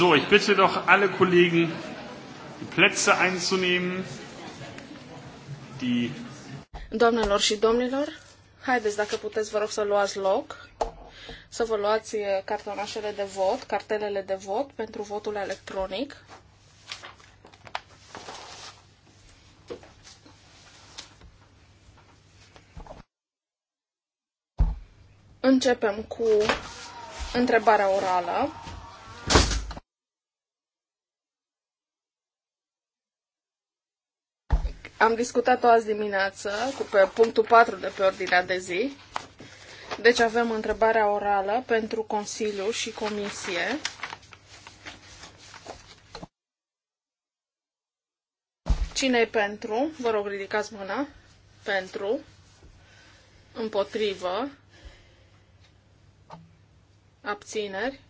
So, ich bitte doch alle Kollegen, die Plätze einzunehmen. Die Domnilor și domnilor, haideți dacă puteți, vă rog să luați loc, să vă luați eh, cartonașele de vot, cartelele de vot pentru votul electronic. Începem cu întrebarea orală. Am discutat-o azi dimineață, cu, pe punctul 4 de pe ordinea de zi. Deci avem întrebarea orală pentru Consiliu și Comisie. Cine-i pentru? Vă rog, ridicați mâna. Pentru. Împotrivă. Abțineri.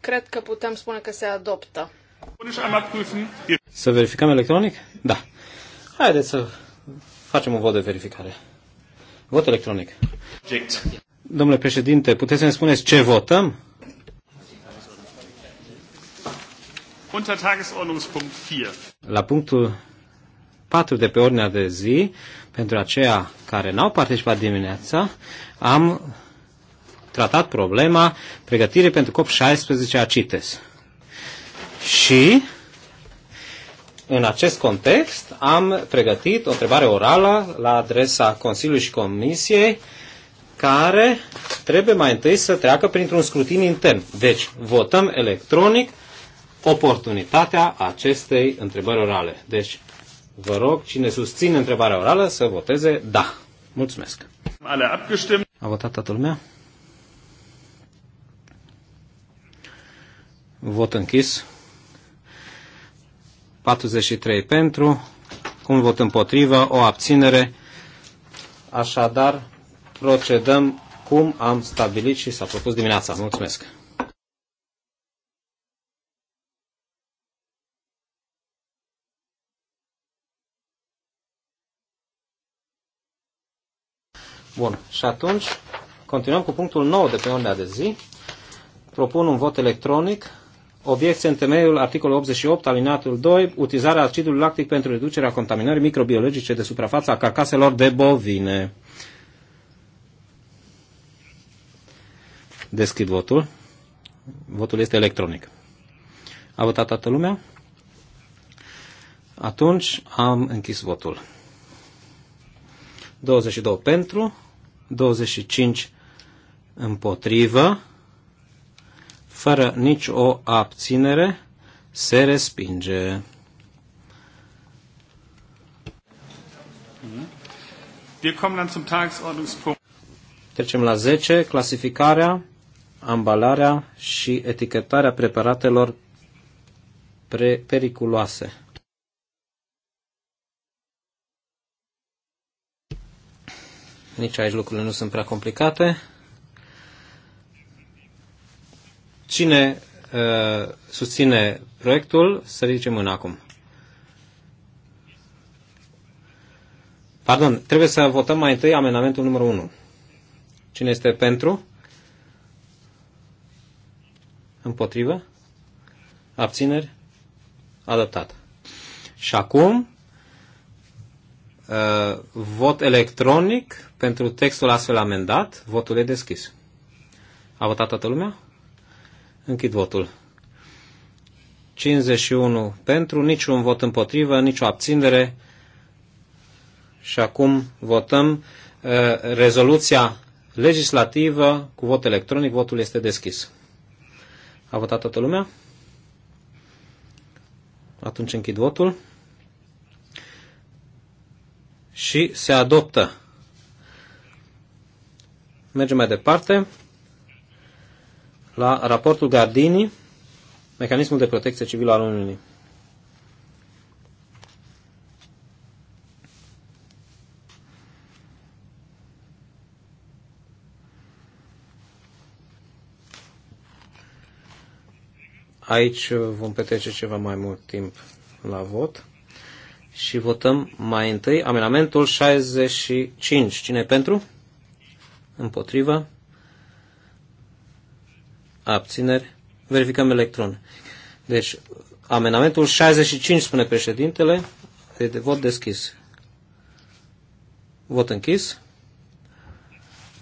Cred că putem spune că se adoptă. Să verificăm electronic? Da. Haideți să facem un vot de verificare. Vot electronic. Domnule președinte, puteți să ne spuneți ce votăm? La punctul 4 de pe ordinea de zi, pentru aceia care n-au participat dimineața, am tratat problema pregătirii pentru COP16 a CITES. Și în acest context am pregătit o întrebare orală la adresa Consiliului și Comisiei care trebuie mai întâi să treacă printr-un scrutin intern. Deci, votăm electronic oportunitatea acestei întrebări orale. Deci, vă rog, cine susține întrebarea orală să voteze da. Mulțumesc. A votat toată lumea? Vot închis. 43 pentru, un vot împotrivă, o abținere. Așadar, procedăm cum am stabilit și s-a propus dimineața. Mulțumesc! Bun. Și atunci continuăm cu punctul 9 de pe ordinea de zi. Propun un vot electronic obiecție în temeiul articolului 88, alineatul 2, utilizarea acidului lactic pentru reducerea contaminării microbiologice de suprafață a carcaselor de bovine. Deschid votul. Votul este electronic. A votat toată lumea? Atunci am închis votul. 22 pentru, 25 împotrivă, fără nici o abținere, se respinge. Trecem la 10, clasificarea, ambalarea și etichetarea preparatelor pre periculoase. Nici aici lucrurile nu sunt prea complicate. Cine uh, susține proiectul, să ridice mâna acum. Pardon, trebuie să votăm mai întâi amendamentul numărul 1. Cine este pentru? Împotrivă? Abțineri? Adoptat. Și acum, uh, vot electronic pentru textul astfel amendat. Votul e deschis. A votat toată lumea? Închid votul. 51 pentru, niciun vot împotrivă, nicio abținere. Și acum votăm uh, rezoluția legislativă cu vot electronic. Votul este deschis. A votat toată lumea? Atunci închid votul. Și se adoptă. Mergem mai departe la raportul Gardini, mecanismul de protecție civilă al Uniunii. Aici vom petrece ceva mai mult timp la vot și votăm mai întâi amenamentul 65. Cine pentru? Împotrivă? abțineri, verificăm electron. Deci, amenamentul 65, spune președintele, e de vot deschis. Vot închis.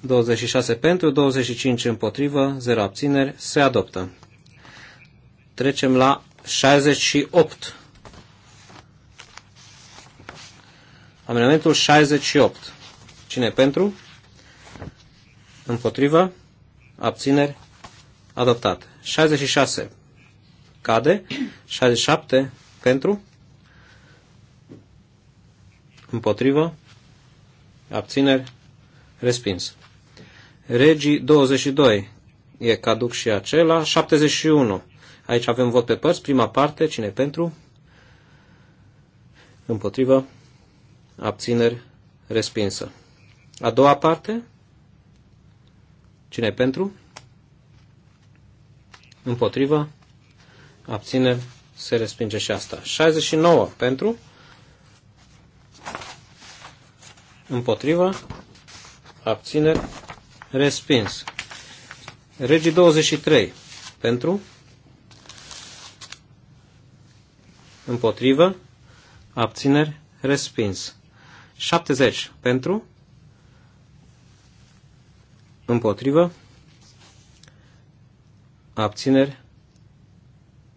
26 pentru, 25 împotrivă, 0 abțineri, se adoptă. Trecem la 68. Amendamentul 68. Cine pentru? Împotrivă? Abțineri? adoptat. 66 cade, 67 pentru, împotrivă, abțineri, respins. Regii 22 e caduc și acela, 71. Aici avem vot pe părți, prima parte, cine pentru, împotrivă, abțineri, respinsă. A doua parte, cine pentru, împotriva, abține se respinge și asta. 69 pentru, împotriva, abține respins. Regii 23 pentru, împotrivă, abțineri, respins. 70 pentru, împotrivă, abțineri.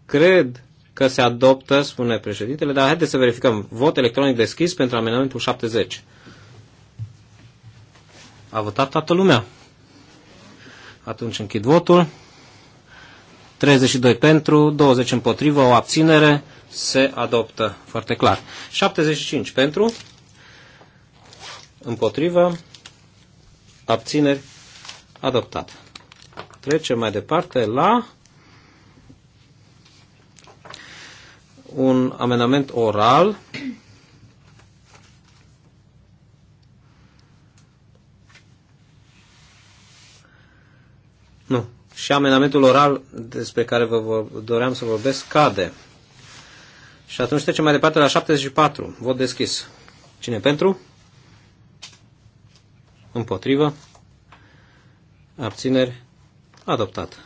Cred că se adoptă, spune președintele, dar haideți să verificăm. Vot electronic deschis pentru amendamentul 70. A votat toată lumea. Atunci închid votul. 32 pentru, 20 împotrivă, o abținere se adoptă foarte clar. 75 pentru, împotrivă, abțineri, adoptat. Trecem mai departe la un amendament oral Nu. Și amenamentul oral despre care vă doream să vorbesc cade. Și atunci trecem mai departe la 74. Vot deschis. Cine pentru? Împotrivă. Abțineri. Adoptat.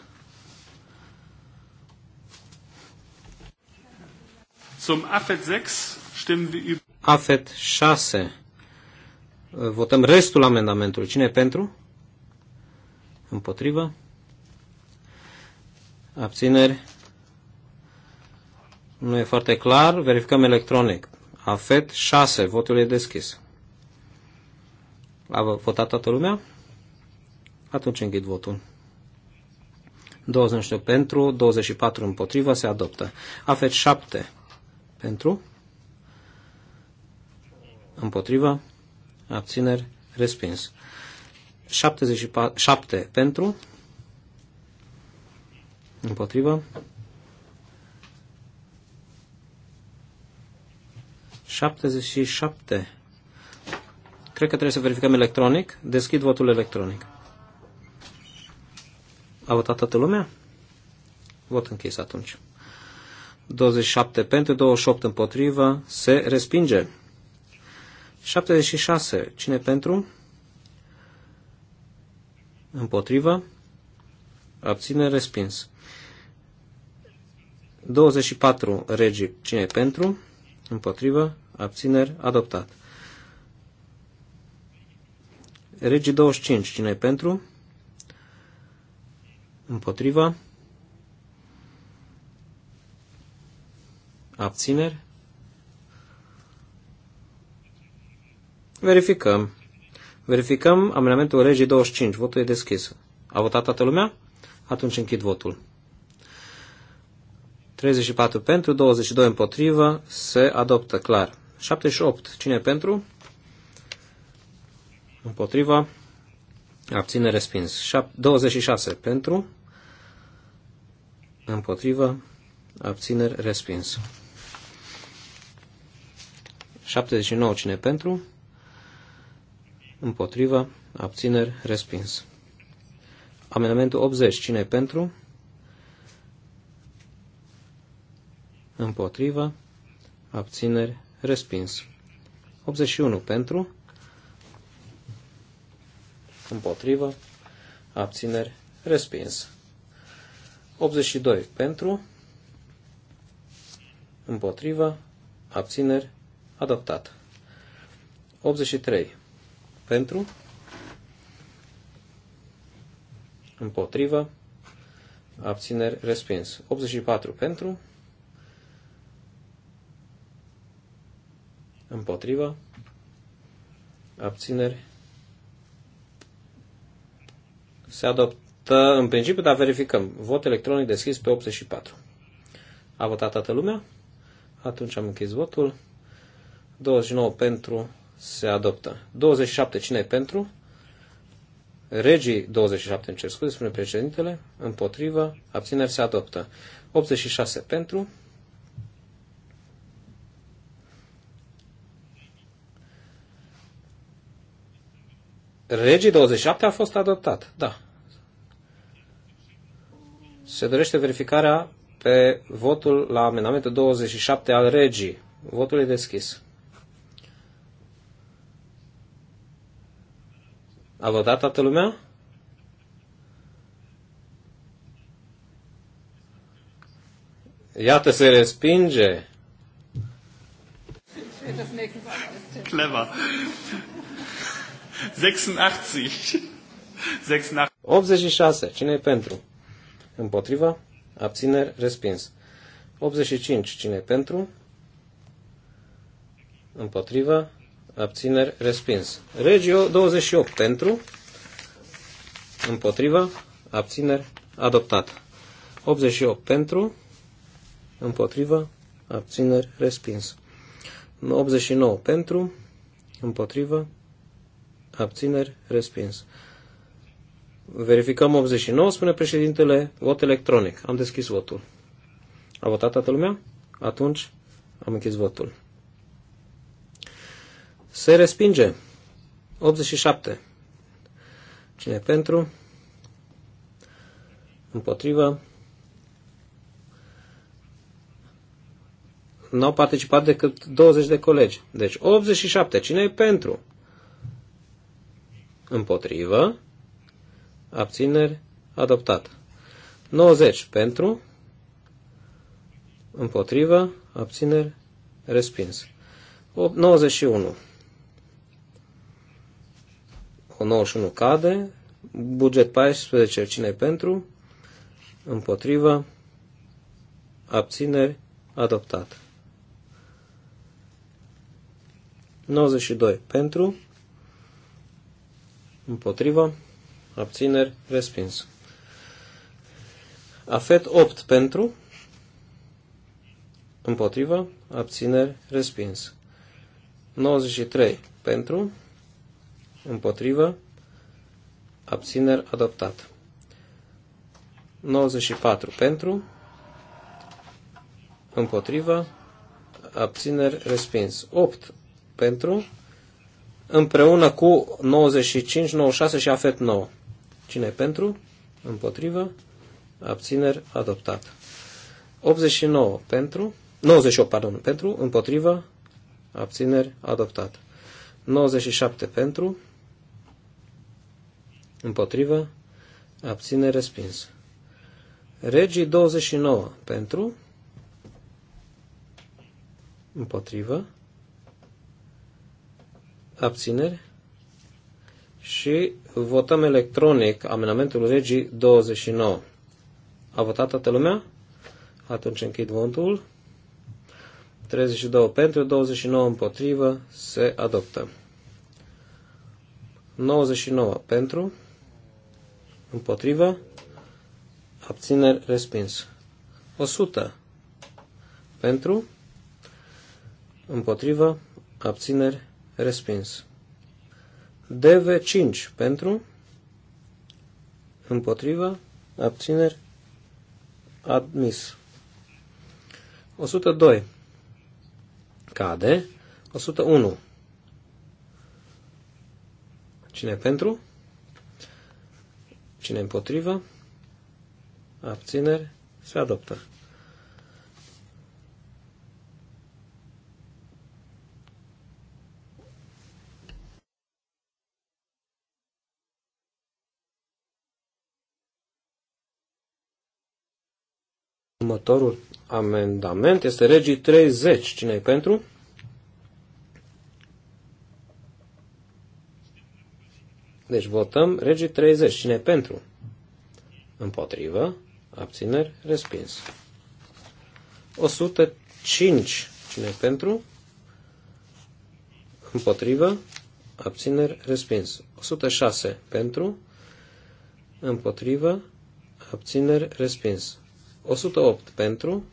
Zum AFET 6 stimmen wir über AFET 6. Votăm restul amendamentului. Cine e pentru? Împotrivă? Abțineri? Nu e foarte clar. Verificăm electronic. AFET 6. Votul e deschis. A votat toată lumea? Atunci închid votul. 21 pentru, 24 împotrivă, se adoptă. AFET 7 pentru, împotrivă, abțineri, respins. 74, 7 pentru, împotrivă, 77. Cred că trebuie să verificăm electronic. Deschid votul electronic. A votat toată lumea? Vot închis atunci. 27 pentru, 28 împotrivă, se respinge. 76. Cine pentru? Împotrivă? Abține respins. 24. Regii. Cine pentru? Împotrivă? Abțineri? Adoptat. Regii 25. Cine pentru? Împotrivă. Abțineri. Verificăm. Verificăm amendamentul regii 25. Votul e deschis. A votat toată lumea? Atunci închid votul. 34 pentru, 22 împotrivă, se adoptă clar. 78. Cine pentru? Împotriva abține respins. 26 pentru, împotrivă, abțineri respins. 79 cine pentru, împotrivă, abțineri respins. Amendamentul 80 cine pentru, împotrivă, abțineri respins. 81 pentru, împotrivă, abțineri, respins. 82 pentru, împotrivă, abțineri, adoptat. 83 pentru, împotrivă, abțineri, respins. 84 pentru, împotrivă, abțineri, se adoptă în principiu, dar verificăm. Vot electronic deschis pe 84. A votat toată lumea? Atunci am închis votul. 29 pentru se adoptă. 27 cine e pentru? Regii 27 îmi cer scuze, spune președintele. Împotrivă. Abțineri se adoptă. 86 pentru Regii 27 a fost adoptat, da. Se dorește verificarea pe votul la amendamentul 27 al regii. Votul e deschis. A votat toată lumea? Iată, se respinge. Clever. 86. 86. Cine e pentru? Împotriva? Abțineri? Respins. 85. Cine e pentru? Împotriva? Abțineri? Respins. Regio 28. Pentru? Împotriva? Abțineri? Adoptat. 88 pentru, împotriva, abțineri, respins. 89 pentru, împotriva, abțineri, respins. Verificăm 89, spune președintele, vot electronic. Am deschis votul. A votat toată lumea? Atunci am închis votul. Se respinge. 87. Cine pentru? Împotrivă. N-au participat decât 20 de colegi. Deci 87. Cine e pentru? împotrivă, abțineri, adoptat. 90 pentru, împotrivă, abțineri, respins. 91. O 91 cade, buget 14, cine pentru, împotrivă, abțineri, adoptat. 92 pentru, Împotrivă. Abțineri. Respins. Afet 8 pentru. Împotrivă. Abțineri. Respins. 93 pentru. Împotrivă. Abțineri. Adoptat. 94 pentru. Împotrivă. Abțineri. Respins. 8 pentru împreună cu 95, 96 și AFET 9. Cine e pentru? Împotrivă? Abțineri? Adoptat. 89 pentru, 98, pardon, pentru, împotrivă, abțineri, adoptat. 97 pentru, împotrivă, abțineri, respins. Regii 29 pentru, împotrivă, abțineri și votăm electronic amenamentul legii 29. A votat toată lumea? Atunci închid votul. 32 pentru, 29 împotrivă, se adoptă. 99 pentru, împotrivă, abțineri respins. 100 pentru, împotrivă, abțineri Respins. DV5 pentru, împotriva, abțineri, admis. 102. Cade. 101. Cine pentru? Cine împotrivă? Abțineri? Se adoptă. Următorul amendament este regii 30. cine e pentru? Deci votăm regii 30. Cine pentru? Împotrivă. Abțineri. Respins. 105. Cine pentru? Împotrivă. Abțineri. Respins. 106. Pentru. Împotrivă. Abțineri. Respins. 108 pentru,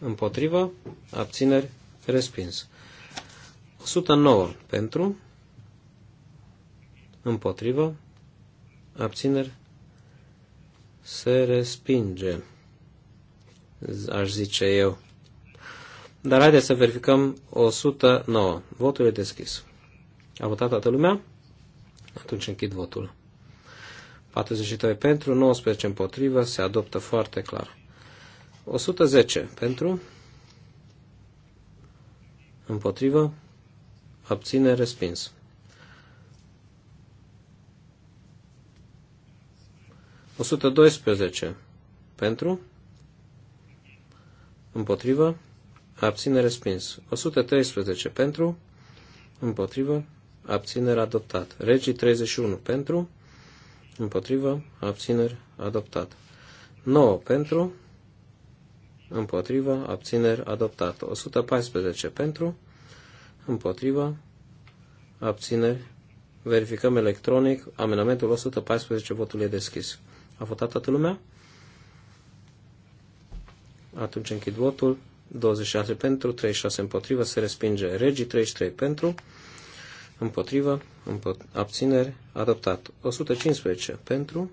împotrivă, abțineri, respins. 109 pentru, împotrivă, abțineri, se respinge, aș zice eu. Dar haideți să verificăm 109. Votul e deschis. A votat toată lumea? Atunci închid votul. 42 pentru, 19 împotrivă, se adoptă foarte clar. 110 pentru, împotrivă, abține, respins. O 112 pentru, împotrivă, abține, respins. 113 pentru, împotrivă, abținere adoptat. Regii 31 pentru, împotrivă, abțineri, adoptat. 9 pentru, împotrivă, abțineri, adoptat. 114 pentru, împotrivă, abțineri, verificăm electronic, amenamentul 114, votul e deschis. A votat toată lumea? Atunci închid votul. 26 pentru, 36 împotrivă, se respinge. Regii 33 pentru, împotrivă, abțineri, adoptat. 115 pentru,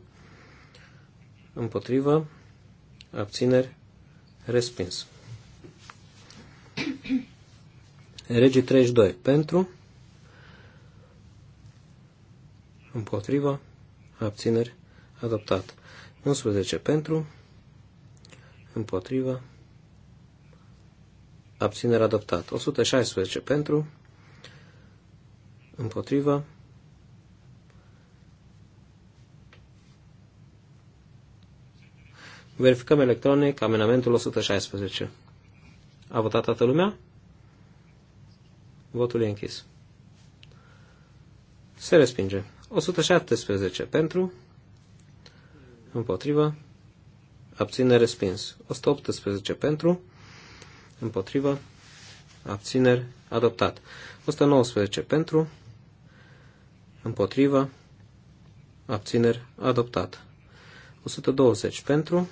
împotrivă, abțineri, respins. Regii 32 pentru, împotrivă, abțineri, adoptat. 11 pentru, împotrivă, abțineri, adoptat. 116 pentru, împotrivă, Verificăm electronic amenamentul 116. A votat toată lumea? Votul e închis. Se respinge. 117 pentru, împotrivă, abține respins. 118 pentru, împotrivă, abțineri, adoptat. 119 pentru, împotrivă, abțineri, adoptat. 120 pentru,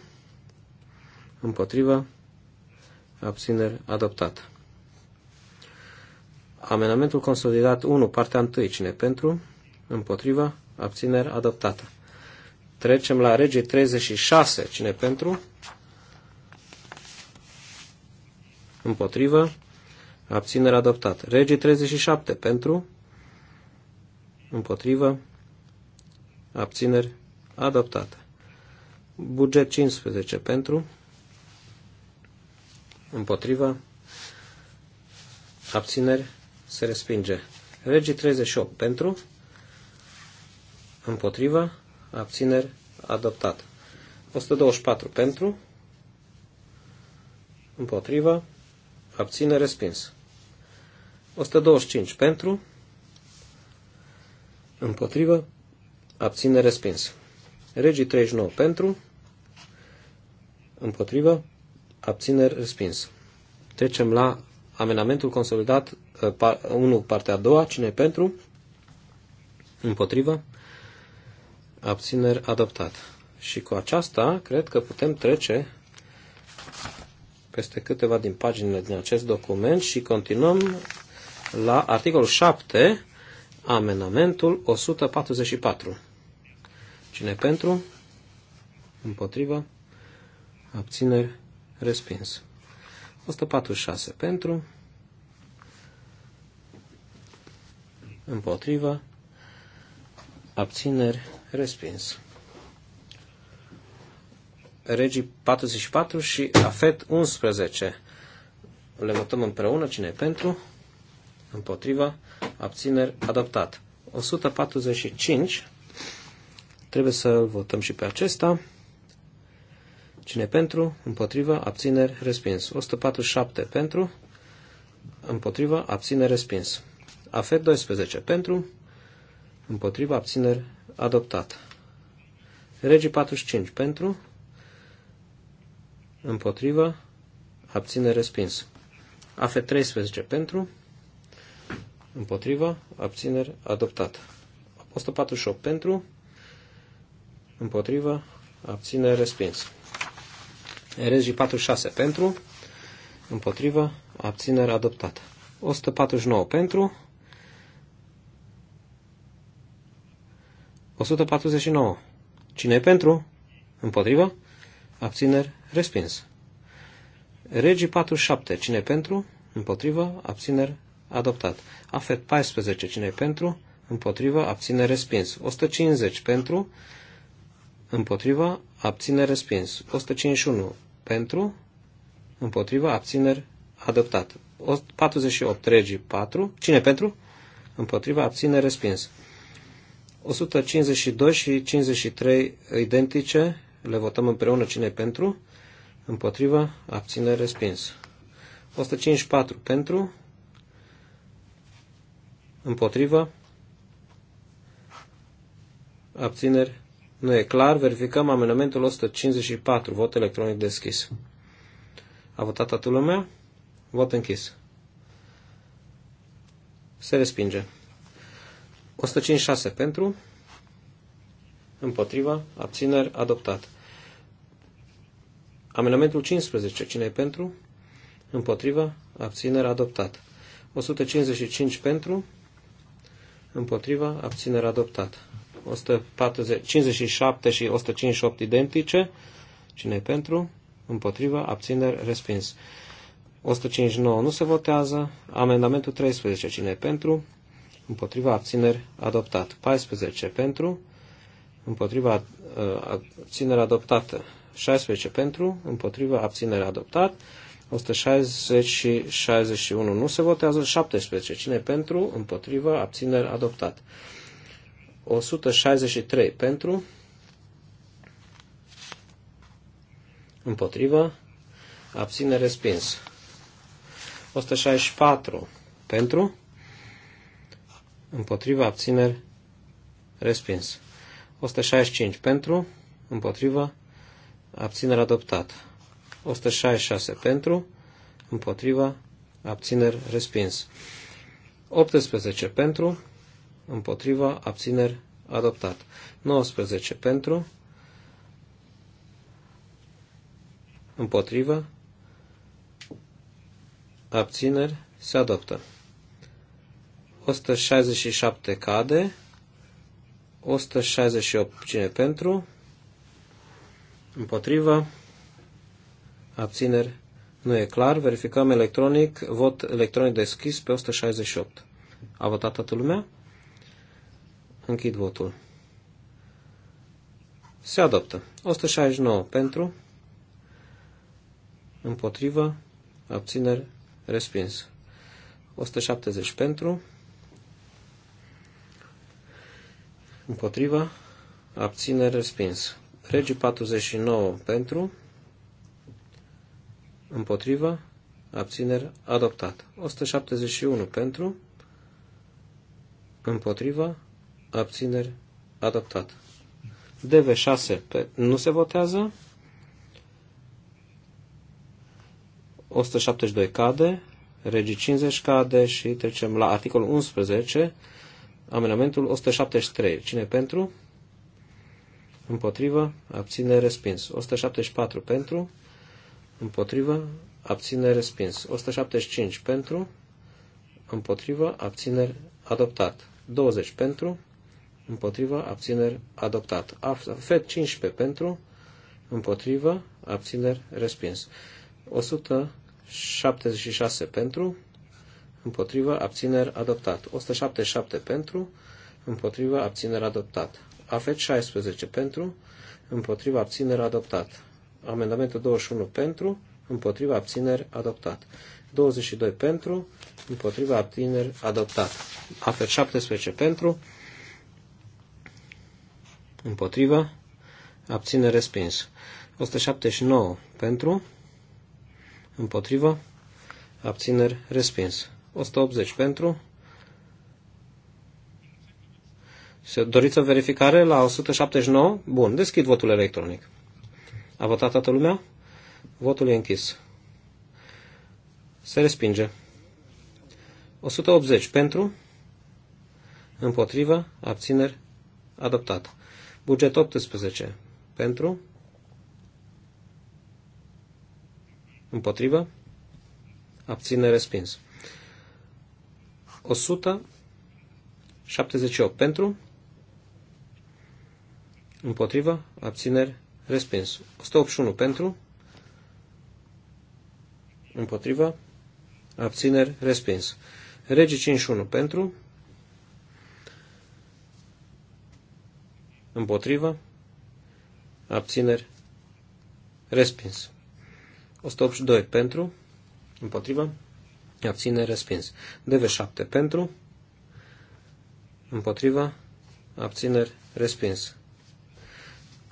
împotrivă, abțineri, adoptat. Amenamentul consolidat 1, partea 1, cine pentru, împotrivă, abțineri, adoptată. Trecem la regi 36, cine pentru, împotrivă, Abțineri. adoptat. Regii 37 pentru, împotrivă, abțineri, adoptată. Buget 15 pentru, Împotrivă. abțineri, se respinge. Regii 38 pentru, Împotrivă. abțineri, adoptat. 124 pentru, Împotrivă. abține, respins. 125 pentru, Împotrivă. Abține respins. Regii 39 pentru. Împotrivă. Abține respins. Trecem la amenamentul consolidat 1, eh, partea a doua. Cine pentru? Împotrivă. Abțineri adoptat. Și cu aceasta, cred că putem trece peste câteva din paginile din acest document și continuăm la articolul 7, Amenamentul 144. Cine pentru? Împotrivă? Abțineri? Respins. 146 pentru. Împotrivă? Abțineri? Respins. Regii 44 și Afet 11. Le votăm împreună. Cine e pentru? împotriva, abțineri, adoptat. 145, trebuie să votăm și pe acesta. Cine pentru, împotriva, abțineri, respins. 147 pentru, împotriva, abțineri, respins. Afet 12 pentru, împotriva, abțineri, adoptat. Regii 45 pentru, împotriva, abțineri, respins. Afet 13 pentru, împotriva, abțineri, adoptat. 148 pentru, împotriva, abțineri, respins. RSG 46 pentru, împotriva, abțineri, adoptat. 149 pentru, 149. Cine e pentru? Împotriva? Abțineri? Respins. Regii 47. Cine e pentru? Împotriva? Abțineri? adoptat. AFET 14, cine pentru, împotriva, abține respins. 150 pentru, împotriva, abține respins. 151 pentru, împotriva, abțineri adoptat. 48 regii 4, cine pentru, împotriva, abține respins. 152 și 53 identice, le votăm împreună cine pentru, împotriva, abține respins. 154 pentru, împotrivă, abțineri, nu e clar, verificăm amendamentul 154, vot electronic deschis. A votat toată lumea? Vot închis. Se respinge. 156 pentru, împotriva, abțineri, adoptat. Amendamentul 15, cine e pentru? Împotriva, abțineri, adoptat. 155 pentru, împotriva, abținere adoptat. 140, 57 și 158 identice, cine e pentru, împotriva, abțineri, respins. 159 nu se votează, amendamentul 13, cine e pentru, împotriva, abțineri, adoptat. 14 pentru, împotriva, uh, abținere adoptată. 16 pentru, împotriva, abținere adoptat. 160 și 61 nu se votează, 17. Cine pentru, împotrivă, abțineri, adoptat. 163 pentru, împotrivă, abține respins. 164 pentru, împotrivă, abțineri, respins. 165 pentru, împotrivă, abținere adoptat. 166 pentru, împotriva, abțineri, respins. 18 pentru, împotriva, abțineri, adoptat. 19 pentru, împotriva, abțineri, se adoptă. 167 cade, 168 cine pentru, împotriva, abțineri, nu e clar. Verificăm electronic, vot electronic deschis pe 168. A votat toată lumea? Închid votul. Se adoptă. 169 pentru, împotrivă, abțineri, respins. 170 pentru, împotrivă, abțineri, respins. Regi 49 pentru, împotrivă, abțineri, adoptat. 171 pentru, împotrivă, abțineri, adoptat. DV6 pe, nu se votează. 172 cade, regii 50 cade și trecem la articolul 11, amenamentul 173. Cine pentru? Împotrivă, abține, respins. 174 pentru, împotrivă, abține respins. 175 pentru, împotrivă, abțineri adoptat. 20 pentru, împotrivă, abțineri adoptat. Fet 15 pentru, împotrivă, abțineri respins. 176 pentru, împotrivă, abțineri adoptat. 177 pentru, împotrivă, abțineri adoptat. AFET 16 pentru, împotrivă, abțineri adoptat. Amendamentul 21 pentru, împotriva abțineri adoptat. 22 pentru, împotriva abțineri adoptat. Afer 17 pentru, împotriva, abțineri, respins. 179 pentru, împotriva, abțineri respins. 180 pentru. Se doriți o verificare la 179? Bun, deschid votul electronic. A votat toată lumea? Votul e închis. Se respinge. 180 pentru, împotrivă, abțineri, adoptat. Buget 18 pentru, împotrivă, abțineri, respins. 178 pentru, împotrivă, abțineri, Respins. 181 pentru. Împotriva. Abțineri. Respins. Rege 51 pentru. Împotriva. Abțineri. Respins. 182 pentru. Împotriva. Abțineri. Respins. DV7 pentru. Împotriva. Abțineri. Respins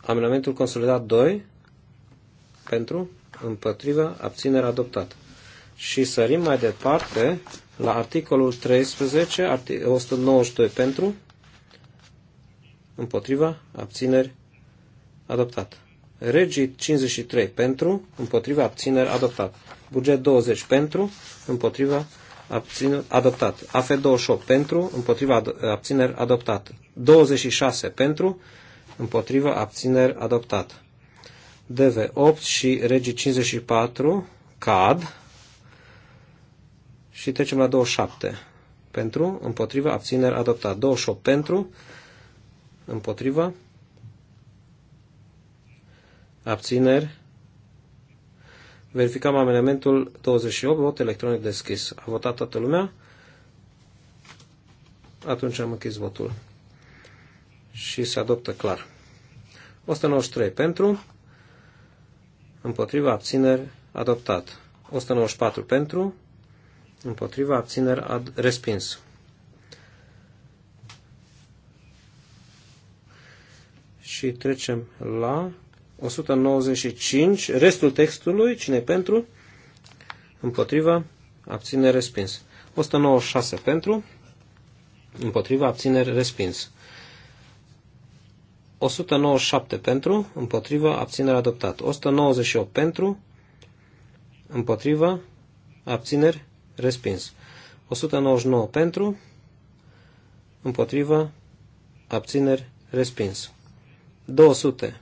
amenamentul consolidat 2 pentru, împotriva abținerea adoptată. Și sărim mai departe la articolul 13, articol 192 pentru, împotriva, abțineri, adoptat. Regii 53 pentru, împotriva, abțineri, adoptat. Buget 20 pentru, împotriva, abțineri, adoptat. AF 28 pentru, împotriva, abțineri, adoptat. 26 pentru, împotrivă, abțineri, adoptat. DV8 și Regi 54 cad și trecem la 27. Pentru, împotrivă, abțineri, adoptat. 28 pentru, împotrivă, abțineri. Verificăm amendamentul 28, vot electronic deschis. A votat toată lumea? Atunci am închis votul și se adoptă clar. 193 pentru, împotriva abțineri adoptat. 194 pentru, împotriva abțineri ad, respins. Și trecem la 195, restul textului, cine pentru, împotriva, abțineri, respins. 196 pentru, împotriva, abțineri, respins. 197 pentru, împotrivă, abțineri adoptat. 198 pentru, împotrivă, abțineri, respins. 199 pentru, împotrivă, abțineri, respins. 200.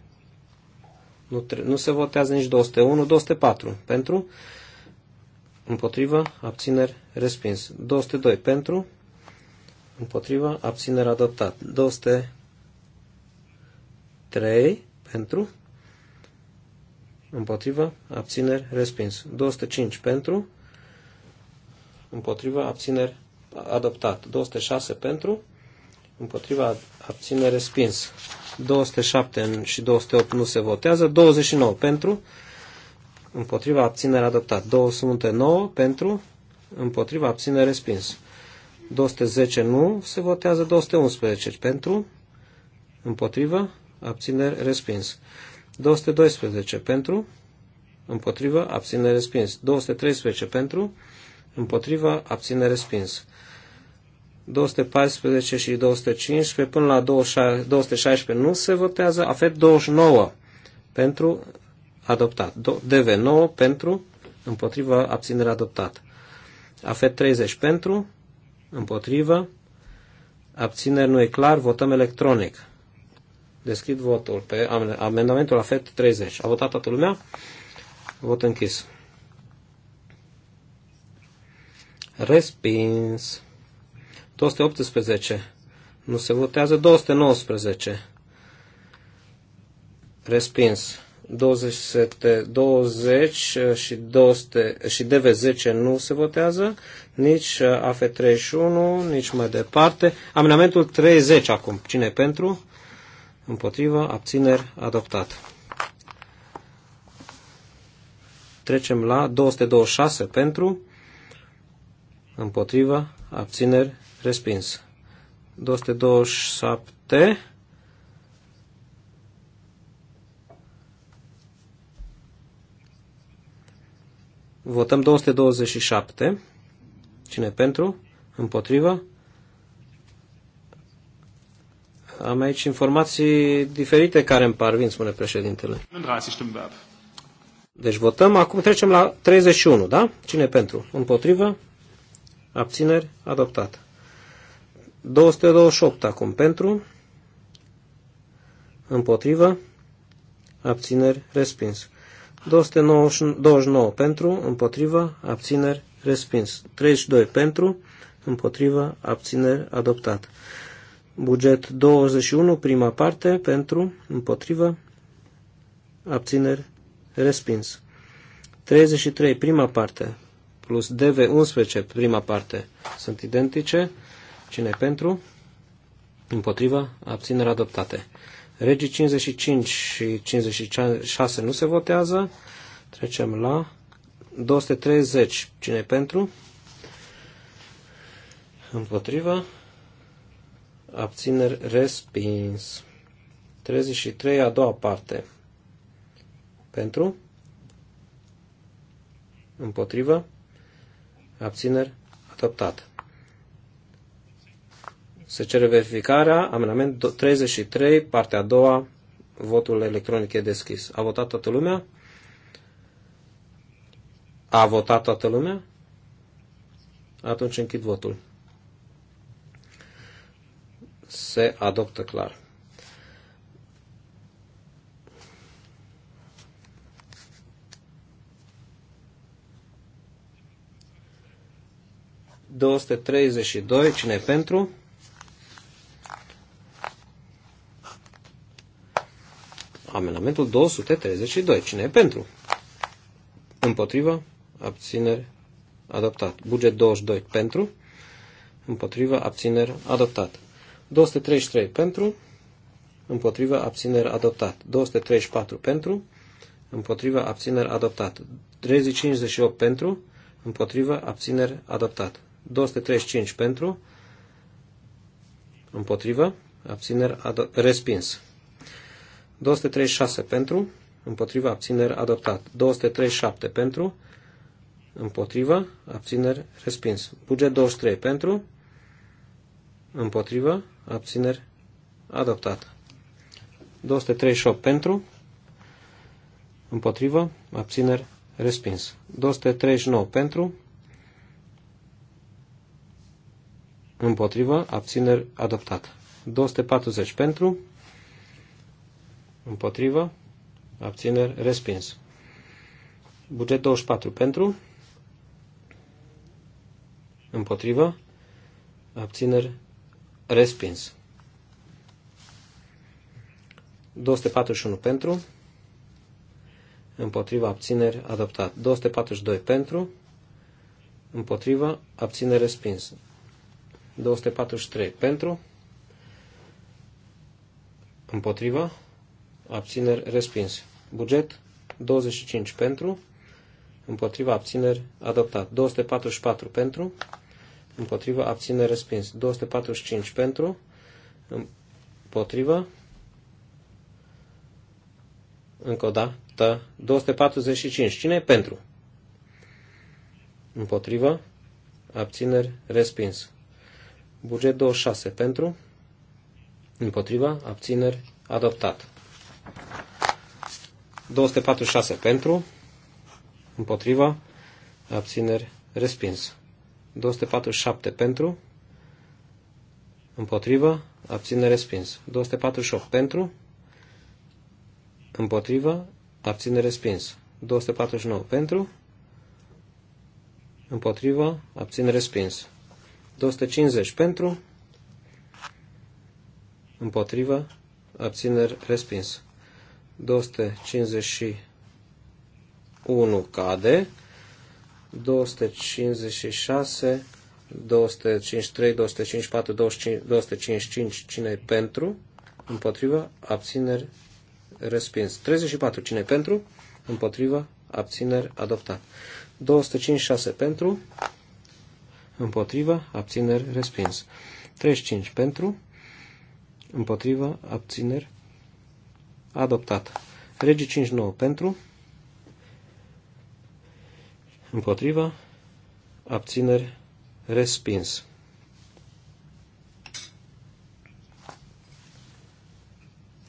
Nu, nu se votează nici 201, 204 pentru, împotrivă, abțineri, respins. 202 pentru, împotrivă, abțineri adoptat. 200 3 pentru, împotriva, abțineri, respins. 205 pentru, împotriva, abțineri, adoptat. 206 pentru, împotriva, abțineri, respins. 207 și 208 nu se votează. 29 pentru, împotriva, abțineri, adoptat. 209 pentru, împotriva, abțineri, respins. 210 nu se votează. 211 pentru, împotriva, abțineri, respins. 212 pentru, împotrivă, abțineri, respins. 213 pentru, împotrivă, abțineri, respins. 214 și 215 până la 216 nu se votează, afet 29 pentru adoptat, DV9 pentru, împotriva, abținere adoptat. Afet 30 pentru, împotriva abțineri nu e clar, votăm electronic. Deschid votul pe amendamentul la FET 30. A votat toată lumea? Vot închis. Respins. 218. Nu se votează. 219. Respins. 200, 20 și, 200, și DV10 nu se votează, nici uh, AF31, nici mai departe. Amendamentul 30 acum. Cine pentru? împotrivă, abțineri, adoptat. Trecem la 226 pentru, împotrivă, abțineri, respins. 227 Votăm 227. Cine pentru? Împotrivă? Am aici informații diferite care îmi parvin, spune președintele. Deci votăm, acum trecem la 31, da? Cine pentru? Împotrivă? Abțineri? Adoptat. 228 acum pentru? Împotrivă? Abțineri? Respins. 229 pentru, împotrivă, abțineri, respins. 32 pentru, împotrivă, abțineri, adoptat. Buget 21, prima parte, pentru, împotrivă, abțineri, respins. 33, prima parte, plus DV11, prima parte, sunt identice. Cine pentru? Împotriva, abțineri adoptate. Regii 55 și 56 nu se votează. Trecem la 230. Cine pentru? Împotriva, abțineri, respins. 33, a doua parte. Pentru? Împotrivă? Abțineri? Adoptat. Se cere verificarea. Amendament 33, partea a doua. Votul electronic e deschis. A votat toată lumea? A votat toată lumea? Atunci închid votul se adoptă clar. doi cine pentru? Amenamentul 232, cine e pentru? Împotrivă, abțineri, adoptat. Buget 22, pentru? Împotrivă, abțineri, adoptat. 233 pentru, împotriva abțineri adoptat. 234 pentru, împotriva abțineri adoptat. 358 pentru, împotriva abțineri adoptat. 235 pentru, împotriva abțineri respins. 236 pentru, împotriva abțineri adoptat. 237 pentru, împotriva abțineri respins. Buget 23 pentru, împotriva abțineri, adoptat. 238 pentru, împotrivă, abțineri, respins. 239 pentru, împotrivă, abțineri, adoptat. 240 pentru, împotrivă, abțineri, respins. Buget 24 pentru, împotrivă, abțineri, Respins. 241 pentru. Împotriva abțineri adoptat. 242 pentru. Împotriva abțineri respins. 243 pentru. Împotriva abțineri respins. Buget 25 pentru. Împotriva abțineri adoptat. 244 pentru împotrivă, abține, respins. 245 pentru, împotrivă, încă o dată, 245. Cine e pentru? Împotrivă, abțineri, respins. Buget 26 pentru, împotrivă, abțineri, adoptat. 246 pentru, împotrivă, abțineri, respins. 247 pentru, împotriva, abține respins. 248 pentru, împotriva, abține respins. 249 pentru, împotriva, abține respins. 250 pentru, împotriva, abțineri respins. 251 cade, 256, 253, 254, 25, 255, cine pentru, împotriva, abțineri, respins. 34, cine pentru, împotriva, abțineri, adoptat. 256 pentru, împotriva, abțineri, respins. 35 pentru, împotriva, abțineri, adoptat. Regi 59 pentru, împotriva, abțineri, respins.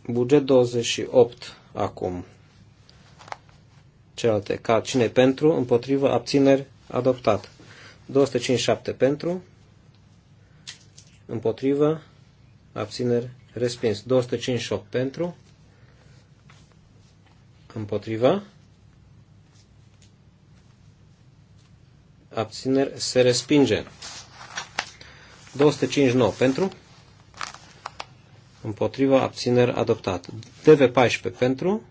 Buget 28 acum. Celelalte, ca cine pentru, Împotriva abțineri, adoptat. 257 pentru, Împotriva abțineri, respins. 258 pentru, împotriva, abțineri, se respinge. 259 pentru, împotriva, abțineri, adoptat. DV14 pentru,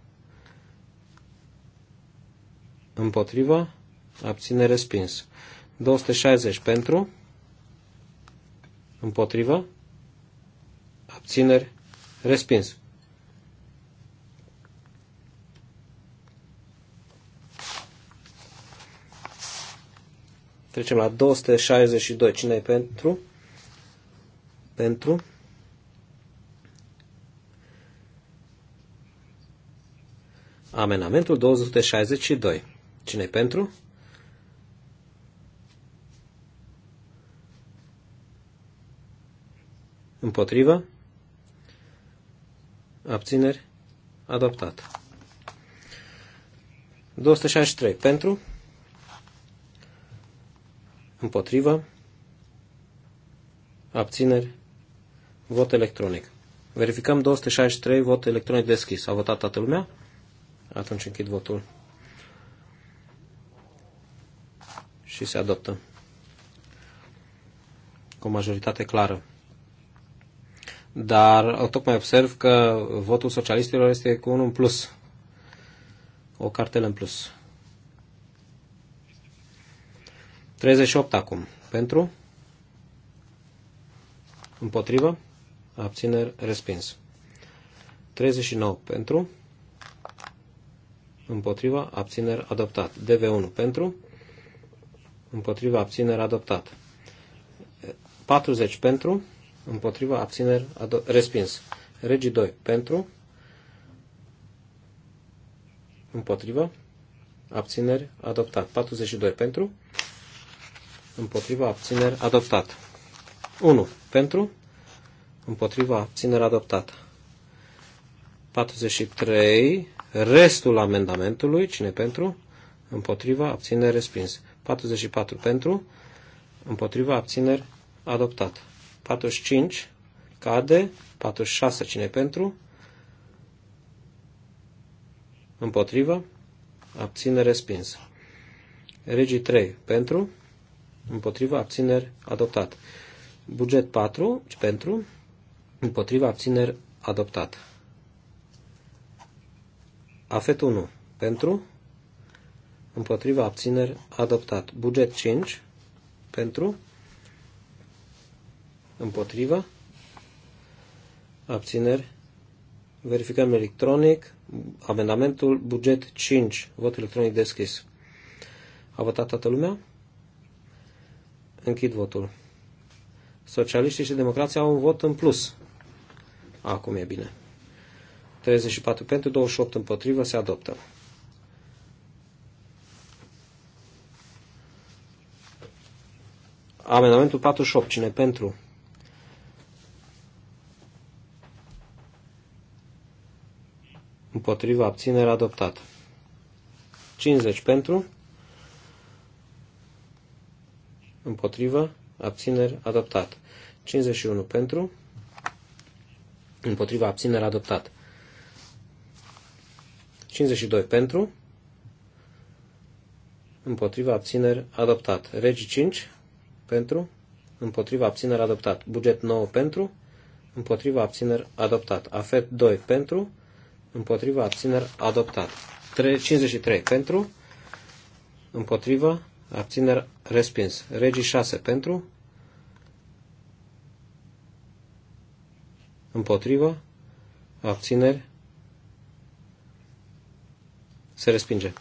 împotriva, abțineri, respins. 260 pentru, împotriva, abțineri, respins. Trecem la 262. cine e pentru? Pentru. Amenamentul 262. cine e pentru? Împotrivă? Abțineri? Adoptat. 263. Pentru? împotrivă, abțineri, vot electronic. Verificăm 263, vot electronic deschis. A votat toată lumea? Atunci închid votul. Și se adoptă. Cu o majoritate clară. Dar tocmai observ că votul socialistilor este cu unul în plus. O cartelă în plus. 38 acum. Pentru? Împotrivă? Abțineri respins. 39 pentru? Împotriva abțineri adoptat. DV1 pentru? Împotriva abțineri adoptat. 40 pentru? Împotriva abțineri respins. Regi 2 pentru? Împotriva abțineri adoptat. 42 pentru? împotriva abțineri adoptat. 1. Pentru, împotriva abțineri adoptat. 43. Restul amendamentului, cine pentru, împotriva abțineri respins. 44. Pentru, împotriva abțineri adoptat. 45. Cade. 46. Cine pentru, împotriva, abțineri respins. Regii 3 pentru, împotriva abțineri adoptat. Buget 4 pentru, împotriva abțineri adoptat. Afet 1 pentru, împotriva abțineri adoptat. Buget 5 pentru, împotriva abțineri verificăm electronic amendamentul buget 5 vot electronic deschis. A votat toată lumea? Închid votul. Socialiștii și democrații au un vot în plus. Acum e bine. 34 pentru, 28 împotrivă, se adoptă. Amendamentul 48. Cine pentru? Împotrivă, abținere adoptat. 50 pentru împotrivă, abțineri, adoptat. 51 pentru, împotriva, abțineri, adoptat. 52 pentru, împotriva, abțineri, adoptat. Regi 5 pentru, împotriva, abțineri, adoptat. Buget 9 pentru, împotriva, abțineri, adoptat. Afet 2 pentru, împotriva, abțineri, adoptat. 53 pentru, împotriva, abțineri, respins. Regii 6 pentru, împotrivă, abțineri, se respinge.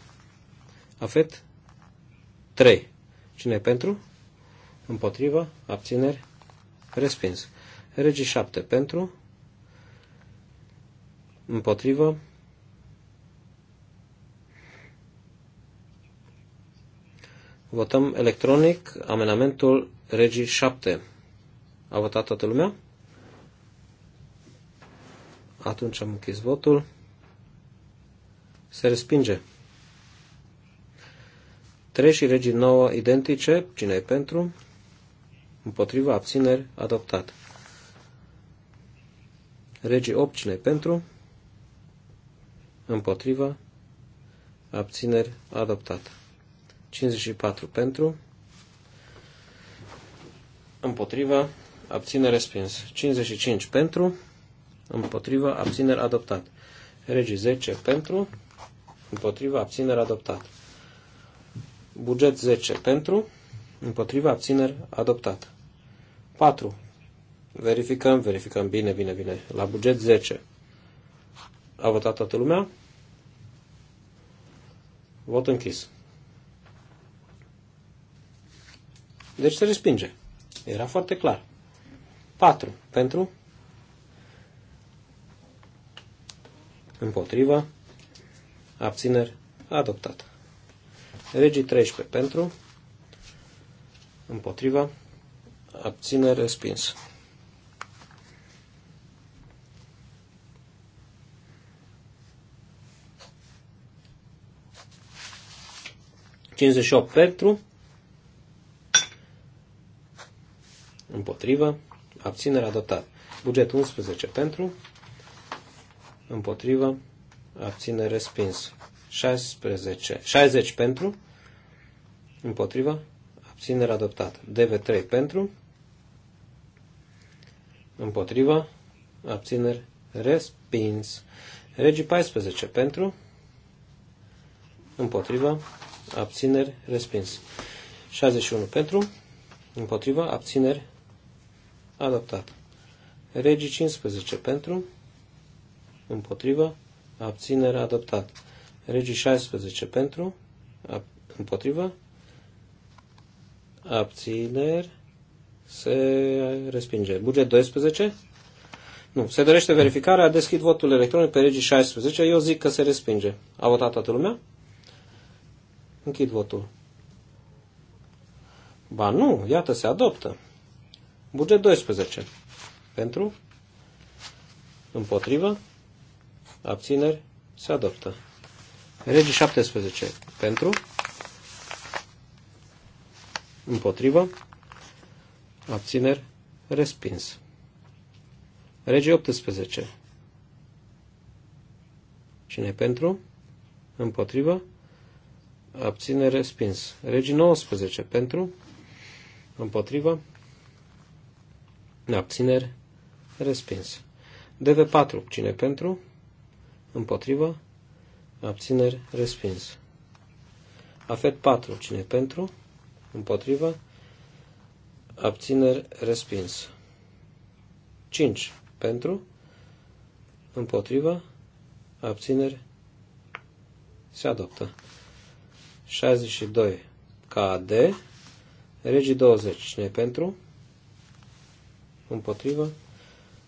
Afet 3. Cine e pentru? Împotrivă, abțineri, respins. Regii 7 pentru, împotrivă, Votăm electronic amenamentul regii 7. A votat toată lumea? Atunci am închis votul. Se respinge. 3 și regii 9 identice. Cine e pentru? Împotriva abțineri adoptat. Regii 8 cine e pentru? Împotriva abțineri adoptat. 54 pentru, împotriva, abține respins. 55 pentru, împotriva, abțineri adoptat. Regi 10 pentru, împotriva, abțineri adoptat. Buget 10 pentru, împotriva, abțineri adoptat. 4. Verificăm, verificăm, bine, bine, bine. La buget 10. A votat toată lumea? Vot închis. Deci se respinge. Era foarte clar. 4. Pentru. Împotriva. Abțineri. Adoptat. Regii 13. Pentru. Împotriva. Abțineri. Respins. Cincizeci pentru împotrivă, abținere adoptat. Buget 11 pentru, împotrivă, abținere respins. 16, 60 pentru, împotrivă, abținere adoptat. DV3 pentru, împotrivă, abțineri respins. Regii 14 pentru, împotrivă, abțineri respins. 61 pentru, împotrivă, abțineri adaptat. Regii 15 pentru, împotrivă, abținere, adaptat. Regii 16 pentru, ab, împotrivă, abțineri, se respinge. Buget 12? Nu. Se dorește verificarea, deschid votul electronic pe regii 16, eu zic că se respinge. A votat toată lumea? Închid votul. Ba nu, iată, se adoptă. Buget 12. Pentru? Împotrivă? Abțineri? Se adoptă. Regi 17. Pentru? Împotrivă? Abțineri? Respins. Regi 18. Cine pentru? Împotrivă? Abține respins. Regi 19 pentru? Împotrivă? abțineri, respins. DV4, cine pentru, împotrivă, abțineri, respins. AFET 4, cine pentru, împotrivă, abțineri, respins. 5, pentru, împotrivă, abțineri, se adoptă. 62, KD, regii 20, cine pentru, împotrivă,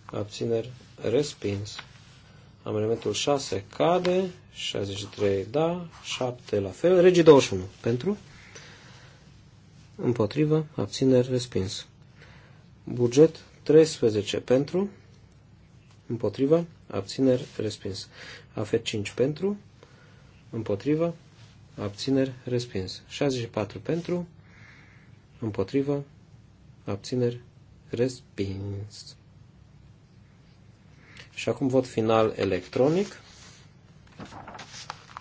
abțineri, respins. Amendamentul 6 cade, 63 da, 7 la fel, regii 21 pentru, împotrivă, abțineri, respins. Buget 13 pentru, împotrivă, abțineri, respins. AF 5 pentru, împotrivă, abțineri, respins. 64 pentru, împotrivă, abțineri, respins. Și acum vot final electronic.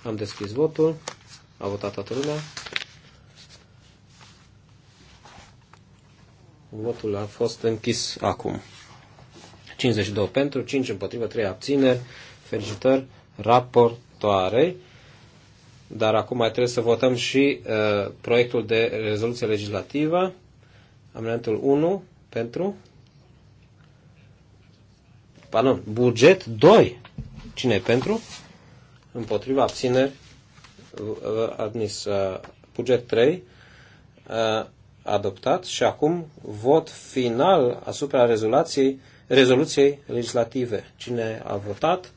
Am deschis votul. A votat toată lumea. Votul a fost închis acum. 52 pentru, 5 împotrivă, 3 abțineri. Felicitări Raportoare. Dar acum mai trebuie să votăm și uh, proiectul de rezoluție legislativă. Amendamentul 1 pentru pardon, buget 2. Cine e pentru? Împotriva abțineri uh, uh, admis uh, buget 3 adoptat și acum vot final asupra rezoluției, rezoluției legislative. Cine a votat?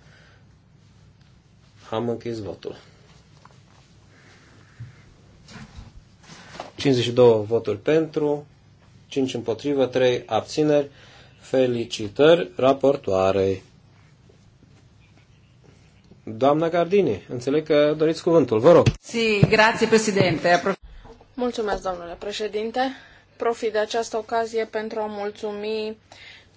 Am închis votul. 52 voturi pentru, 5 împotrivă, 3 abțineri. Felicitări raportoarei. Doamna Gardini, înțeleg că doriți cuvântul. Vă rog. Si, grație, președinte. Mulțumesc, domnule președinte. Profit de această ocazie pentru a mulțumi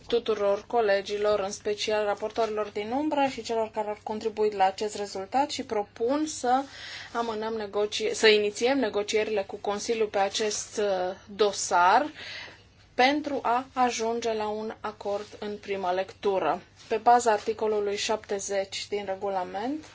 tuturor colegilor, în special raportorilor din umbră și celor care au contribuit la acest rezultat și propun să amânăm negoci- să inițiem negocierile cu Consiliul pe acest uh, dosar pentru a ajunge la un acord în prima lectură. Pe baza articolului 70 din regulament,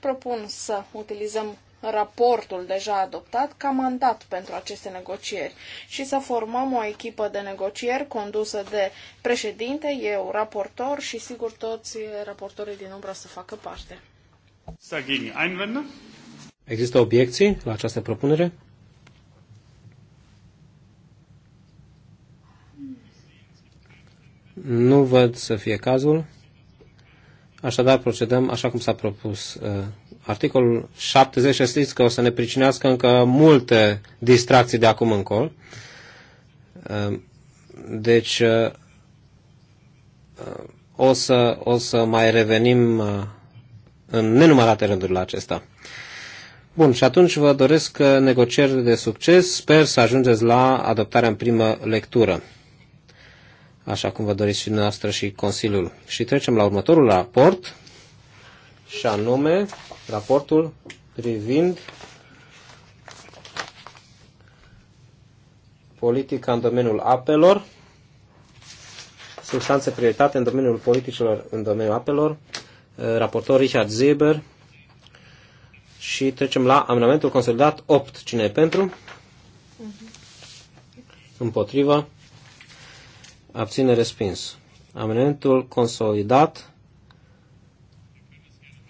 propun să utilizăm raportul deja adoptat ca mandat pentru aceste negocieri și să formăm o echipă de negocieri condusă de președinte, eu, raportor și sigur toți raportorii din umbră să facă parte. Există obiecții la această propunere? Nu văd să fie cazul. Așadar, procedăm așa cum s-a propus uh, Articolul 70, știți că o să ne pricinească încă multe distracții de acum încolo. Ehm, deci, eh, eh, o să, o să mai revenim eh, în nenumărate rânduri la acesta. Bun, și atunci vă doresc negocieri de succes. Sper să ajungeți la adoptarea în primă lectură, așa cum vă doriți și dumneavoastră și Consiliul. Și trecem la următorul raport, și anume raportul privind politica în domeniul apelor, substanțe prioritate în domeniul politicilor în domeniul apelor, raportor Richard Zeber și trecem la amendamentul consolidat 8. Cine e pentru? Mhm. Împotrivă? Abține respins. Amendamentul consolidat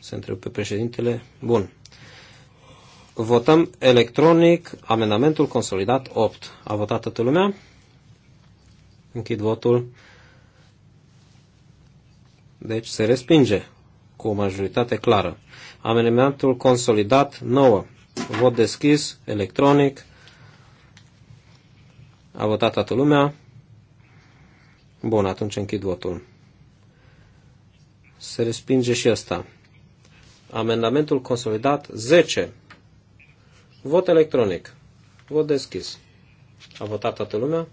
se pe președintele. Bun. Votăm electronic amendamentul consolidat 8. A votat toată lumea? Închid votul. Deci se respinge cu o majoritate clară. Amendamentul consolidat 9. Vot deschis, electronic. A votat toată lumea. Bun, atunci închid votul. Se respinge și asta. Amendamentul consolidat 10. Vot electronic. Vot deschis. A votat toată lumea?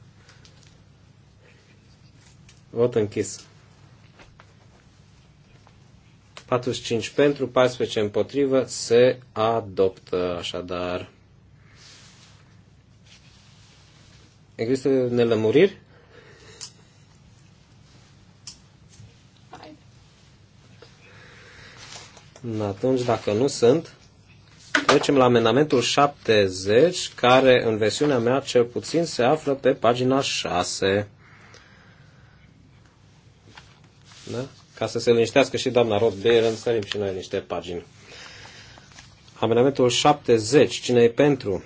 Vot închis. 45 pentru, 14 împotrivă, se adoptă așadar. Există nelămuriri? Atunci, dacă nu sunt, trecem la amendamentul 70, care în versiunea mea cel puțin se află pe pagina 6. Da? Ca să se liniștească și doamna Rod Beren, sărim și noi niște pagini. Amendamentul 70. Cine e pentru?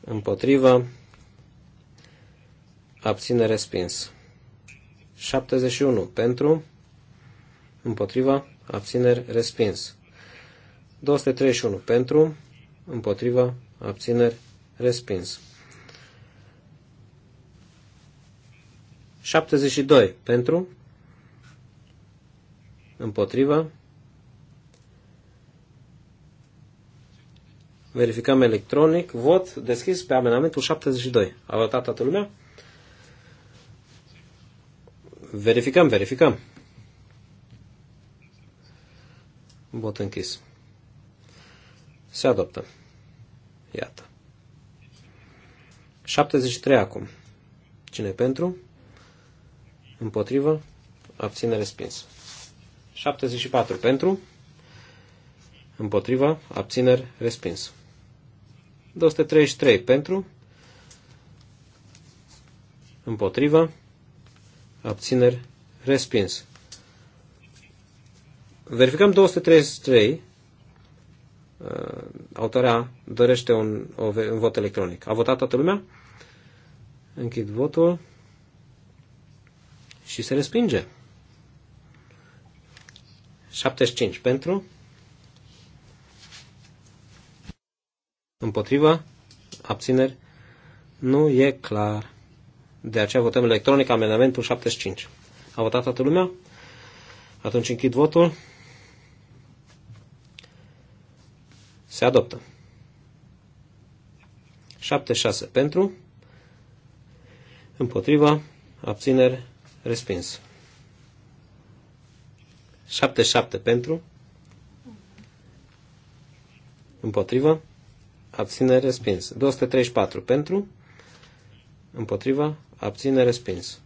Împotrivă. Abține respins. 71. Pentru. Împotriva abțineri, respins. 231 pentru, împotriva, abțineri, respins. 72 pentru, împotriva. Verificăm electronic. Vot deschis pe amendamentul 72. A votat toată lumea? Verificăm, verificăm. Bot închis. Se adoptă. Iată. 73 acum. Cine pentru? Împotrivă? Abține respins. 74 pentru? Împotrivă. abțineri, respins. 233 pentru, Împotrivă. abțineri, respins. Verificăm 233. Uh, Autora dorește un, o, un vot electronic. A votat toată lumea? Închid votul și se respinge. 75 pentru. Împotrivă, Abțineri. Nu e clar. De aceea votăm electronic amendamentul 75. A votat toată lumea? Atunci închid votul Se adoptă. 7-6 pentru, împotriva, abțineri, respins. 7-7 pentru, împotriva, abțineri, respins. 234 pentru, împotriva, abțineri, respins.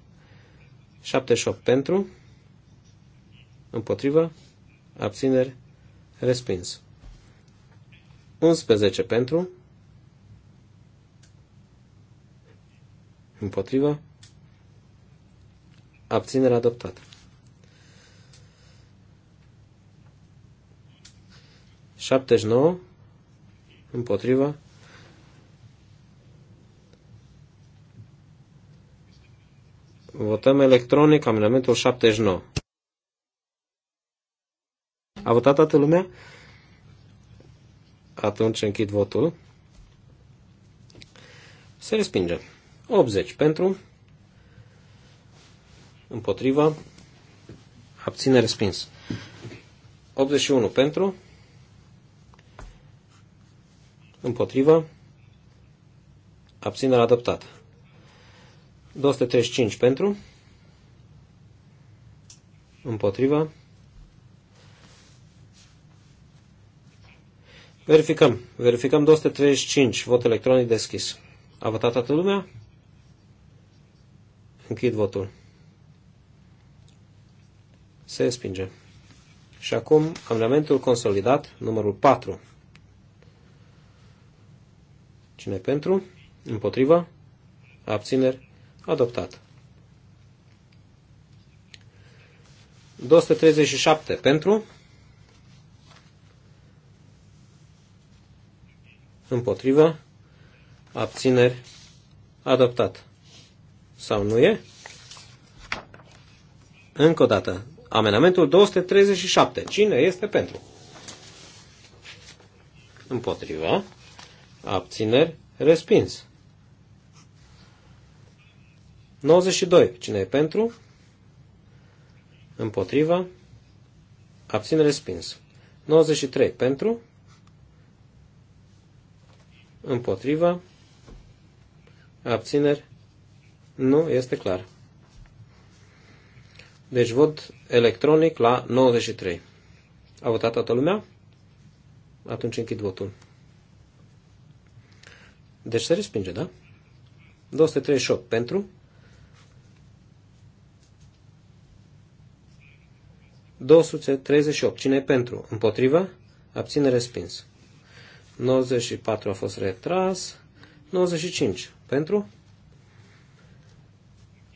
78 pentru, împotriva, abțineri, respins. 11 pentru, împotrivă, abținere adoptată. 79 nouă, împotriva, Votăm electronic amendamentul 79. A votat toată lumea? Atunci închid votul. Se respinge. 80 pentru. Împotriva. Abține respins. 81 pentru. Împotriva. Abținere adoptată. 235 pentru. Împotriva. Verificăm. Verificăm 235. Vot electronic deschis. A votat toată lumea? Închid votul. Se respinge. Și acum amendamentul consolidat, numărul 4. Cine pentru? Împotriva? Abțineri? Adoptat. 237 pentru? împotrivă, abțineri, adoptat. Sau nu e? Încă o dată. Amenamentul 237. Cine este pentru? Împotrivă, abțineri, respins. 92. Cine e pentru? Împotrivă, abțineri, respins. 93. Pentru împotriva, abțineri, nu este clar. Deci vot electronic la 93. A votat toată lumea? Atunci închid votul. Deci se respinge, da? 238 pentru. 238. Cine e pentru? Împotriva? Abține respins. 94 a fost retras. 95 pentru.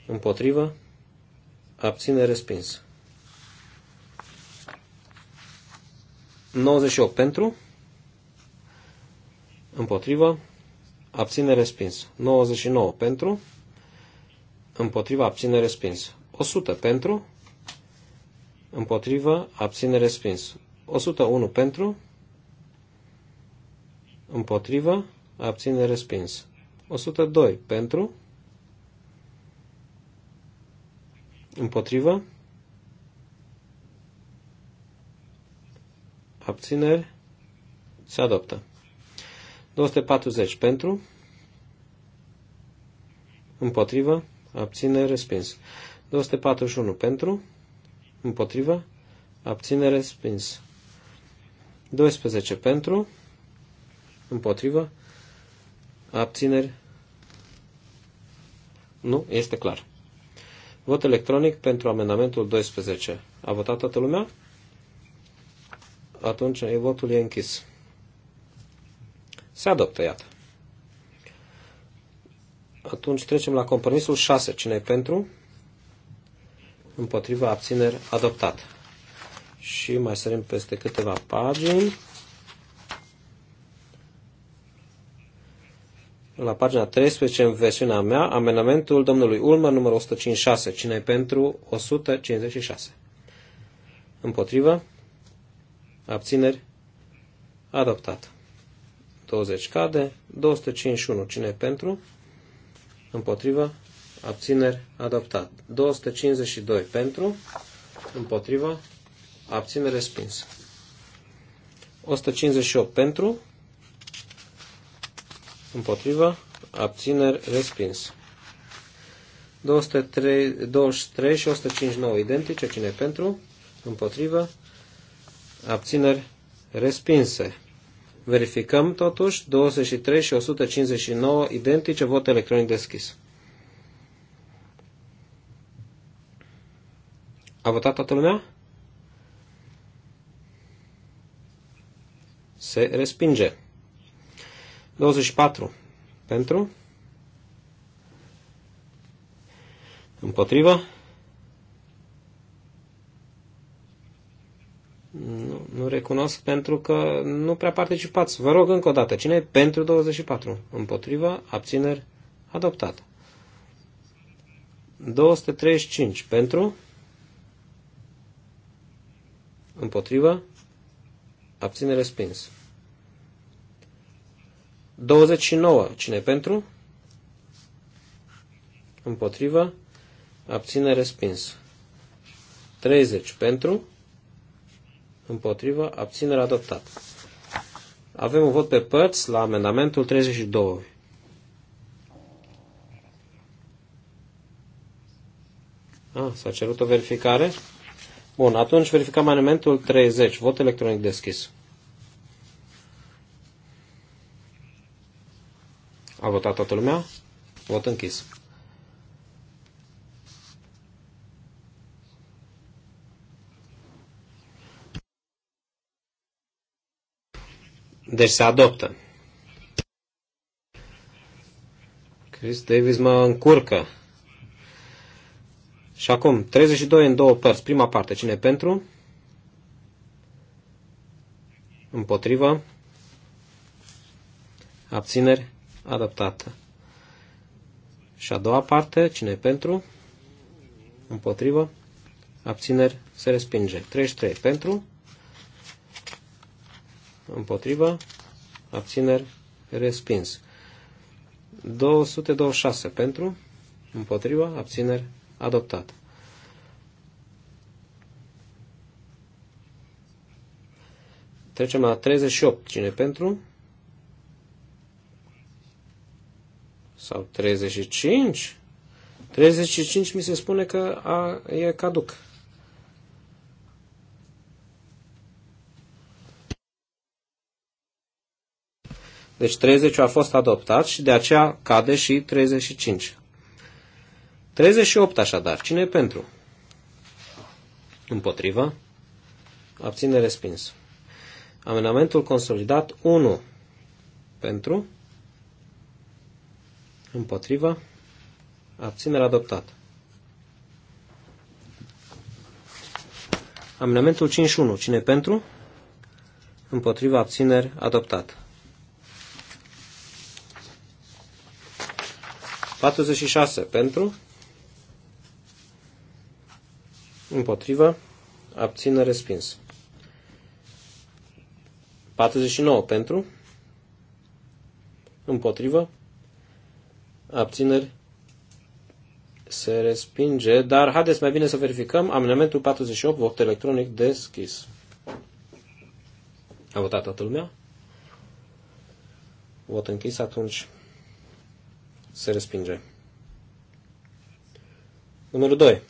Împotrivă. Abține respins. 98 pentru. Împotrivă. Abține respins. 99 pentru. Împotrivă. Abține respins. 100 pentru. Împotrivă. Abține respins. 101 pentru împotrivă, abține respins. 102 pentru, împotrivă, abțineri, se adoptă. 240 pentru, împotrivă, abține respins. 241 pentru, împotrivă, abține respins. 12 pentru, Împotrivă? Abțineri? Nu, este clar. Vot electronic pentru amendamentul 12. A votat toată lumea? Atunci votul e închis. Se adoptă, iată. Atunci trecem la compromisul 6. Cine e pentru? Împotriva abțineri adoptat. Și mai sărim peste câteva pagini. la pagina 13, în versiunea mea, amenamentul domnului Ulmer, numărul 156. Cine e pentru? 156. Împotrivă? Abțineri? Adoptat. 20 cade. 251. Cine e pentru? Împotrivă? Abțineri? Adoptat. 252 pentru? Împotrivă? Abțineri? Respins. 158 pentru? împotrivă, abțineri, respins. 203, 23 și 159 identice, cine pentru, împotrivă, abțineri, respinse. Verificăm totuși 23 și 159 identice, vot electronic deschis. A votat toată lumea? Se respinge. 24 pentru, împotrivă, nu, nu recunosc pentru că nu prea participați. Vă rog încă o dată, cine e pentru 24? Împotrivă, abțineri, adoptat. 235 pentru, împotrivă, abțineri, respins. 29. Cine pentru? Împotrivă. Abține respins. 30 pentru. Împotrivă. Abținere adoptat. Avem un vot pe părți la amendamentul 32. Ah, s-a cerut o verificare? Bun, atunci verificăm amendamentul 30. Vot electronic deschis. A votat toată lumea? Vot închis. Deci se adoptă. Chris Davis mă încurcă. Și acum, 32 în două părți. Prima parte, cine pentru? Împotrivă. Abțineri adaptată. Și a doua parte, cine e pentru? Împotrivă. Abțineri se respinge. 33 pentru. Împotrivă. Abțineri respins. 226 pentru. Împotrivă. Abțineri adoptat. Trecem la 38. Cine pentru? sau 35, 35 mi se spune că a, e caduc. Deci 30 a fost adoptat și de aceea cade și 35. 38 așadar. Cine e pentru? Împotrivă. Abține respins. Amenamentul consolidat 1 pentru Împotrivă. Abținere adoptată. Amendamentul 51. Cine pentru? Împotriva abțineri adoptat. 46. Pentru? Împotriva abținere respins. 49. Pentru? Împotrivă abțineri, se respinge, dar haideți mai bine să verificăm amendamentul 48, vot electronic deschis. A votat toată lumea? Vot închis, atunci se respinge. Numărul 2.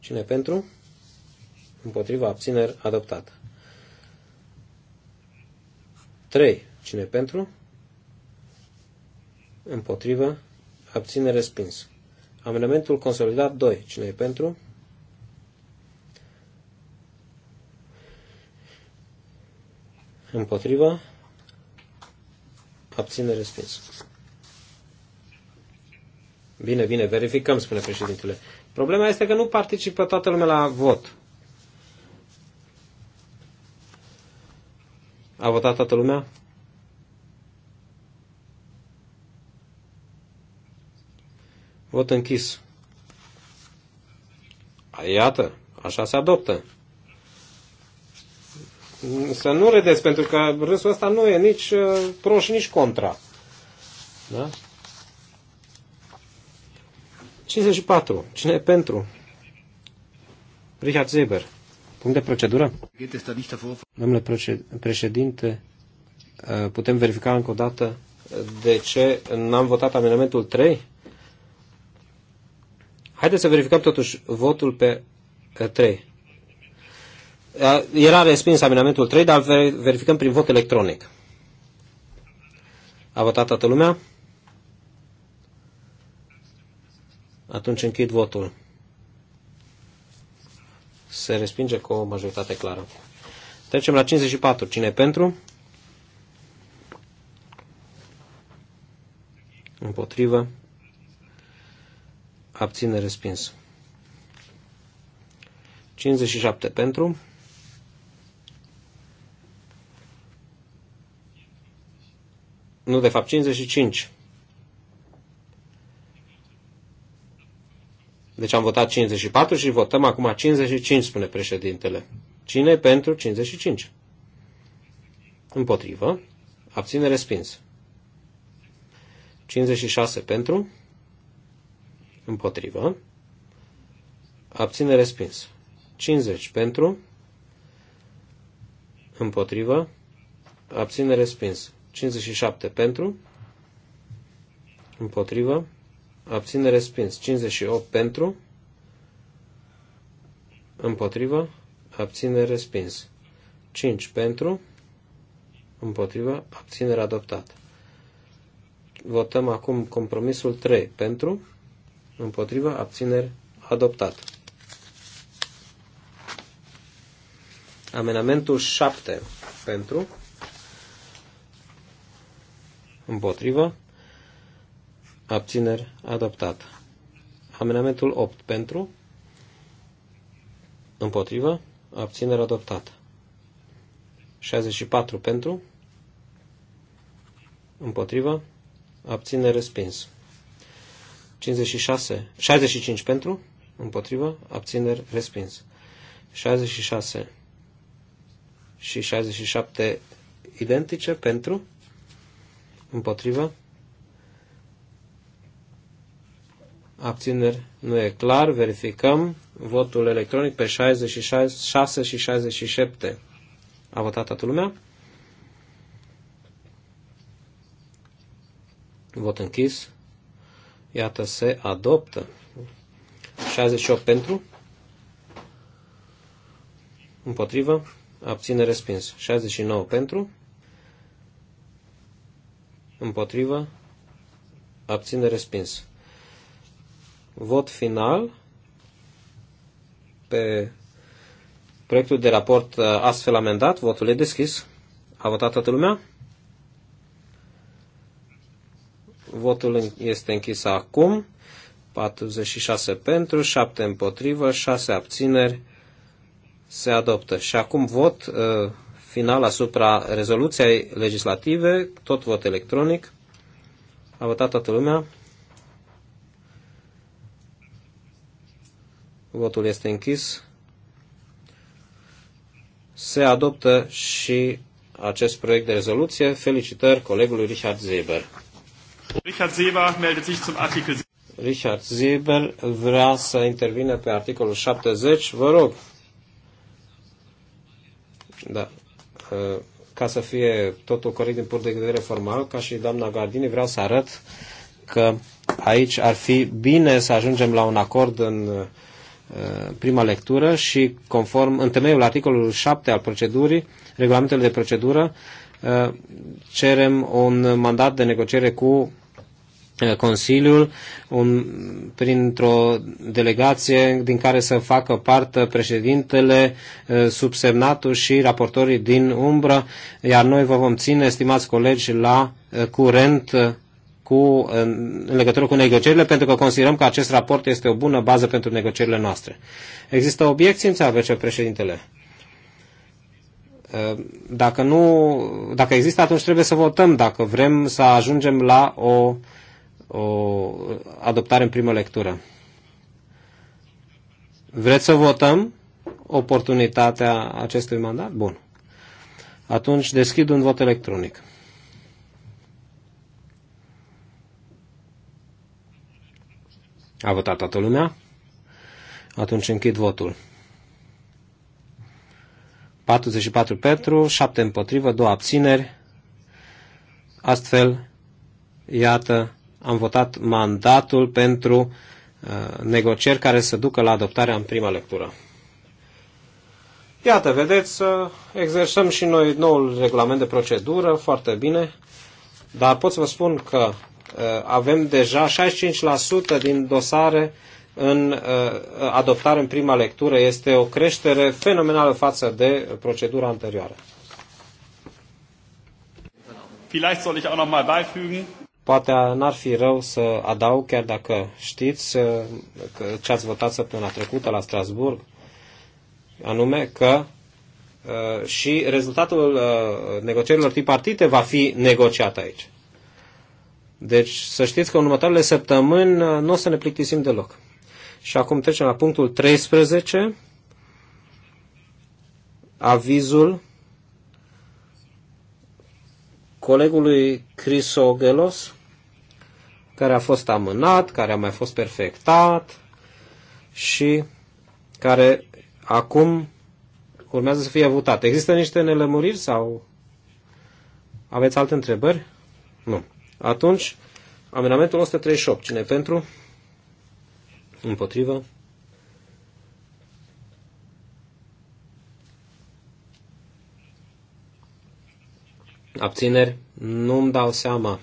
Cine pentru? Împotriva abțineri adoptat. 3. Cine pentru? Împotrivă. Abține respins. Amendamentul consolidat 2. Cine e pentru? Împotrivă. Abține respins. Bine, bine, verificăm, spune președintele. Problema este că nu participă toată lumea la vot. A votat toată lumea? Vot închis. Iată, așa se adoptă. Să nu redeți, pentru că râsul ăsta nu e nici uh, pro și nici contra. Da? 54. Cine e pentru? Richard Zeber. Punct de procedură? Domnule președinte, uh, putem verifica încă o dată de ce n-am votat amendamentul 3? Haideți să verificăm totuși votul pe 3. Era respins amendamentul 3, dar verificăm prin vot electronic. A votat toată lumea? Atunci închid votul. Se respinge cu o majoritate clară. Trecem la 54. Cine e pentru? Împotrivă abține respins. 57 pentru, 55. nu de fapt 55. Deci am votat 54 și votăm acum 55, spune președintele. Cine pentru 55? Împotrivă. Abține respins. 56 pentru. Împotrivă. Abține respins. 50 pentru. Împotrivă. Abține respins. 57 pentru. Împotrivă. Abține respins. 58 pentru. Împotrivă. Abține respins. 5 pentru. Împotrivă. Abținere adoptată. Votăm acum compromisul 3 pentru împotriva abțineri, adoptat. Amenamentul 7 pentru, împotrivă, abțineri, adoptat. Amenamentul 8 pentru, împotrivă, abțineri, adoptat. 64 pentru, împotrivă, abțineri respins. 56, 65 pentru, împotrivă, abțineri, respins. 66 și 67 identice pentru, împotrivă, abțineri, nu e clar, verificăm votul electronic pe 66 și 67. A votat toată lumea? Vot închis. Iată, se adoptă. 68 pentru. Împotrivă. Abține respins. 69 pentru. Împotrivă. Abține respins. Vot final pe proiectul de raport uh, astfel amendat. Votul e deschis. A votat toată lumea? Votul este închis acum. 46 pentru, 7 împotrivă, 6 abțineri. Se adoptă. Și acum vot uh, final asupra rezoluției legislative, tot vot electronic. A votat toată lumea. Votul este închis. Se adoptă și acest proiect de rezoluție. Felicitări colegului Richard Zeber. Richard Seber meldet sich zum Artikel Richard Seber vrea să intervine pe articolul 70. Vă rog. Da. Ă, ca să fie totul corect din punct de vedere formal, ca și doamna Gardini, vreau să arăt că aici ar fi bine să ajungem la un acord în ă, prima lectură și conform în temeiul articolului 7 al procedurii, regulamentele de procedură, Eh, cerem un mandat de negociere cu eh, Consiliul un, printr-o delegație din care să facă parte președintele, eh, subsemnatul și raportorii din umbră, iar noi vă vom ține, stimați colegi, la curent cu, în legătură cu negocierile, pentru că considerăm că acest raport este o bună bază pentru negocierile noastre. Există obiecții, țară, președintele? Ehm, dacă, nu, dacă există, atunci trebuie să votăm dacă vrem să ajungem la o, o adoptare în primă lectură. Vreți să votăm oportunitatea acestui mandat? Bun. Atunci deschid un vot electronic. A votat toată lumea? Atunci închid votul. 44 pentru, 7 împotrivă, 2 abțineri. Astfel, iată, am votat mandatul pentru uh, negocieri care să ducă la adoptarea în prima lectură. Iată, vedeți, uh, exersăm și noi noul regulament de procedură, foarte bine, dar pot să vă spun că uh, avem deja 65% din dosare uh, în uh, adoptare în prima lectură este o creștere fenomenală față de procedura anterioară. Poate n-ar fi rău să adaug, chiar dacă știți uh, ce ați votat săptămâna trecută la Strasburg, anume că uh, și rezultatul negocierilor tripartite va fi negociat aici. Deci să știți că în următoarele săptămâni nu o să ne plictisim deloc. Și acum trecem la punctul 13, avizul colegului Crisogelos, care a fost amânat, care a mai fost perfectat și care acum urmează să fie votat. Există niște nelămuriri sau aveți alte întrebări? Nu. Atunci, amendamentul 138. Cine pentru? Împotrivă. Abțineri? Nu-mi dau seama.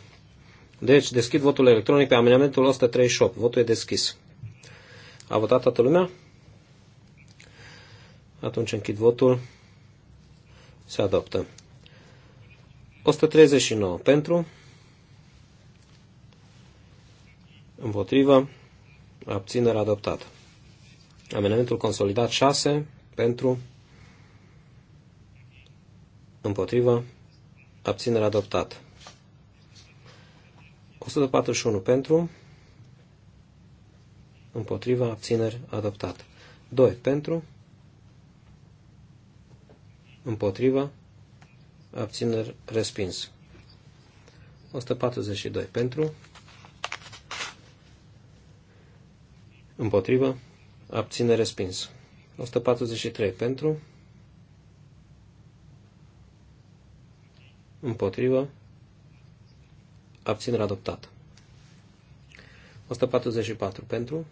Deci, deschid votul electronic pe amendamentul 138. Votul e deschis. A votat toată lumea? Atunci închid votul. Se adoptă. 139 pentru. Împotrivă abținere adoptat. Amendamentul consolidat 6 pentru împotrivă abținere adoptat. 141 pentru împotriva abțineri adoptat. 2 pentru împotriva abțineri respins. 142 pentru Împotrivă. Abține respins. 143 pentru. Împotrivă. Abținere adoptată. 144 pentru.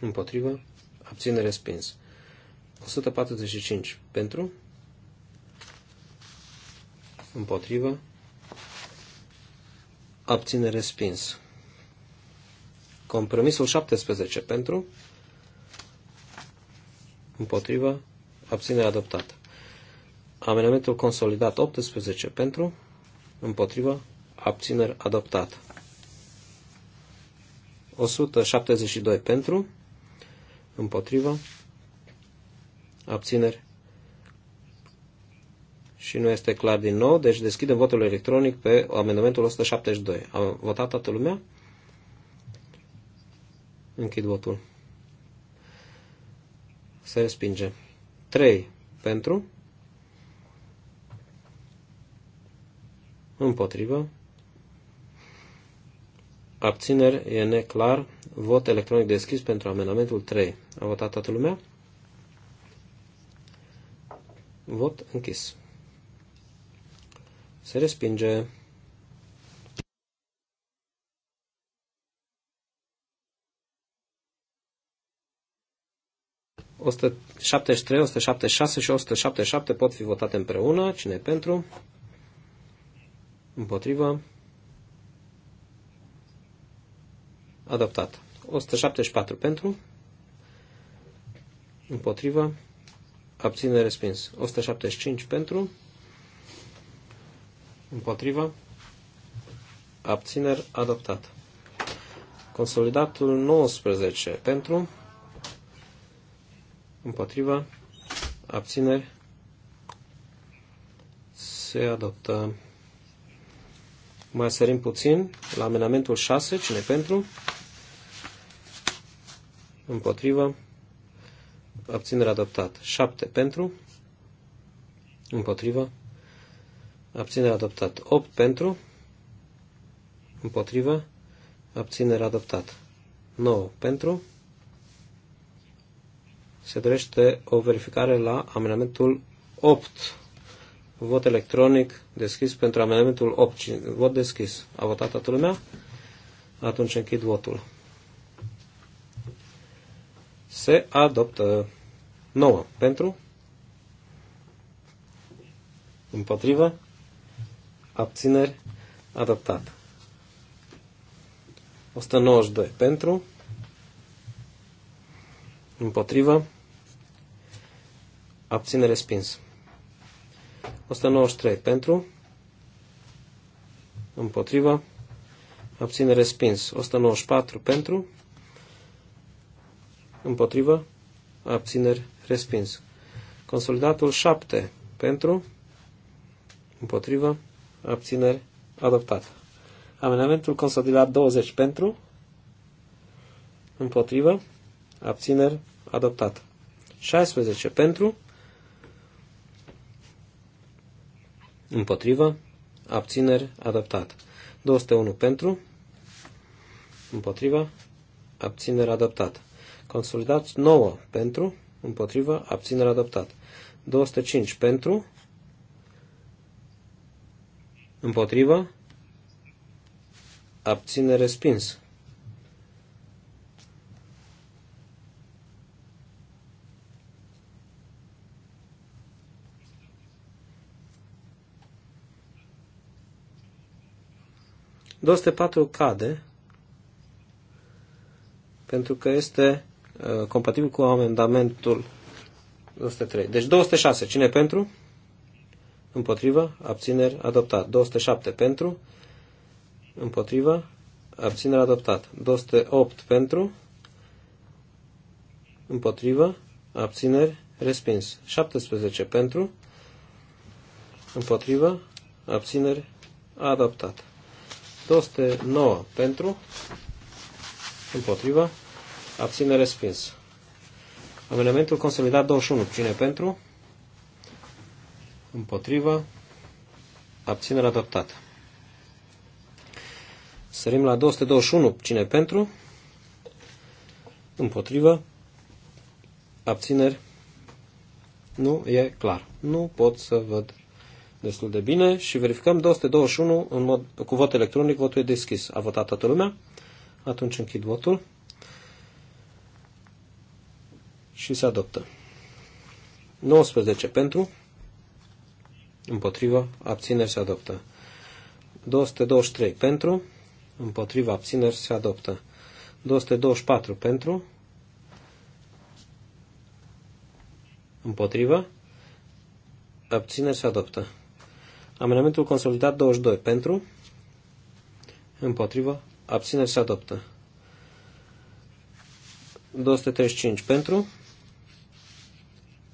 Împotrivă. Abținere respins. 145 pentru. Împotrivă. Abținere respins. Compromisul 17 pentru, împotrivă, abținere adoptată. Amendamentul consolidat 18 pentru, împotrivă, abțineri adoptată. 172 pentru, împotrivă, abțineri și nu este clar din nou, deci deschidem votul electronic pe amendamentul 172. A votat toată lumea? Închid votul. Se respinge. 3 pentru. Împotrivă. Abțineri e neclar. Vot electronic deschis pentru amendamentul 3. A votat toată lumea? Vot închis. Se respinge. 173, 176 și 177 pot fi votate împreună. Cine e pentru? Împotrivă? Adoptat. 174 pentru? Împotrivă? Abține respins. 175 pentru? Împotrivă? Abțineri adoptat. Consolidatul 19 pentru? împotriva, abțineri, se adoptă. Mai sărim puțin la amenamentul 6, cine pentru, împotriva, abținere adoptat. 7 pentru, împotriva, abținere adoptat. 8 pentru, împotriva, abținere adoptat. 9 pentru, se dorește o verificare la amendamentul 8. Vot electronic deschis pentru amendamentul 8. Vot deschis. A votat toată lumea? Atunci închid votul. Se adoptă 9 pentru, împotrivă, abțineri, adoptat. 192 pentru, Împotrivă. Abține respins. 193 pentru. Împotrivă. Abține respins. 194 pentru. Împotrivă. Abțineri respins. Consolidatul 7 pentru. Împotrivă. Abțineri adoptat. Amendamentul consolidat 20 pentru. Împotrivă. Abțineri adoptat. 16 pentru, împotrivă, abțineri, adoptat. 201 pentru, împotrivă, abțineri, adoptat. Consolidați 9 pentru, împotrivă, abțineri, adoptat. 205 pentru, împotrivă, abțineri, respins. 204 cade pentru că este uh, compatibil cu amendamentul 203. Deci 206. Cine pentru? Împotrivă. Abțineri. Adoptat. 207 pentru. Împotrivă. abțineri, adoptat. 208 pentru. Împotrivă. Abțineri. Respins. 17 pentru. Împotrivă. Abțineri. Adoptat. 209 pentru, împotriva, abține respins. Amendamentul consolidat 21, cine pentru, împotriva, abținere adoptată. Sărim la 221, cine pentru, împotriva, abțineri, nu e clar. Nu pot să văd destul de bine și verificăm 221 în mod, cu vot electronic, votul e deschis. A votat toată lumea? Atunci închid votul și se adoptă. 19 pentru, împotriva, abțineri se adoptă. 223 pentru, împotriva, abțineri se adoptă. 224 pentru, împotriva, abțineri se adoptă. Amendamentul consolidat 22 pentru, împotrivă, abțineri se adoptă. 235 pentru,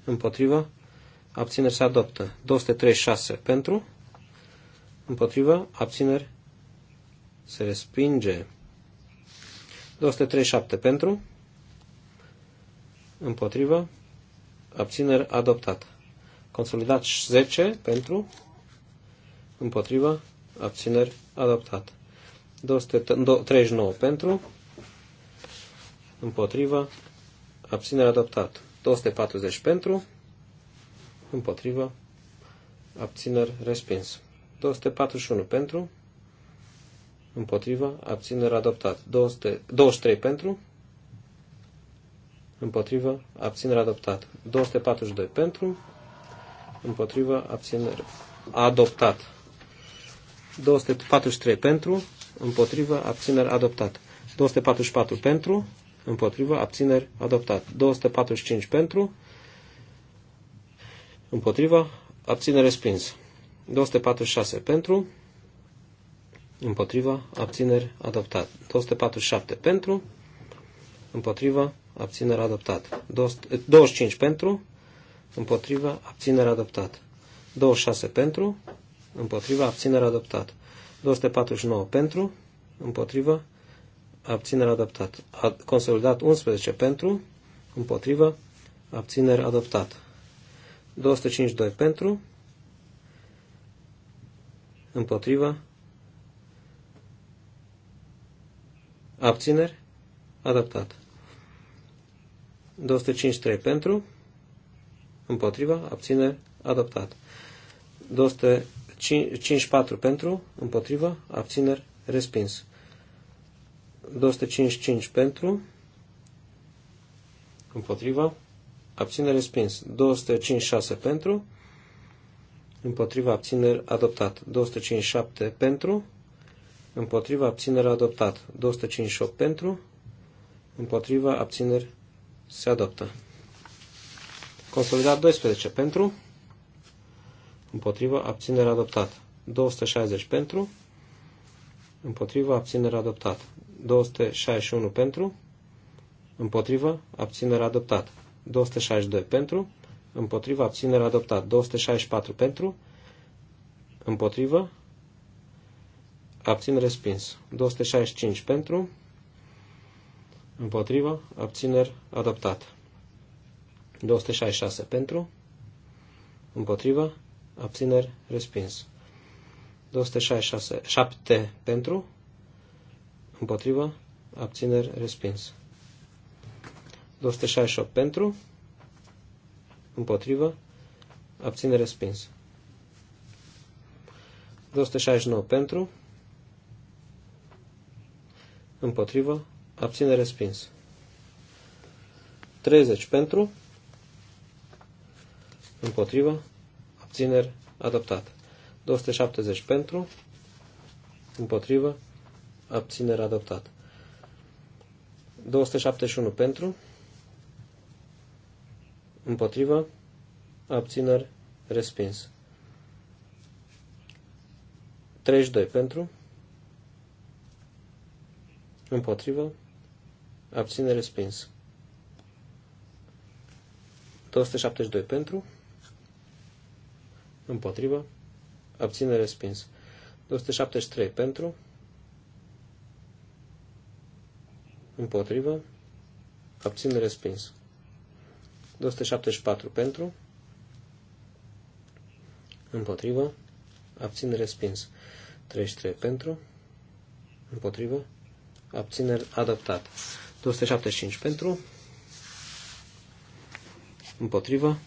împotrivă, abțineri se adoptă. 236 pentru, împotrivă, abțineri se respinge. 237 pentru, împotrivă, abțineri adoptat. Consolidat 10 pentru, împotriva, abțineri, adoptat. 239 pentru, împotriva, abțineri, adoptat. 240 pentru, împotriva, abțineri, respins. 241 pentru, împotriva, abțineri, adoptat. 200, 23 pentru, împotriva, abțineri, adoptat. 242 pentru, împotriva, abțineri, adoptat. 243 pentru, împotrivă, abțineri, adoptat. 244 pentru, împotrivă, abțineri, adoptat. 245 pentru, împotrivă, abțineri, respins. 246 pentru, împotrivă, abțineri, adoptat. 247 pentru, împotrivă, abțineri, adoptat. 25 pentru, împotrivă, abțineri, adoptat. 26 pentru, împotriva, abținere adoptat. 249 pentru, împotriva, abținere adoptat. A consolidat 11 pentru, împotriva, abținere adoptat. 252 pentru, împotriva, abțineri, adoptat. 253 pentru, împotriva, abțineri, adoptat. 200 5-4 pentru, împotrivă, abțineri, respins. 255 pentru, împotrivă, abțineri, respins. 256 pentru, împotrivă, abțineri, adoptat. 257 pentru, împotrivă, abțineri, adoptat. 258 pentru, împotrivă, abțineri, se adoptă. Consolidat 12 pentru, împotrivă, abținere adoptat. 260 pentru, împotrivă, abținere adoptat. 261 pentru, împotrivă, abținere adoptat. 262 pentru, împotrivă, abținere adoptat. 264 pentru, împotrivă, abțin respins. 265 pentru, împotrivă, abțineri adoptat. 266 pentru, împotrivă, abțineri, respins. 267 pentru, împotrivă, abțineri, respins. 268 pentru, împotrivă, abțineri, respins. 269 pentru, împotrivă, abținere respins. 30 pentru, împotrivă, abțineri, adoptat. 270 pentru, împotrivă, abțineri, adoptat. 271 pentru, împotrivă, abțineri, respins. 32 pentru, împotrivă, abține respins. 272 pentru, împotrivă, abține respins. 273 pentru, împotrivă, abține respins. 274 pentru, împotrivă, abține respins. 33 pentru, împotrivă, abțineri adoptat. 275 pentru, împotrivă,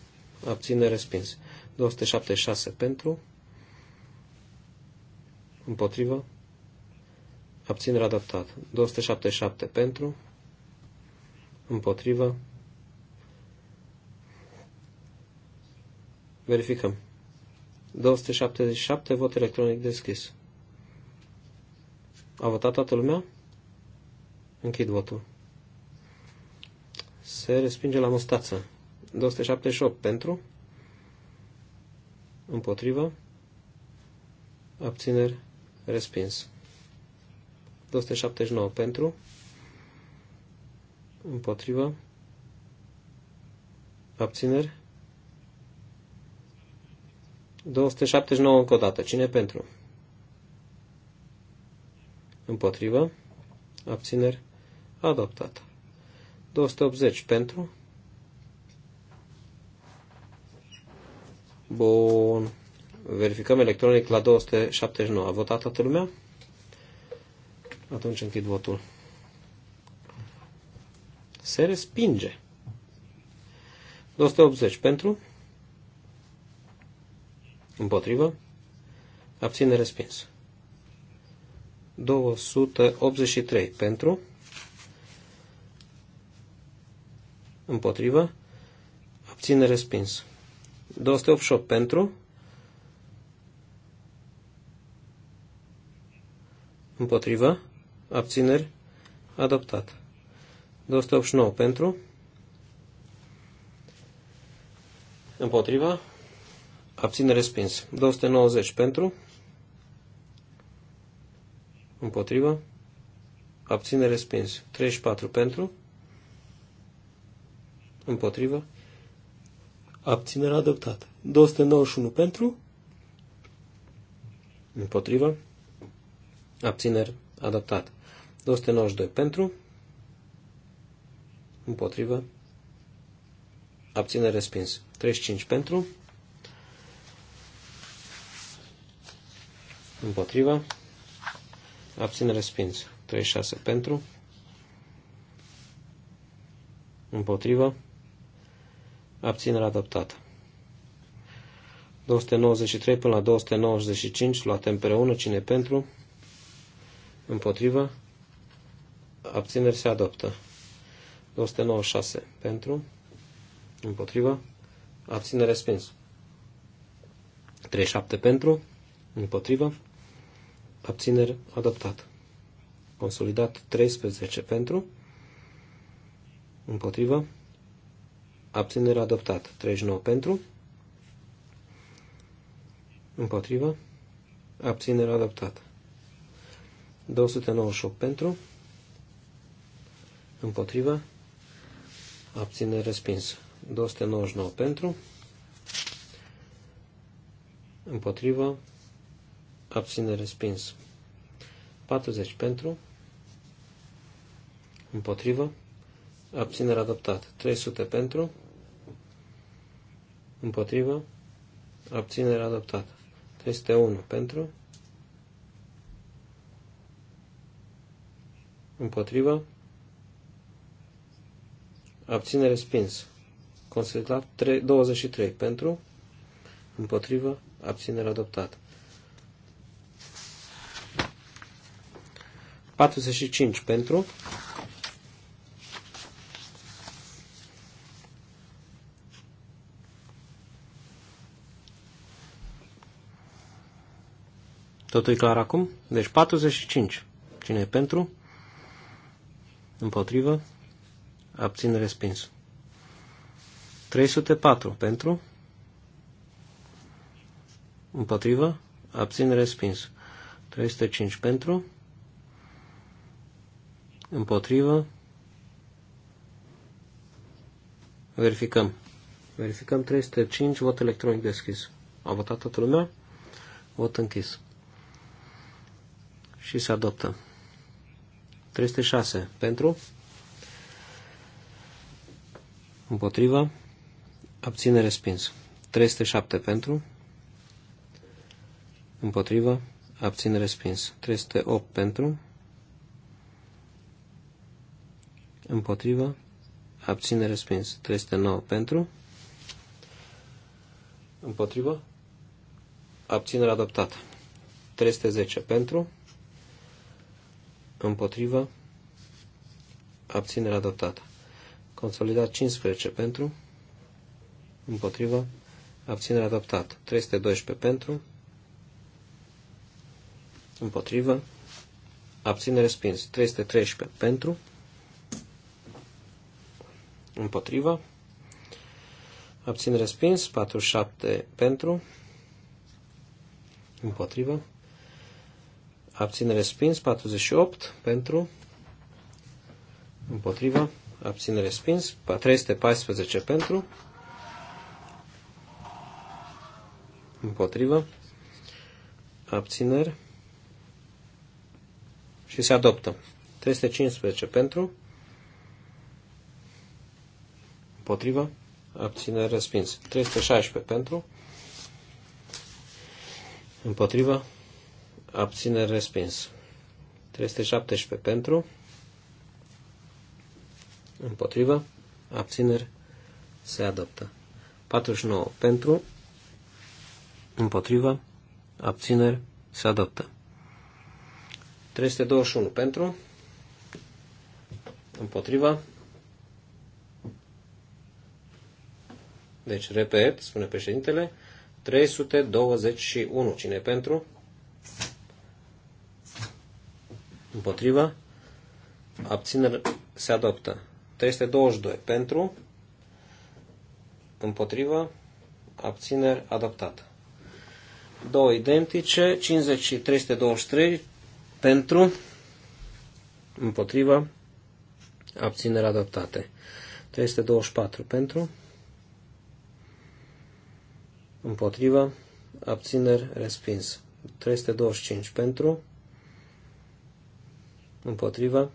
abține respins. 276 pentru, împotrivă, abținere adaptat. 277 pentru, împotrivă, verificăm. 277, vot electronic deschis. A votat toată lumea? Închid votul. Se respinge la mustață. 278 pentru împotrivă, abțineri, respins. 279 pentru, împotrivă, abțineri, 279 încă o dată. Cine pentru? Împotrivă. Abțineri. Adoptat. 280 pentru. Bun. Verificăm electronic la 279. A votat toată lumea? Atunci închid votul. Se respinge. 280 pentru. Împotrivă. Abține respins. 283 pentru. Împotrivă. Abține respins. 288 pentru, împotrivă, abțineri, adoptat. 289 pentru, împotriva, abține respins. 290 pentru, împotriva, abține respins. 34 pentru, împotriva, Abținerea adoptată. 291 pentru, împotrivă, abțineri adoptat. 292 pentru, împotrivă, abținere respins. 35 pentru, împotrivă, abținere respins. 36 pentru, împotrivă, abținerea adoptată. 293 până la 295, luate împreună, cine pentru, împotrivă, abțineri se adoptă. 296 pentru, împotrivă, abținere respins. 37 pentru, împotrivă, abțineri adoptat. Consolidat 13 pentru, împotrivă, abținere adoptat. 39 pentru, împotrivă, abținere adoptat. 298 pentru, împotrivă, abținere respins. 299 pentru, împotrivă, abținere respins. 40 pentru, împotrivă, abținere adoptat. 300 pentru, împotrivă, abținere adoptat. 301 pentru, împotrivă, abținere spins. Consiliat 23 pentru, împotrivă, abținere adoptat. 45 pentru, Totul e clar acum? Deci 45. Cine e pentru? Împotrivă? Abțin respins. 304 pentru? Împotrivă? Abțin respins. 305 pentru? Împotrivă? Verificăm. Verificăm 305, vot electronic deschis. A votat toată lumea? Vot închis și se adoptă. 306 pentru, împotriva, abține respins. 307 pentru, împotriva, abține respins. 308 pentru, împotriva, abține respins. 309 pentru, împotriva, abținere adoptată. 310 pentru, împotrivă, abținere adoptată. Consolidat 15 pentru, împotrivă, abținere adoptată. 312 pentru, împotrivă, abținere respins. 313 pentru, împotrivă, abținere respins. 47 pentru, împotrivă, abține respins, 48 pentru, împotriva, abține respins, 314 pentru, împotriva, abțineri și se adoptă. 315 pentru, împotriva, abțineri respins, 316 pentru, împotriva, abțineri respins. 317 pentru, împotrivă, abțineri se adoptă. 49 pentru, împotrivă, abțineri se adoptă. 321 pentru, Împotrivă. Deci, repet, spune președintele, 321. Cine pentru? Împotrivă. Abținere se adoptă. 322 pentru. Împotrivă. Abțineri adoptată. 2 identice. 50 și 323 pentru. Împotrivă. Abțineri adoptate. 324 pentru. Împotrivă. Abțineri respins. 325 pentru împotriva,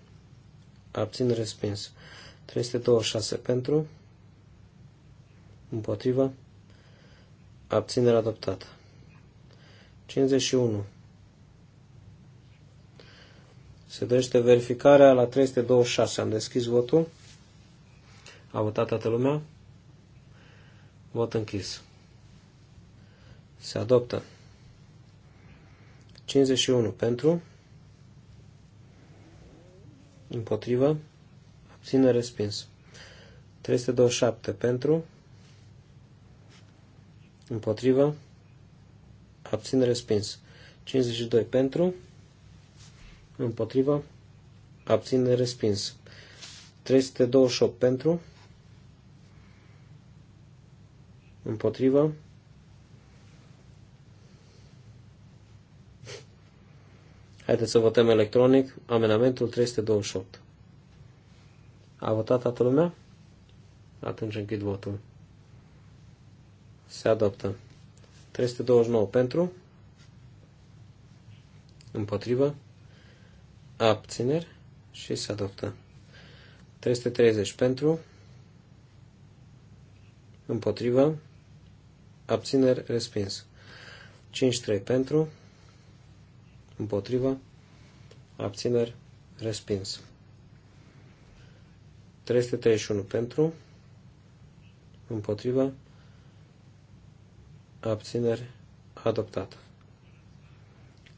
abțin respins. 326 pentru, împotriva, abținere adoptată. 51. Se dorește verificarea la 326. Am deschis votul. A votat toată lumea. Vot închis. Se adoptă. 51 pentru împotrivă, abține respins. 327 pentru, împotrivă, abține respins. 52 pentru, împotrivă, abține respins. 328 pentru, împotrivă, Haideți să votăm electronic amenamentul 328. A votat toată lumea? Atunci închid votul. Se adoptă. 329 pentru. Împotrivă. Abțineri. Și se adoptă. 330 pentru. Împotrivă. Abțineri. Respins. 53 pentru împotrivă, abțineri, respins. 331 pentru, împotrivă, abțineri, adoptat.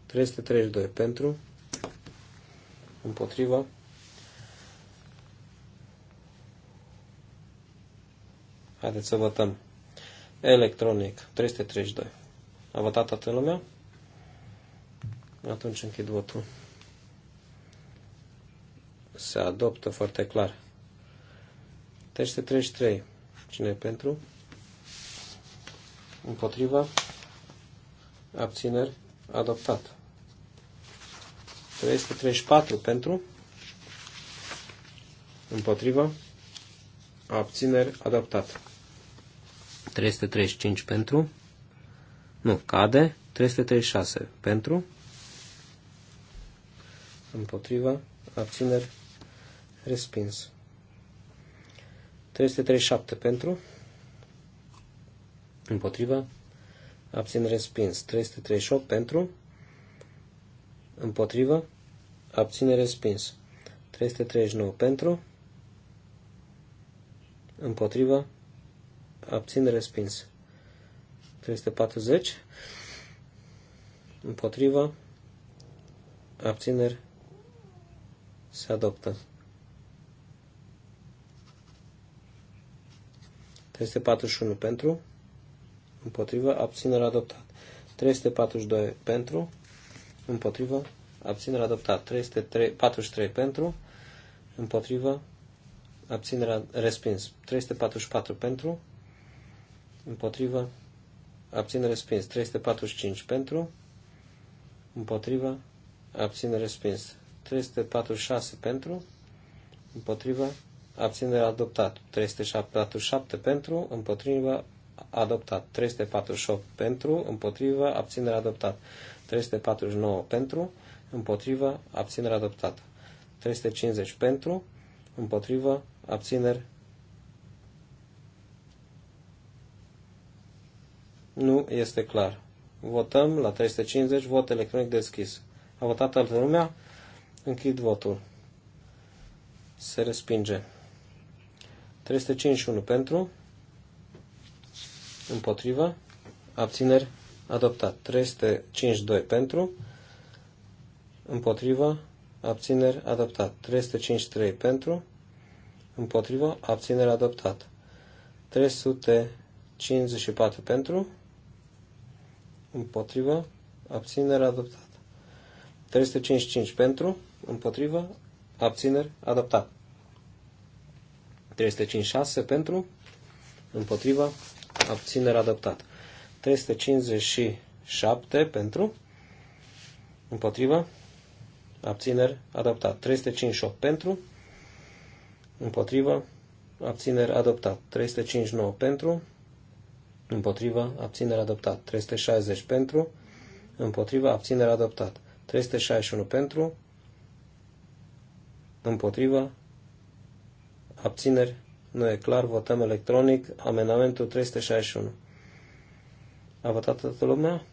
332 pentru, împotrivă, Haideți să votăm. Electronic, 332. A votat toată lumea? Atunci închid votul. Se adoptă foarte clar. 333. Cine e pentru? Împotriva? Abțineri? Adoptat. 334 pentru? Împotriva? Abțineri? Adoptat. 335 pentru? Nu, cade. 336 pentru? împotriva, abțineri, respins. 337 pentru, împotriva, abțineri, respins. 338 pentru, împotriva, abțineri, respins. 339 pentru, împotriva, abțineri, respins. 340 împotriva, abțineri, se adoptă. 341 pentru. Împotrivă. Abținere adoptat. 342 pentru. Împotrivă. Abținere adoptat. 343 pentru. Împotrivă. abținere respins. 344 pentru. Împotrivă. abținere respins. 345 pentru. Împotrivă. abținere respins. 346 pentru, împotrivă, abținere adoptat. 347 pentru, împotrivă, adoptat. 348 pentru, împotrivă, abținere adoptat. 349 pentru, împotrivă, abținere adoptat. 350 pentru, împotrivă, abțineri. Nu este clar. Votăm la 350, vot electronic deschis. A votat toată lumea? Închid votul. Se respinge. 351 pentru. Împotrivă. Abțineri. Adoptat. 352 pentru. Împotrivă. Abțineri. Adoptat. 353 pentru. Împotrivă. Abțineri. Adoptat. 354 pentru. Împotrivă. Abțineri. adoptată. 355 pentru împotrivă, abțineri, adoptat. 356 pentru, împotrivă, abțineri, adoptat. 357 pentru, împotrivă, abțineri, adoptat. 358 pentru, împotrivă, abțineri, adoptat. 359 pentru, împotrivă, abțineri, adoptat. 360 pentru, împotrivă, abțineri, adoptat. 361 pentru, împotrivă, abțineri, nu e clar, votăm electronic, amendamentul 361. A votat toată lumea?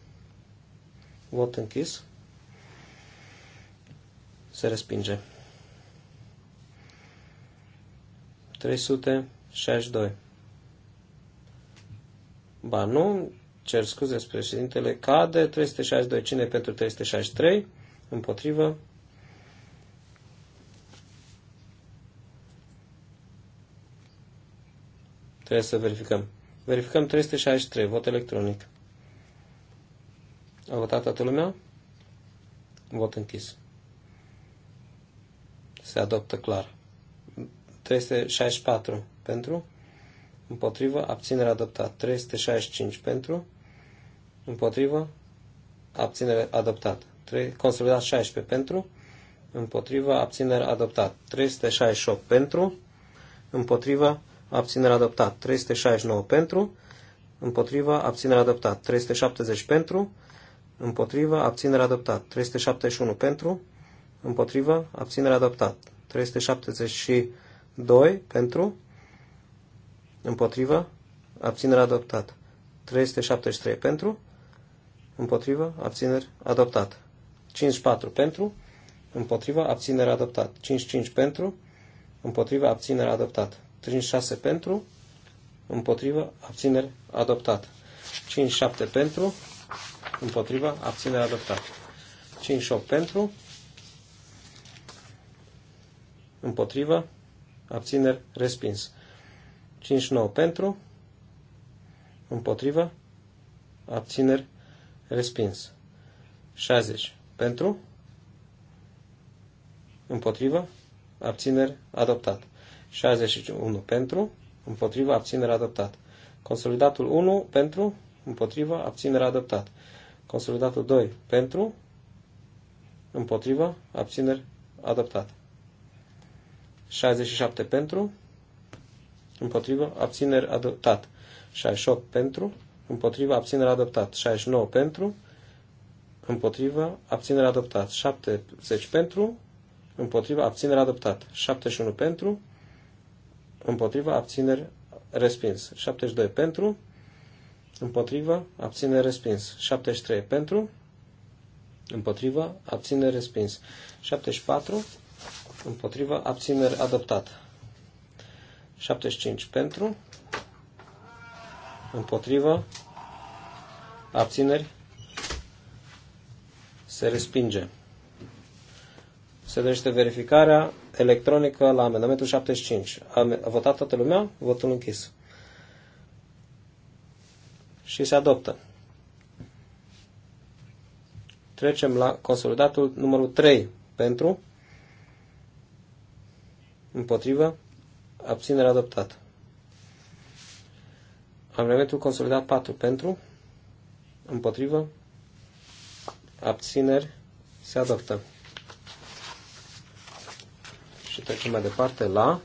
Vot închis. Se respinge. 362. Ba nu, cer scuze, președintele cade, 362, cine pentru 363, împotrivă, Trebuie să verificăm. Verificăm 363, vot electronic. A votat toată lumea? Vot închis. Se adoptă clar. 364 pentru, împotrivă, abținere adoptat. 365 pentru, împotrivă, abținere adoptat. 3, consolidat 16 pentru, împotrivă, abținere adoptat. 368 pentru, împotrivă, abținere adoptat. 369 pentru, împotriva, abținere adoptat. 370 pentru, împotriva, abținere adoptat. 371 pentru, împotriva, abținere adoptat. 372 pentru, împotriva, abținere adoptat. 373 pentru, împotriva, abținere adoptat. 54 pentru, împotriva, abținere adoptat. 55 pentru, împotriva, abținere adoptat. 36 pentru, împotrivă, abținere, adoptat. 57 pentru, împotrivă, abținere, adoptat. 58 pentru, împotrivă, abțineri, respins. 59 pentru, împotrivă, abțineri, respins. 60 pentru, împotrivă, abțineri, adoptat. 61 pentru, împotriva, abținere adoptat. Consolidatul 1 pentru, împotriva, abținere adoptat. Consolidatul 2 pentru, împotriva, abținere adoptat. 67 pentru, împotriva, abținere adoptat. 68 pentru, împotriva, abținere adoptat. 69 pentru, împotriva, abținere adoptat. 70 pentru, împotriva, abținere adoptat. 71 pentru, împotriva, abțineri, respins. 72 pentru, împotriva, abțineri, respins. 73 pentru, împotriva, abțineri, respins. 74 împotriva, abțineri, adoptat. 75 pentru, împotriva, abțineri, se respinge. Se dește verificarea electronică la amendamentul 75. A votat toată lumea? Votul închis. Și se adoptă. Trecem la consolidatul numărul 3. Pentru? Împotrivă? Abținere adoptată. Amendamentul consolidat 4. Pentru? Împotrivă? Abțineri? Se adoptă. Și trecem mai departe la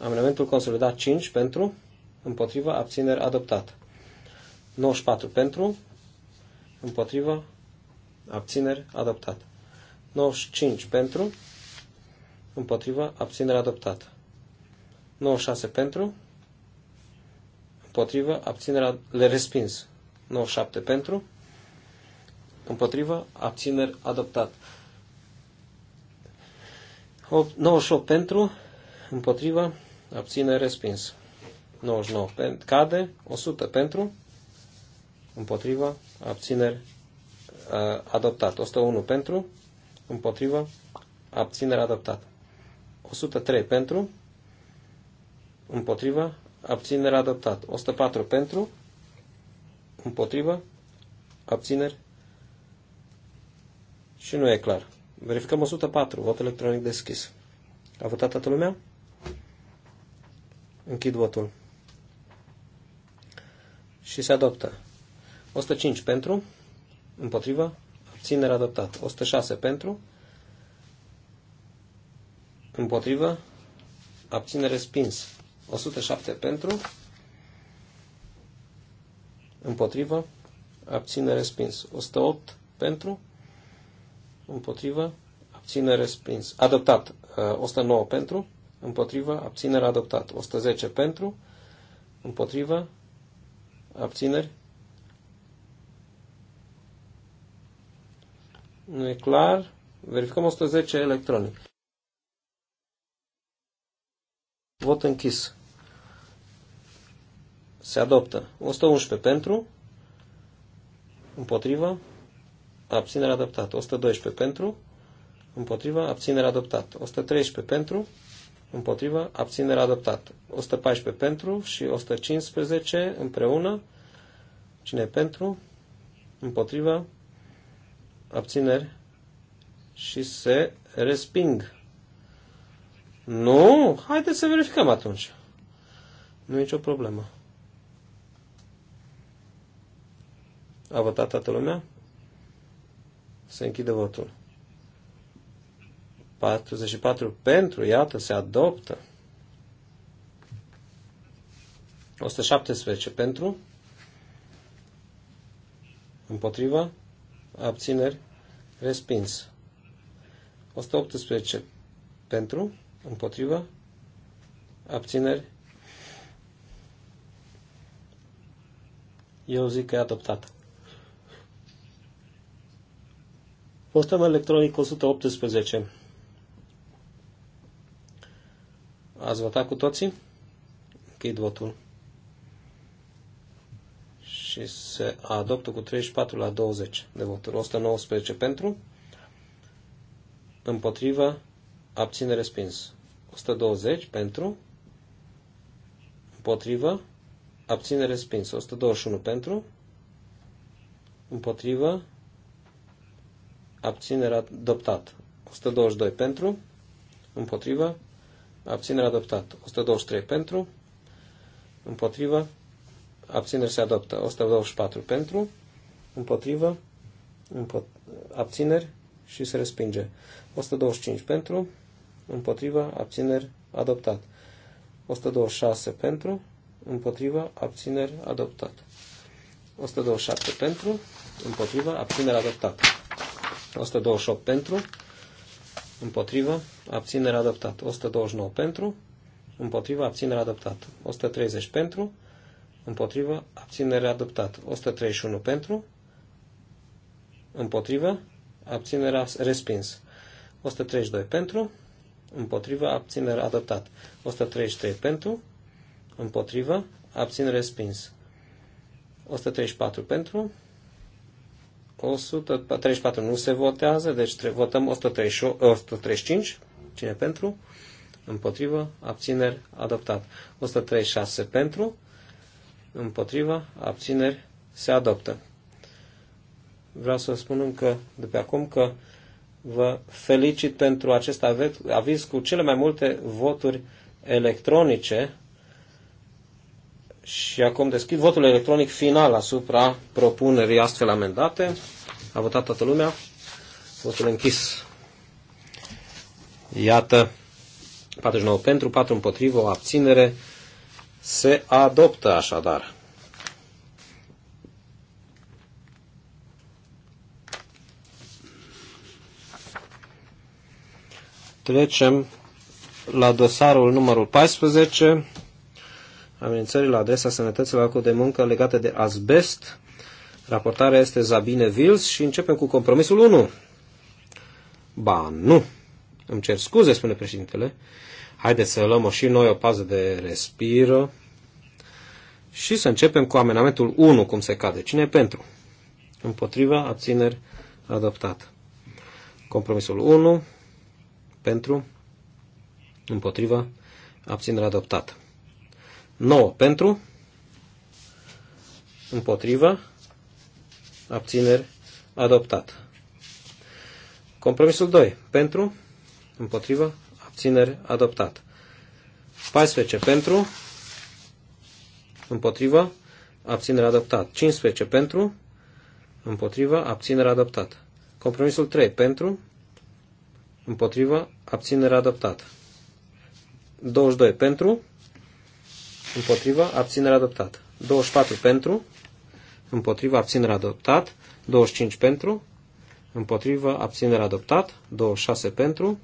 amendamentul consolidat 5 pentru, împotrivă, abțineri, adoptat. 94 pentru, împotrivă, abțineri, adoptat. 95 pentru, împotrivă, abțineri adoptat. 96 pentru, împotrivă, abținere, le respins. 97 pentru, împotrivă, abțineri, adoptat. 98 pentru, împotriva, abține respins. 99 pentru, cade, 100 pentru, împotriva, abțineri adoptat. 101 pentru, împotriva, abținere adoptat. 103 pentru, împotriva, abținere adoptat. 104 pentru, împotriva, abțineri și nu e clar. Verificăm 104. Vot electronic deschis. A votat toată lumea? Închid votul. Și se adoptă. 105 pentru, împotrivă, abținere adoptat. 106 pentru, împotrivă, abținere respins. 107 pentru, împotrivă, abținere respins. 108 pentru, împotrivă, abținere respins. Adoptat 109 uh, pentru, împotrivă, abținere adoptat 110 pentru, împotrivă, abțineri. Nu e clar. Verificăm 110 electronic. Vot închis. Se adoptă. 111 pentru, împotrivă, abținere adoptată, 112 pentru, împotriva, abținere adoptată, 113 pentru, împotriva, abținere adoptată, 114 pentru și 115 împreună. Cine pentru? Împotriva, abțineri și se resping. Nu? Haideți să verificăm atunci. Nu e nicio problemă. A votat toată lumea? Se închide votul. 44 pentru, iată, se adoptă. 117 pentru, împotriva, abțineri, respins. 118 pentru, împotriva, abțineri. Eu zic că e adoptată. Postăm electronic 118. Ați votat cu toții? Închid votul. Și se adoptă cu 34 la 20 de voturi. 119 pentru, împotrivă, abține respins. 120 pentru, împotrivă, abține respins. 121 pentru, împotrivă, abținere adoptat. 122 pentru, împotrivă, abținere adoptat. 123 pentru, împotrivă, abținere se adoptă. 124 pentru, împotrivă, împot- abțineri și se respinge. 125 pentru, împotriva, abțineri, adoptat. 126 pentru, împotriva, abțineri, adoptat. 127 pentru, împotriva, abțineri, adoptat. 128 pentru, împotrivă, abținere adoptată. 129 pentru, împotrivă, abținere adoptată. 130 pentru, împotrivă, abținere adoptată. 131 pentru, împotrivă, abținerea respins. 132 pentru, împotrivă, abținere adoptat. 133 pentru, împotrivă, abținere respins. 134 pentru, 134 nu se votează, deci votăm 135. Eh, Cine pentru? Împotrivă, abțineri, adoptat. 136 pentru, împotrivă, abțineri, se adoptă. Vreau să spun încă de pe acum că vă felicit pentru acest aviz cu cele mai multe voturi electronice și acum deschid votul electronic final asupra propunerii astfel amendate. A votat toată lumea. Votul închis. Iată, 49 pentru, 4 împotrivă, o abținere. Se adoptă așadar. Trecem la dosarul numărul 14, amenințării la adresa sănătății la locul de muncă legate de asbest. Raportarea este Zabine Vils și începem cu compromisul 1. Ba, nu. Îmi cer scuze, spune președintele. Haideți să luăm și noi o pază de respiră și să începem cu amenamentul 1, cum se cade. Cine e pentru? Împotriva, abțineri, adoptat. Compromisul 1, pentru, împotriva, abținere adoptat. 9 pentru, împotrivă, abțineri, adoptat. Compromisul 2 pentru, împotrivă, abțineri, adoptat. 14 pentru, împotrivă, abțineri, adoptat. 15 pentru, împotrivă, abțineri, adoptat. Compromisul 3 pentru, împotrivă, abținere adoptat. 22 pentru, împotrivă, abținere adoptat. 24 pentru, împotrivă, abținere adoptat. 25 pentru, împotrivă, abținere adoptat. 26 pentru,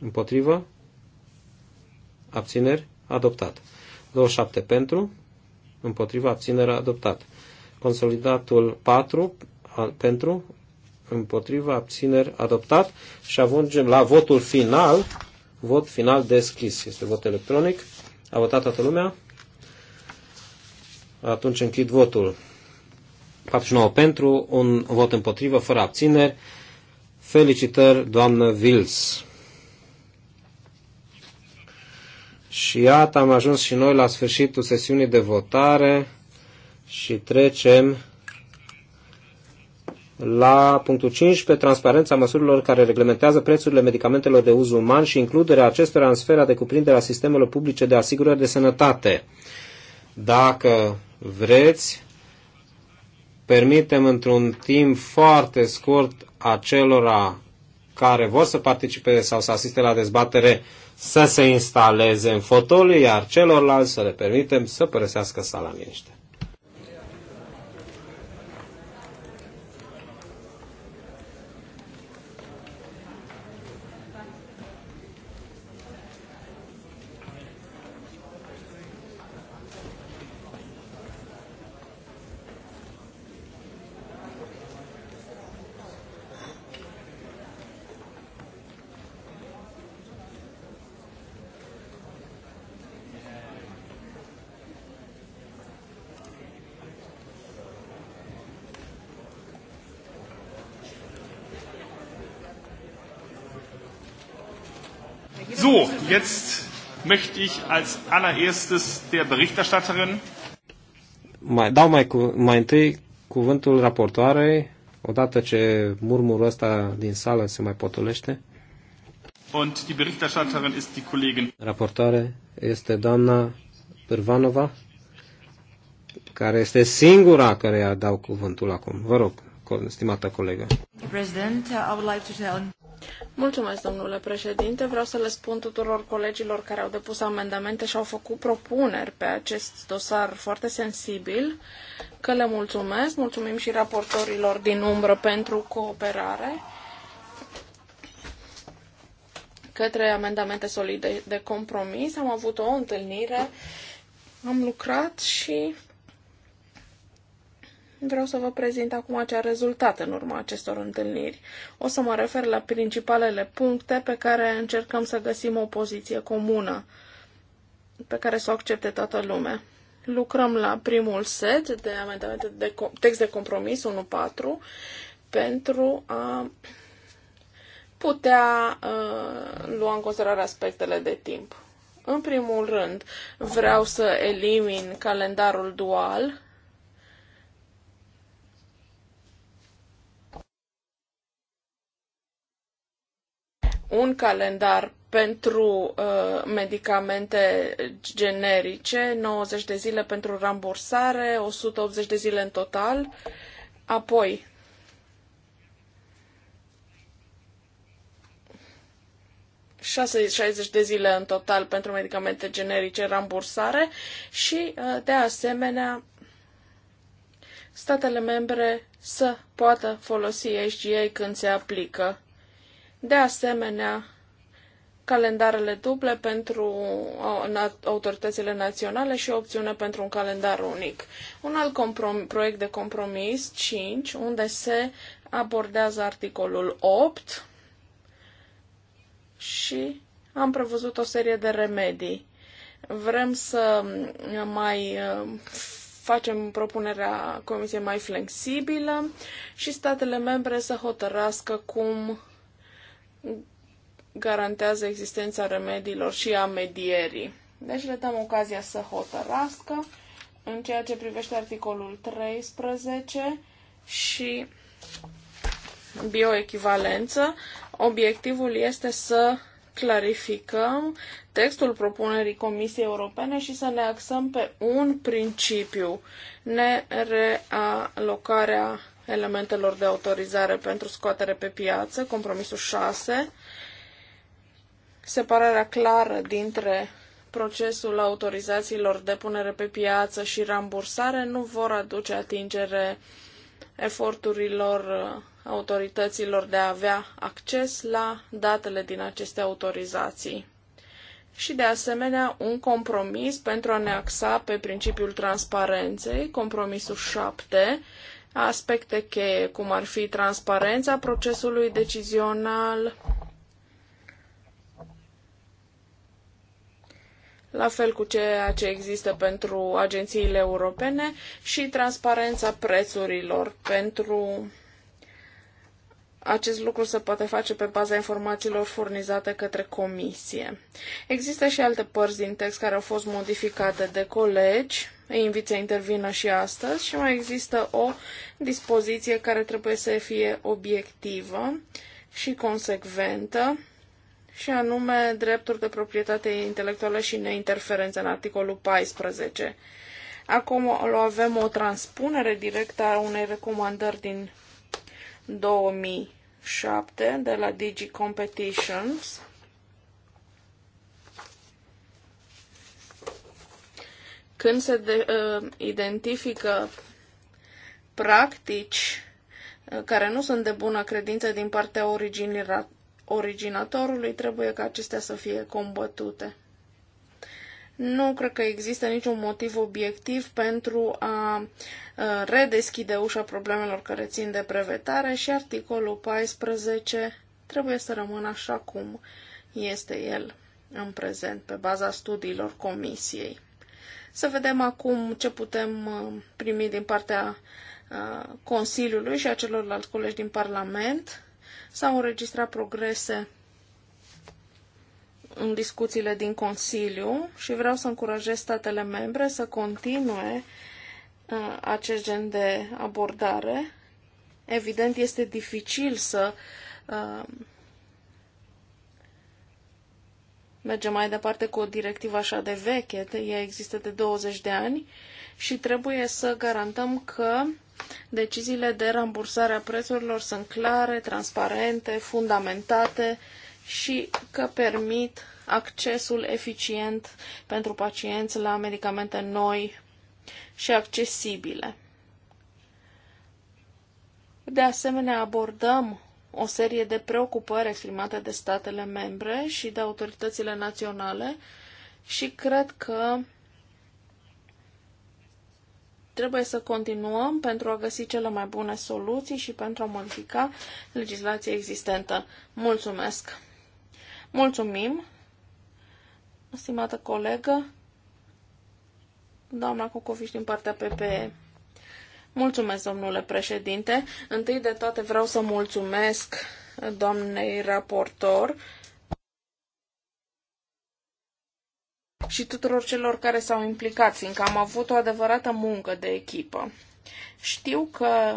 împotrivă, abțineri adoptat. 27 pentru, împotrivă, abținere adoptat. Consolidatul 4 pentru, împotriva, abțineri, adoptat și ajungem la votul final, vot final deschis. Este vot electronic. A votat toată lumea? Atunci închid votul. 49 pentru, un vot împotrivă, fără abțineri. Felicitări, doamnă Vils. Și iată, am ajuns și noi la sfârșitul sesiunii de votare și trecem la punctul 15, transparența măsurilor care reglementează prețurile medicamentelor de uz uman și includerea acestora în sfera de cuprindere a sistemelor publice de asigurări de sănătate. Dacă vreți, permitem într-un timp foarte scurt acelora care vor să participe sau să asiste la dezbatere să se instaleze în fotoliu, iar celorlalți să le permitem să părăsească sala în liniște. Jetzt möchte ich als allererstes der Berichterstatterin. Mai, dau mai, cu, mai întâi cuvântul raportoarei, odată ce murmurul ăsta din sală se mai potolește. Und die Berichterstatterin ist die Kollegin. Raportoare este doamna Pârvanova, care este singura care i-a dau cuvântul acum. Vă rog, stimată colegă. President, I would like to tell Mulțumesc, domnule președinte. Vreau să le spun tuturor colegilor care au depus amendamente și au făcut propuneri pe acest dosar foarte sensibil că le mulțumesc. Mulțumim și raportorilor din umbră pentru cooperare către amendamente solide de compromis. Am avut o întâlnire, am lucrat și Vreau să vă prezint acum ce a rezultat în urma acestor întâlniri. O să mă refer la principalele puncte pe care încercăm să găsim o poziție comună pe care să o accepte toată lumea. Lucrăm la primul set de amendamente de text de compromis 1.4 pentru a putea uh, lua în considerare aspectele de timp. În primul rând, vreau să elimin calendarul dual un calendar pentru uh, medicamente generice, 90 de zile pentru rambursare, 180 de zile în total. Apoi, șase 60 de zile în total pentru medicamente generice rambursare și, uh, de asemenea, statele membre să poată folosi HGA când se aplică de asemenea, calendarele duble pentru autoritățile naționale și opțiune pentru un calendar unic. Un alt proiect de compromis, 5, unde se abordează articolul 8 și am prevăzut o serie de remedii. Vrem să mai uh, facem propunerea Comisiei mai flexibilă și statele membre să hotărască cum garantează existența remediilor și a medierii. Deci le dăm ocazia să hotărască în ceea ce privește articolul 13 și bioechivalență. Obiectivul este să clarificăm textul propunerii Comisiei Europene și să ne axăm pe un principiu, nerealocarea elementelor de autorizare pentru scoatere pe piață, compromisul 6, separarea clară dintre procesul autorizațiilor de punere pe piață și rambursare nu vor aduce atingere eforturilor uh, autorităților de a avea acces la datele din aceste autorizații. Și, de asemenea, un compromis pentru a ne axa pe principiul transparenței, compromisul 7, aspecte cheie, cum ar fi transparența procesului decizional, la fel cu ceea ce există pentru agențiile europene și transparența prețurilor pentru acest lucru se poate face pe baza informațiilor furnizate către comisie. Există și alte părți din text care au fost modificate de colegi îi invit să intervină și astăzi și mai există o dispoziție care trebuie să fie obiectivă și consecventă și anume drepturi de proprietate intelectuală și neinterferență în articolul 14. Acum avem o transpunere directă a unei recomandări din 2007 de la Digi Competitions când se de, uh, identifică practici uh, care nu sunt de bună credință din partea originatorului, trebuie ca acestea să fie combătute. Nu cred că există niciun motiv obiectiv pentru a uh, redeschide ușa problemelor care țin de brevetare și articolul 14 trebuie să rămână așa cum este el în prezent, pe baza studiilor comisiei. Să vedem acum ce putem uh, primi din partea uh, Consiliului și a celorlalți colegi din Parlament. S-au înregistrat progrese în discuțiile din Consiliu și vreau să încurajez statele membre să continue uh, acest gen de abordare. Evident, este dificil să merge mai departe cu o directivă așa de veche, ea există de 20 de ani și trebuie să garantăm că deciziile de rambursare a prețurilor sunt clare, transparente, fundamentate și că permit accesul eficient pentru pacienți la medicamente noi și accesibile. De asemenea, abordăm o serie de preocupări exprimate de statele membre și de autoritățile naționale și cred că trebuie să continuăm pentru a găsi cele mai bune soluții și pentru a modifica legislația existentă. Mulțumesc! Mulțumim, stimată colegă, doamna Cocoviș din partea PPE. Mulțumesc, domnule președinte. Întâi de toate vreau să mulțumesc doamnei raportor și tuturor celor care s-au implicat, fiindcă am avut o adevărată muncă de echipă. Știu că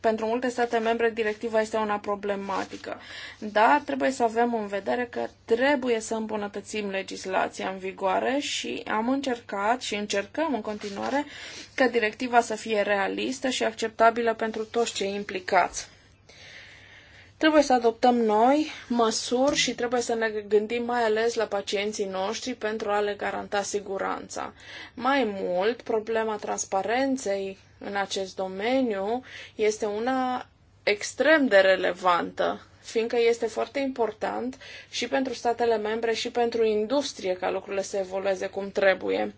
pentru multe state membre, directiva este una problematică. Dar trebuie să avem în vedere că trebuie să îmbunătățim legislația în vigoare și am încercat și încercăm în continuare ca directiva să fie realistă și acceptabilă pentru toți cei implicați. Trebuie să adoptăm noi măsuri și trebuie să ne gândim mai ales la pacienții noștri pentru a le garanta siguranța. Mai mult, problema transparenței în acest domeniu este una extrem de relevantă, fiindcă este foarte important și pentru statele membre și pentru industrie ca lucrurile să evolueze cum trebuie.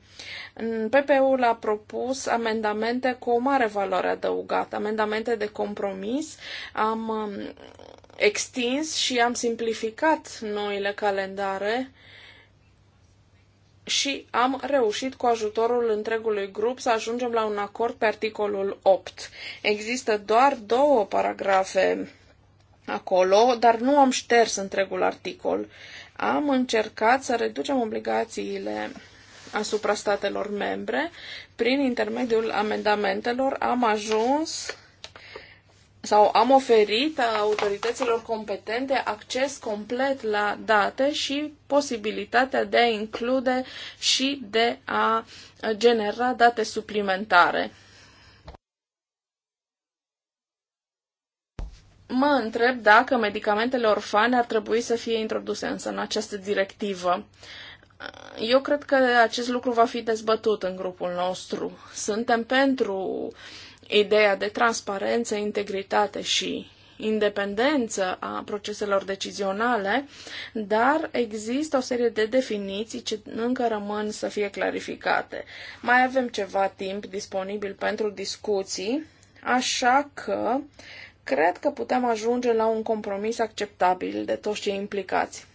PPU-ul a propus amendamente cu o mare valoare adăugată, amendamente de compromis. Am um, extins și am simplificat noile calendare și am reușit cu ajutorul întregului grup să ajungem la un acord pe articolul 8. Există doar două paragrafe acolo, dar nu am șters întregul articol. Am încercat să reducem obligațiile asupra statelor membre. Prin intermediul amendamentelor am ajuns sau am oferit autorităților competente acces complet la date și posibilitatea de a include și de a genera date suplimentare. Mă întreb dacă medicamentele orfane ar trebui să fie introduse însă în această directivă. Eu cred că acest lucru va fi dezbătut în grupul nostru. Suntem pentru uh, ideea de transparență, integritate și independență a proceselor decizionale, dar există o serie de definiții ce încă rămân să fie clarificate. Mai avem ceva timp disponibil pentru discuții, așa că cred că putem ajunge la un compromis acceptabil de toți cei implicați.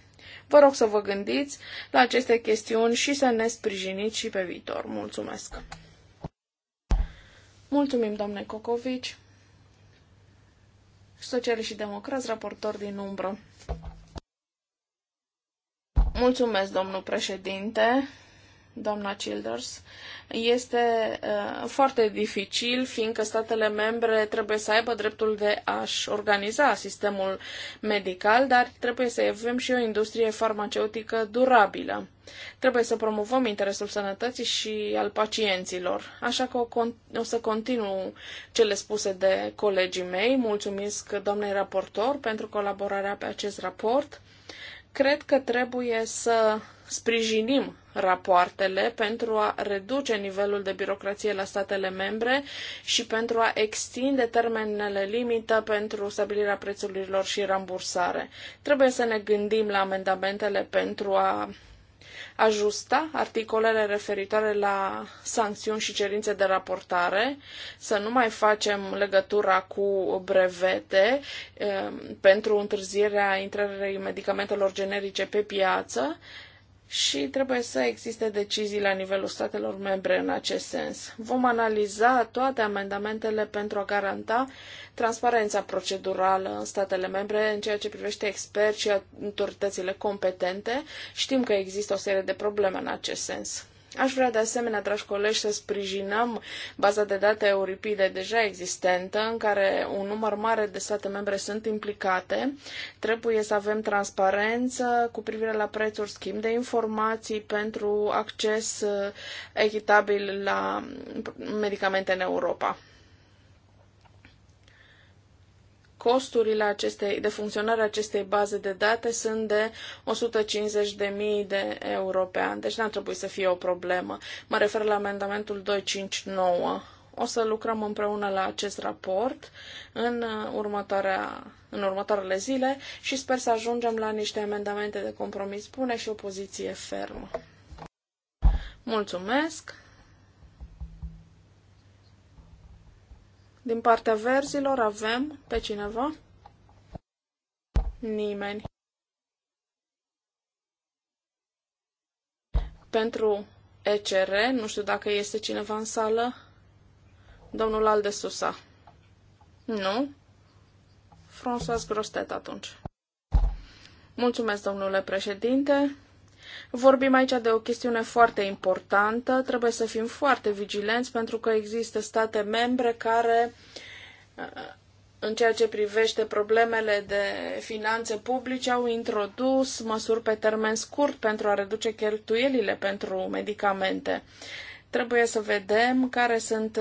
Vă rog să vă gândiți la aceste chestiuni și să ne sprijiniți și pe viitor. Mulțumesc! Mulțumim, domnule Cocovici. Sociali și democrați, raportor din umbră. Mulțumesc, domnul președinte doamna Childers, este uh, foarte dificil, fiindcă statele membre trebuie să aibă dreptul de a-și organiza sistemul medical, dar trebuie să avem și o industrie farmaceutică durabilă. Trebuie să promovăm interesul sănătății și al pacienților. Așa că o, con- o să continu cele spuse de colegii mei. Mulțumesc doamnei raportor pentru colaborarea pe acest raport. Cred că trebuie să sprijinim rapoartele pentru a reduce nivelul de birocrație la statele membre și pentru a extinde termenele limită pentru stabilirea prețurilor și rambursare. Trebuie să ne gândim la amendamentele pentru a ajusta articolele referitoare la sancțiuni și cerințe de raportare, să nu mai facem legătura cu brevete eh, pentru întârzierea intrării medicamentelor generice pe piață, și trebuie să existe decizii la nivelul statelor membre în acest sens. Vom analiza toate amendamentele pentru a garanta transparența procedurală în statele membre în ceea ce privește experți și autoritățile competente. Știm că există o serie de probleme în acest sens. Aș vrea de asemenea, dragi colegi, să sprijinăm baza de date Euripide deja existentă, în care un număr mare de state membre sunt implicate. Trebuie să avem transparență cu privire la prețuri, schimb de informații pentru acces echitabil la medicamente în Europa. costurile acestei, de funcționare acestei baze de date sunt de 150.000 de euro pe an, deci n-ar trebui să fie o problemă. Mă refer la amendamentul 259. O să lucrăm împreună la acest raport în, uh, următoarea, în următoarele zile și sper să ajungem la niște amendamente de compromis bune și o poziție fermă. Mulțumesc! Din partea verzilor avem pe cineva? Nimeni. Pentru ECR, nu știu dacă este cineva în sală, domnul Alde Susa. Nu? François Grostet atunci. Mulțumesc, domnule președinte. Vorbim aici de o chestiune foarte importantă, trebuie să fim foarte vigilenți pentru că există state membre care în ceea ce privește problemele de finanțe publice, au introdus măsuri pe termen scurt pentru a reduce cheltuielile pentru medicamente. Trebuie să vedem care sunt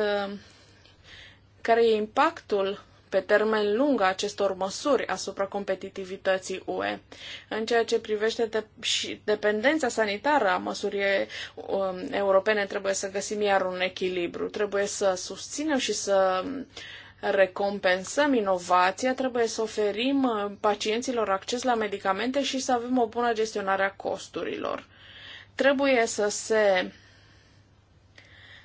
care e impactul pe termen lung a acestor măsuri asupra competitivității UE. În ceea ce privește de- și dependența sanitară a măsurii um, europene, trebuie să găsim iar un echilibru. Trebuie să susținem și să recompensăm inovația, trebuie să oferim uh, pacienților acces la medicamente și să avem o bună gestionare a costurilor. Trebuie să se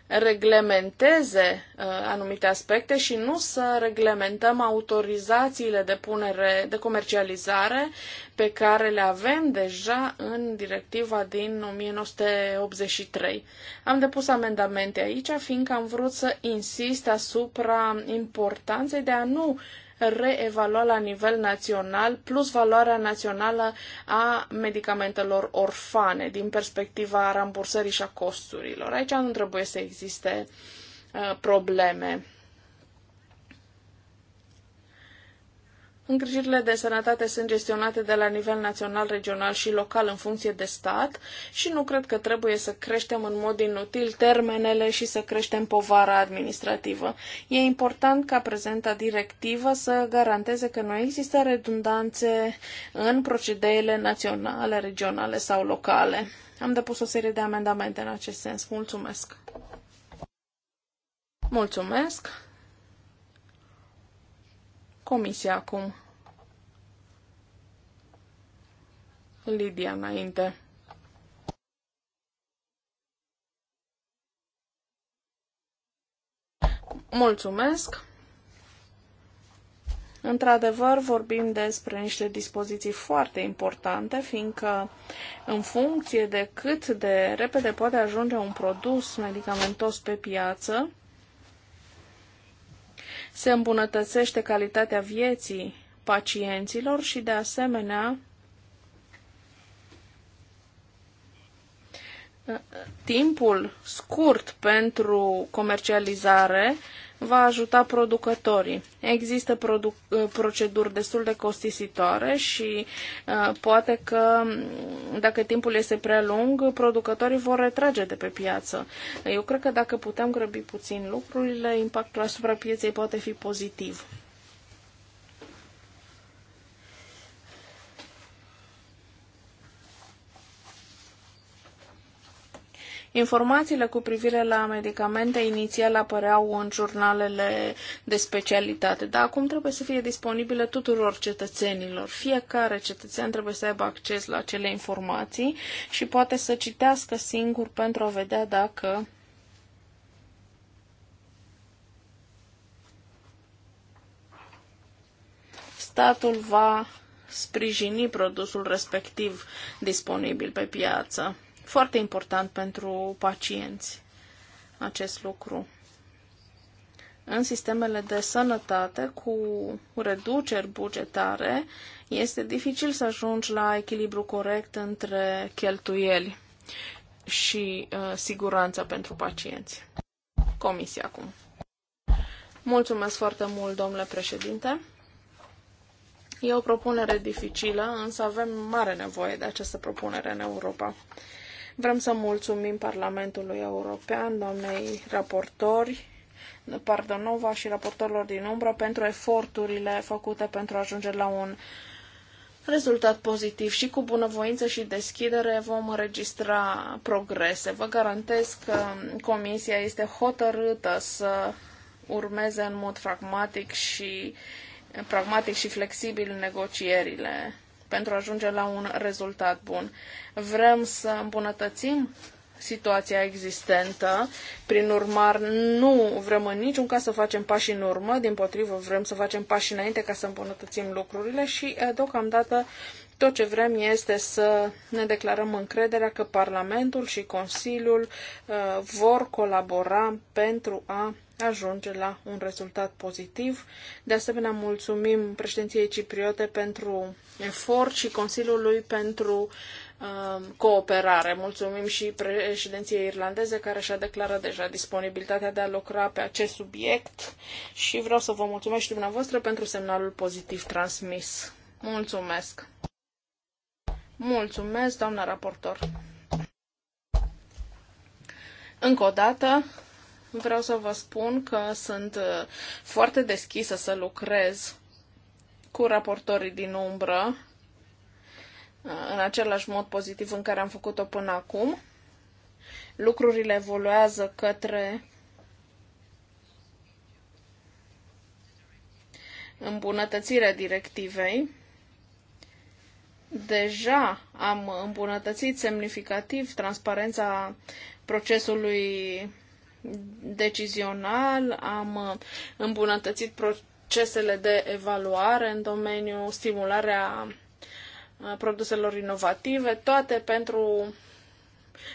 reglementeze uh, anumite aspecte și nu să reglementăm autorizațiile de punere, de comercializare pe care le avem deja în directiva din 1983. Am depus amendamente aici, fiindcă am vrut să insist asupra importanței de a nu uh, reevalua la nivel național plus valoarea națională a medicamentelor orfane din perspectiva rambursării și a costurilor. Aici nu trebuie să existe uh, probleme. Îngrijirile de sănătate sunt gestionate de la nivel național, regional și local în funcție de stat și nu cred că trebuie să creștem în mod inutil termenele și să creștem povara administrativă. E important ca prezenta directivă să garanteze că nu există redundanțe în procedeile naționale, regionale sau locale. Am depus o serie de amendamente în acest sens. Mulțumesc! Mulțumesc! Comisia acum. Lidia înainte. Mulțumesc! Într-adevăr, vorbim despre niște dispoziții foarte importante, fiindcă în funcție de cât de repede poate ajunge un produs medicamentos pe piață, se îmbunătățește calitatea vieții pacienților și, de asemenea, timpul scurt pentru comercializare va ajuta producătorii. Există produc, uh, proceduri destul de costisitoare și uh, poate că mm, dacă timpul este prea lung, producătorii vor retrage de pe piață. Eu cred că dacă putem grăbi puțin lucrurile, impactul asupra pieței poate fi pozitiv. Informațiile cu privire la medicamente inițial apăreau în jurnalele de specialitate, dar acum trebuie să fie disponibile tuturor cetățenilor. Fiecare cetățean trebuie să aibă acces la acele informații și poate să citească singur pentru a vedea dacă statul va sprijini produsul respectiv disponibil pe piață. Foarte important pentru pacienți acest lucru. În sistemele de sănătate, cu reduceri bugetare, este dificil să ajungi la echilibru corect între cheltuieli și uh, siguranța pentru pacienți. Comisia acum. Mulțumesc foarte mult, domnule președinte. E o propunere dificilă, însă avem mare nevoie de această propunere în Europa. Vrem să mulțumim Parlamentului European, doamnei raportori, Pardonova și raportorilor din umbră pentru eforturile făcute pentru a ajunge la un rezultat pozitiv și cu bunăvoință și deschidere vom înregistra progrese. Vă garantez că Comisia este hotărâtă să urmeze în mod pragmatic și, pragmatic și flexibil negocierile pentru a ajunge la un rezultat bun. Vrem să îmbunătățim situația existentă. Prin urmar, nu vrem în niciun caz să facem pași în urmă, din potrivă vrem să facem pași înainte ca să îmbunătățim lucrurile și eh, deocamdată tot ce vrem este să ne declarăm încrederea că Parlamentul și Consiliul uh, vor colabora pentru a ajunge la un rezultat pozitiv. De asemenea, mulțumim președinției cipriote pentru efort și Consiliului pentru uh, cooperare. Mulțumim și președinției irlandeze care și-a declarat deja disponibilitatea de a lucra pe acest subiect și vreau să vă mulțumesc și dumneavoastră pentru semnalul pozitiv transmis. Mulțumesc! Mulțumesc, doamna raportor. Încă o dată, vreau să vă spun că sunt uh, foarte deschisă să lucrez cu raportorii din umbră uh, în același mod pozitiv în care am făcut-o până acum. Lucrurile evoluează către îmbunătățirea directivei deja am îmbunătățit semnificativ transparența procesului decizional, am îmbunătățit procesele de evaluare în domeniul stimularea produselor inovative, toate pentru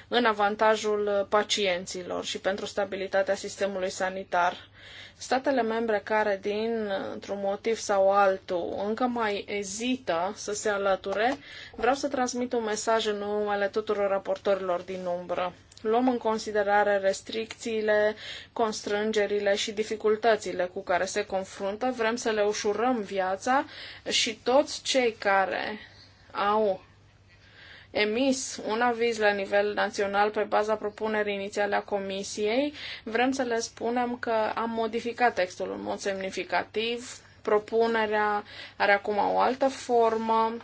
în avantajul pacienților și pentru stabilitatea sistemului sanitar. Statele membre care, dintr-un motiv sau altul, încă mai ezită să se alăture, vreau să transmit un mesaj în numele tuturor raportorilor din umbră luăm în considerare restricțiile, constrângerile și dificultățile cu care se confruntă, vrem să le ușurăm viața și toți cei care au emis un aviz la nivel național pe baza propunerii inițiale a Comisiei, vrem să le spunem că am modificat textul în mod semnificativ. Propunerea are acum o altă formă,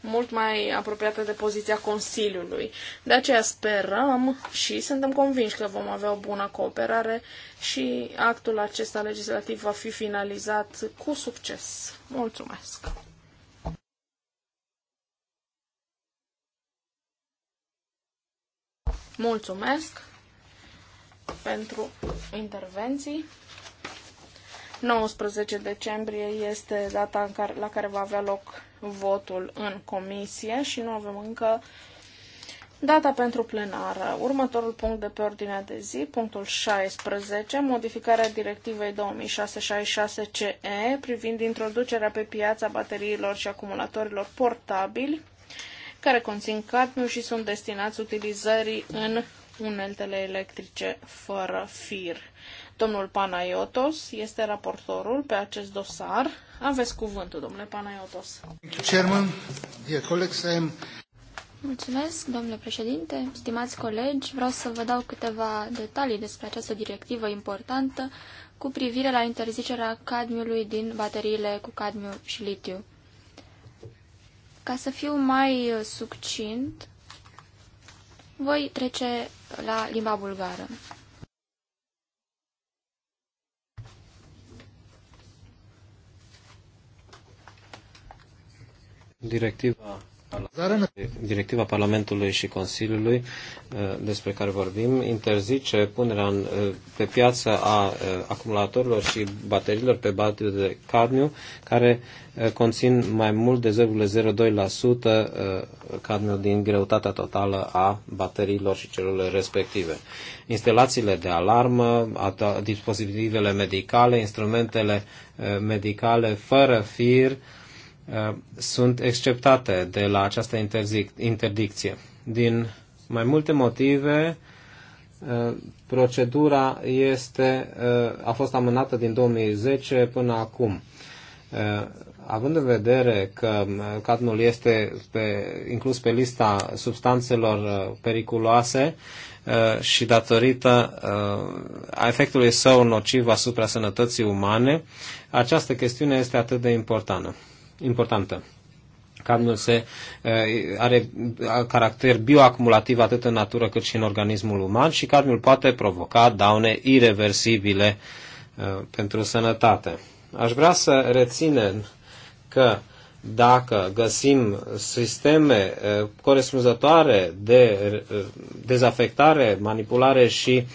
mult mai apropiată de poziția Consiliului. De aceea sperăm și suntem convinși că vom avea o bună cooperare și actul acesta legislativ va fi finalizat cu succes. Mulțumesc! Mulțumesc pentru intervenții. 19 decembrie este data în care, la care va avea loc votul în comisie și nu avem încă data pentru plenară. Următorul punct de pe ordinea de zi, punctul 16, modificarea directivei 2666 ce privind introducerea pe piața bateriilor și acumulatorilor portabili care conțin cadmiu și sunt destinați utilizării în uneltele electrice fără fir. Domnul Panayotos este raportorul pe acest dosar. Aveți cuvântul, domnule Panayotos. Chairman, dear colleagues, I am... Mulțumesc, domnule președinte, stimați colegi, vreau să vă dau câteva detalii despre această directivă importantă cu privire la interzicerea cadmiului din bateriile cu cadmiu și litiu. Ca să fiu mai uh, succint, voi trece la limba bulgară. Directiva Directiva Parlamentului și Consiliului eh, despre care vorbim interzice punerea în, eh, pe piață a eh, acumulatorilor și bateriilor pe baterii de cadmiu care conțin mai mult de 0,02% cadmiu din greutatea totală a bateriilor și celulelor respective. Instalațiile de alarmă, dispozitivele medicale, instrumentele medicale fără fir, Uh, sunt exceptate de la această interdicție. Din mai multe motive, uh, procedura este, uh, a fost amânată din 2010 până acum. Având în vedere că cadmul este pe, inclus pe lista substanțelor periculoase și datorită a efectului său nociv asupra sănătății umane, această chestiune este atât de importantă importantă. Cadmiul se, are caracter bioacumulativ atât în natură cât și în organismul uman și cadmiul poate provoca daune irreversibile pentru sănătate. Aș vrea să reținem că dacă găsim sisteme eh, corespunzătoare de eh, dezafectare, manipulare și eh,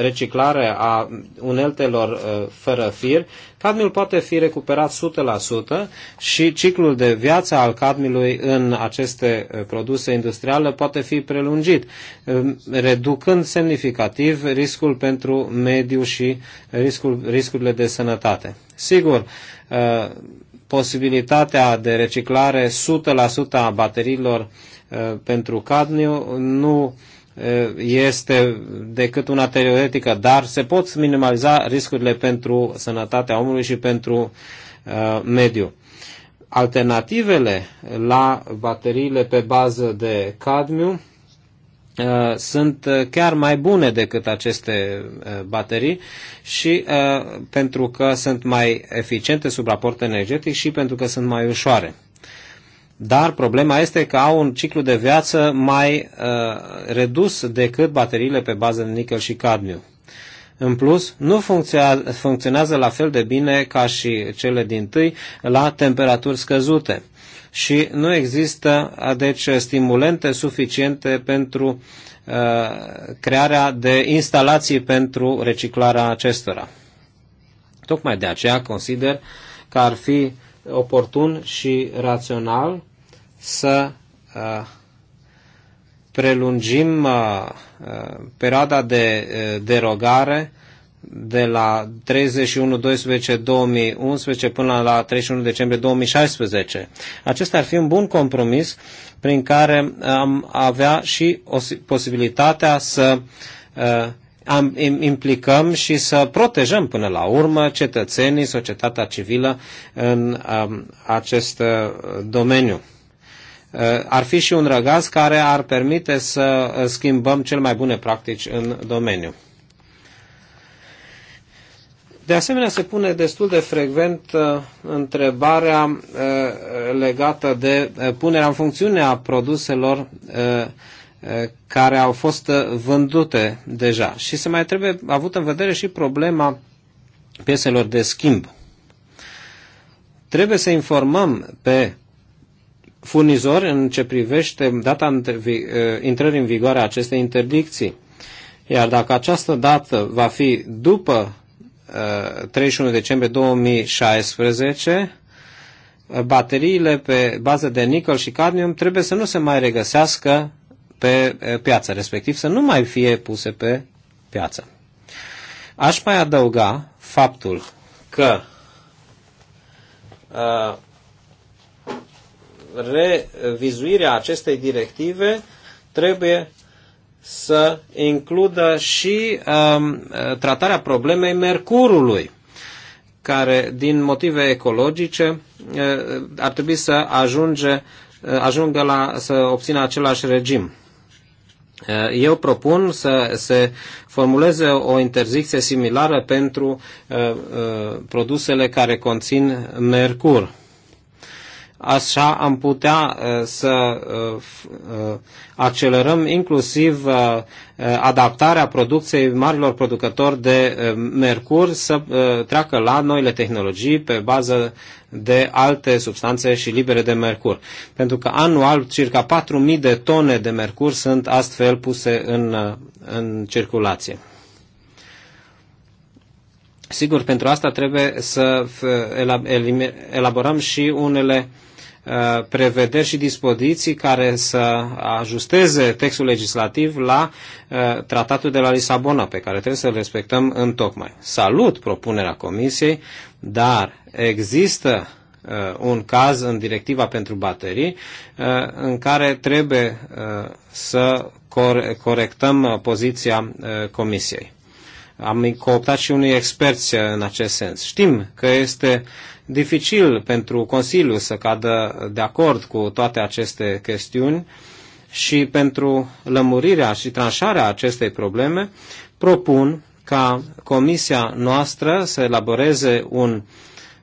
reciclare a uneltelor fără fir, cadmiul poate fi recuperat 100% și ciclul de viață al cadmiului în aceste produse industriale poate fi prelungit, reducând semnificativ riscul pentru mediu și riscul, riscurile de sănătate. Sigur, posibilitatea de reciclare 100% a bateriilor uh, pentru cadmiu nu uh, este decât una teoretică, dar se pot minimaliza riscurile pentru sănătatea omului și pentru uh, mediu. Alternativele la bateriile pe bază de cadmiu Uh, sunt uh, chiar mai bune decât aceste uh, baterii și pentru că sunt mai eficiente sub raport energetic și pentru că sunt mai ușoare. Dar problema este că au un ciclu de viață mai redus decât bateriile pe bază de nickel și cadmiu. În plus, nu funcționează la fel de bine ca și cele din tâi la temperaturi scăzute și nu există, deci, stimulente suficiente pentru uh, crearea de instalații pentru reciclarea acestora. Tocmai de aceea consider că ar fi oportun și rațional să uh, prelungim uh, perioada de derogare de la 31 12 2011 până la 31 decembrie 2016. Acesta ar fi un bun compromis prin care uh, am avea și o posibilitatea să uh, am, implicăm și să protejăm până la urmă cetățenii, societatea civilă în um, acest uh, domeniu. Ar fi și un răgaz care ar permite să schimbăm cel mai bune practici în domeniu. De asemenea, se pune destul de frecvent uh, întrebarea uh, legată de uh, punerea în funcțiune a produselor care au fost vândute deja. Și se mai trebuie avut în vedere și problema pieselor de schimb. Trebuie să informăm pe furnizori în ce privește data intrării în vigoare a acestei interdicții. Iar dacă această dată va fi după 31 uh, decembrie 2016, uh, bateriile pe bază de nicol și cadmium trebuie să nu se mai regăsească pe uh, piață, respectiv să nu mai fie puse pe piață. Aș mai adăuga faptul că uh, revizuirea acestei directive trebuie să includă și um, tratarea problemei mercurului, care din motive ecologice uh, ar trebui să ajunge, uh, ajungă la, să obțină același regim. Uh, eu propun să se formuleze o interzicție similară pentru uh, uh, produsele care conțin mercur. Așa am putea uh, să uh, uh, accelerăm inclusiv adaptarea producției marilor producători de mercur să treacă la noile tehnologii pe bază de alte substanțe și libere de mercur. Pentru că anual circa 4.000 de tone de mercur sunt astfel puse în, în circulație. Sigur, pentru asta trebuie să elaborăm și unele uh, Uh, prevederi și dispoziții care să ajusteze textul legislativ la uh, tratatul de la Lisabona, pe care trebuie să-l respectăm în tocmai. Salut propunerea Comisiei, dar există uh, un caz în directiva pentru baterii în care trebuie să corectăm poziția Comisiei. Am cooptat și unui experți în acest sens. Știm că este dificil pentru Consiliu să cadă de acord cu toate aceste chestiuni și pentru lămurirea și tranșarea acestei probleme, propun ca comisia noastră să elaboreze un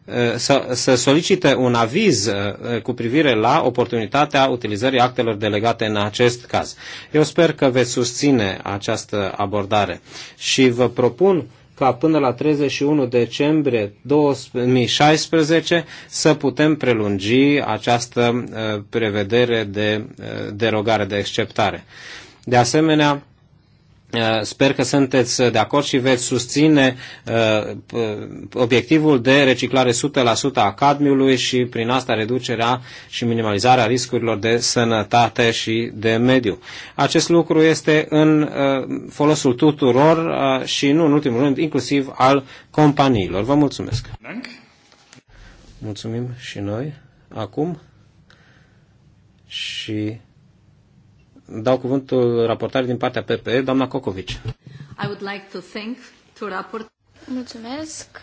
eh, să, să solicite un aviz eh, cu privire la oportunitatea utilizării actelor delegate în acest caz. Eu sper că veți susține această abordare și vă propun ca până la 31 decembrie 2016 să putem prelungi această uh, prevedere de uh, derogare, de exceptare. De asemenea, Uh, sper că sunteți de acord și veți susține uh, obiectivul de reciclare 100% a cadmiului și prin asta reducerea și minimalizarea riscurilor de sănătate și de mediu. Acest lucru este în uh, folosul tuturor și nu în ultimul rând inclusiv al companiilor. Vă mulțumesc! Mulțumim și noi acum și dau cuvântul raportării din partea PPE, doamna Cocovici. I would like to thank to raport... Mulțumesc.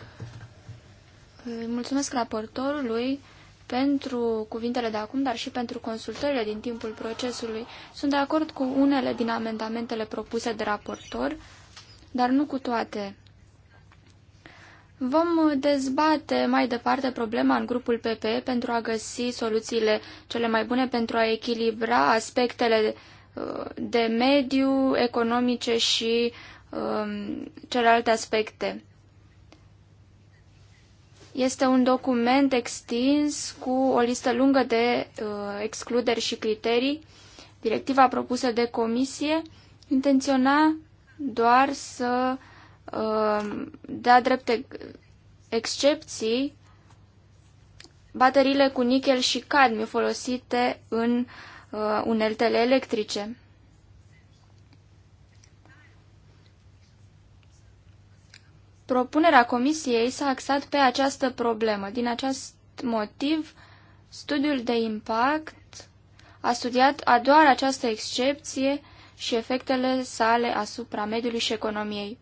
Mulțumesc raportorului pentru cuvintele de acum, dar și pentru consultările din timpul procesului. Sunt de acord cu unele din amendamentele propuse de raportor, dar nu cu toate. Vom dezbate mai departe problema în grupul PPE pentru a găsi soluțiile cele mai bune pentru a echilibra aspectele de mediu, economice și um, celelalte aspecte. Este un document extins cu o listă lungă de uh, excluderi și criterii. Directiva propusă de comisie intenționa doar să um, dea drepte excepții bateriile cu nichel și cadmiu folosite în uh, uh, uneltele electrice. Propunerea comisiei s-a axat pe această problemă. Din acest motiv, studiul de impact a studiat a doar această excepție și efectele sale asupra mediului și economiei.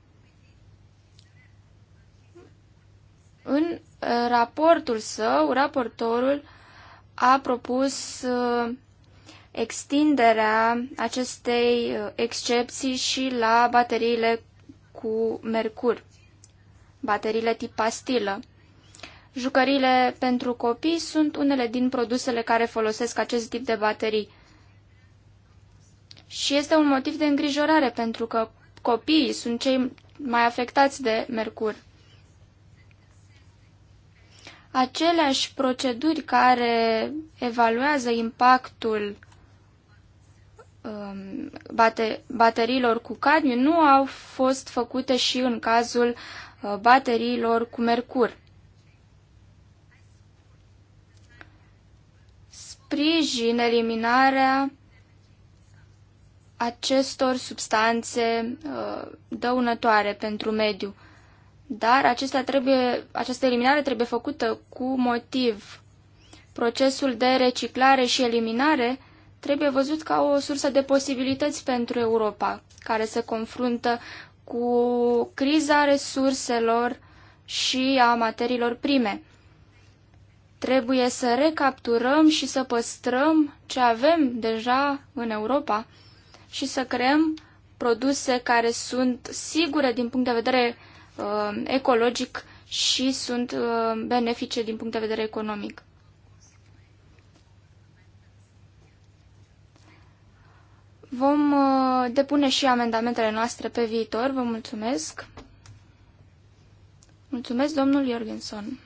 În uh, raportul său, raportorul a propus uh, extinderea acestei uh, excepții și la bateriile cu mercur, bateriile tip pastilă. Jucările pentru copii sunt unele din produsele care folosesc acest tip de baterii. Și este un motiv de îngrijorare pentru că copiii sunt cei mai afectați de mercur. Aceleași proceduri care evaluează impactul Um, bate, bateriilor cu cadmiu nu au fost făcute și în cazul uh, bateriilor cu mercur. Sprijin eliminarea acestor substanțe uh, dăunătoare pentru mediu. Dar acestea trebuie, această eliminare trebuie făcută cu motiv. Procesul de reciclare și eliminare trebuie văzut ca o sursă de posibilități pentru Europa, care se confruntă cu criza resurselor și a materiilor prime. Trebuie să recapturăm și să păstrăm ce avem deja în Europa și să creăm produse care sunt sigure din punct de vedere uh, ecologic și sunt uh, benefice din punct de vedere economic. Vom uh, depune și amendamentele noastre pe viitor. Vă mulțumesc. Mulțumesc, domnul Jorgenson.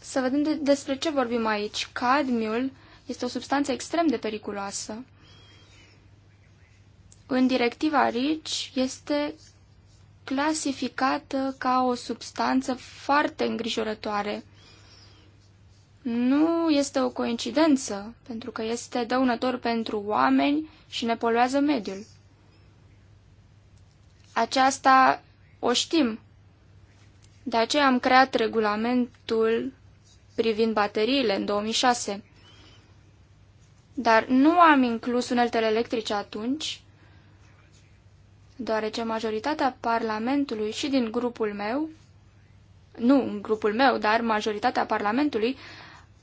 Să vedem de despre ce vorbim aici. Cadmiul este o substanță extrem de periculoasă. În directiva RICI este clasificată ca o substanță foarte îngrijorătoare – nu este o coincidență, pentru că este dăunător pentru oameni și ne poluează mediul. Aceasta o știm. De aceea am creat regulamentul privind bateriile în 2006. Dar nu am inclus uneltele electrice atunci, deoarece majoritatea Parlamentului și din grupul meu, nu în grupul meu, dar majoritatea Parlamentului,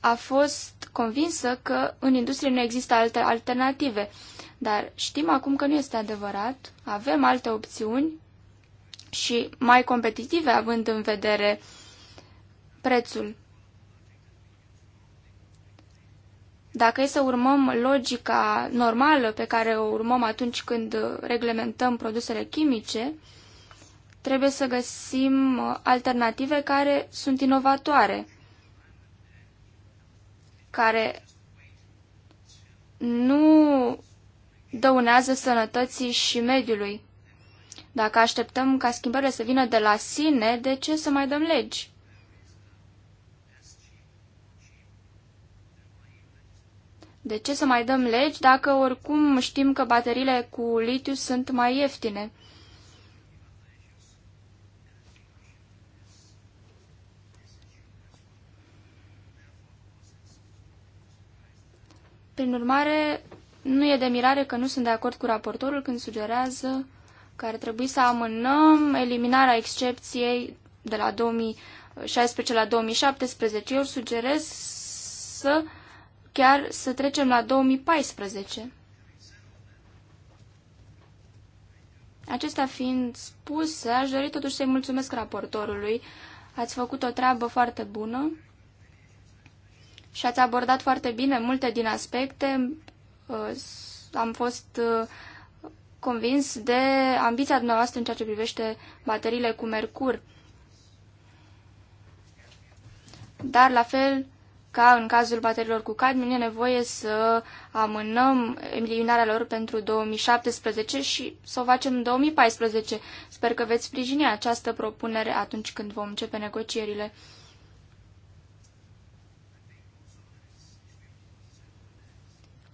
a fost convinsă că în industrie nu există alte alternative. Dar știm acum că nu este adevărat, avem alte opțiuni și mai competitive având în vedere prețul. Dacă e să urmăm logica normală pe care o urmăm atunci când reglementăm produsele chimice, trebuie să găsim alternative care sunt inovatoare care nu dăunează sănătății și mediului. Dacă așteptăm ca schimbările să vină de la sine, de ce să mai dăm legi? De ce să mai dăm legi dacă oricum știm că bateriile cu litiu sunt mai ieftine? Prin urmare, nu e de mirare că nu sunt de acord cu raportorul când sugerează că ar trebui să amânăm eliminarea excepției de la 2016 la 2017. Eu sugerez să chiar să trecem la 2014. Acestea fiind spuse, aș dori totuși să-i mulțumesc raportorului. Ați făcut o treabă foarte bună și ați abordat foarte bine multe din aspecte. Uh, am fost uh, convins de ambiția dumneavoastră în ceea ce privește bateriile cu mercur. Dar, la fel ca în cazul bateriilor cu cadmiu, e nevoie să amânăm eliminarea lor pentru 2017 și să o facem în 2014. Sper că veți sprijini această propunere atunci când vom începe negocierile.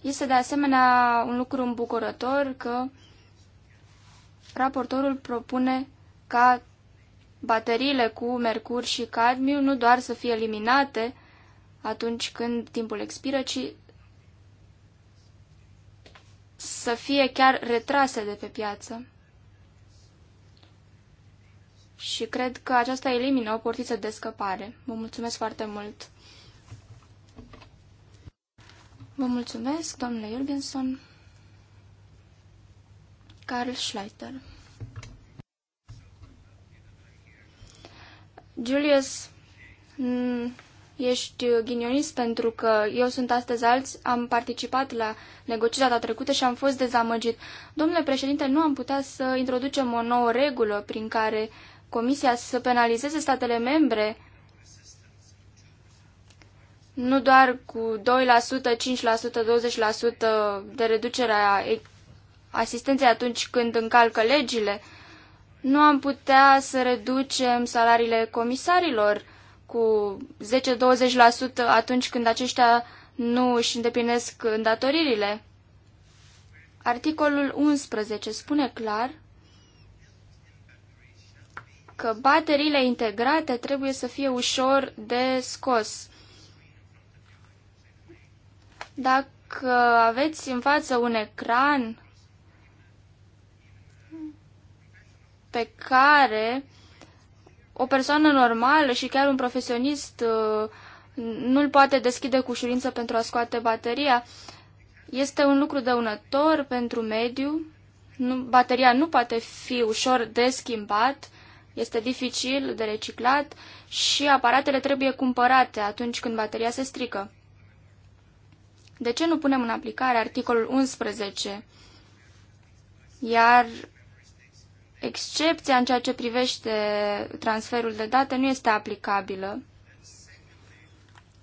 Este de asemenea un lucru îmbucurător că raportorul propune ca bateriile cu mercur și cadmiu nu doar să fie eliminate atunci când timpul expiră, ci să fie chiar retrase de pe piață. Și cred că aceasta elimină o portiță de scăpare. Vă mulțumesc foarte mult! Vă mulțumesc, domnule Jurgenson. Carl Schleiter. Julius, mm, ești ghinionist pentru că eu sunt astăzi alți, am participat la negocierea ta trecută și am fost dezamăgit. Domnule președinte, nu am putea să introducem o nouă regulă prin care Comisia să penalizeze statele membre nu doar cu 2%, 5%, 20% de reducere a asistenței atunci când încalcă legile, nu am putea să reducem salariile comisarilor cu 10-20% atunci când aceștia nu își îndeplinesc îndatoririle. Articolul 11 spune clar că bateriile integrate trebuie să fie ușor de scos. Dacă aveți în față un ecran pe care o persoană normală și chiar un profesionist uh, nu-l poate deschide cu ușurință pentru a scoate bateria, este un lucru dăunător pentru mediu. Nu, bateria nu poate fi ușor de schimbat, este dificil de reciclat și aparatele trebuie cumpărate atunci când bateria se strică. De ce nu punem în aplicare articolul 11? Iar excepția în ceea ce privește transferul de date nu este aplicabilă.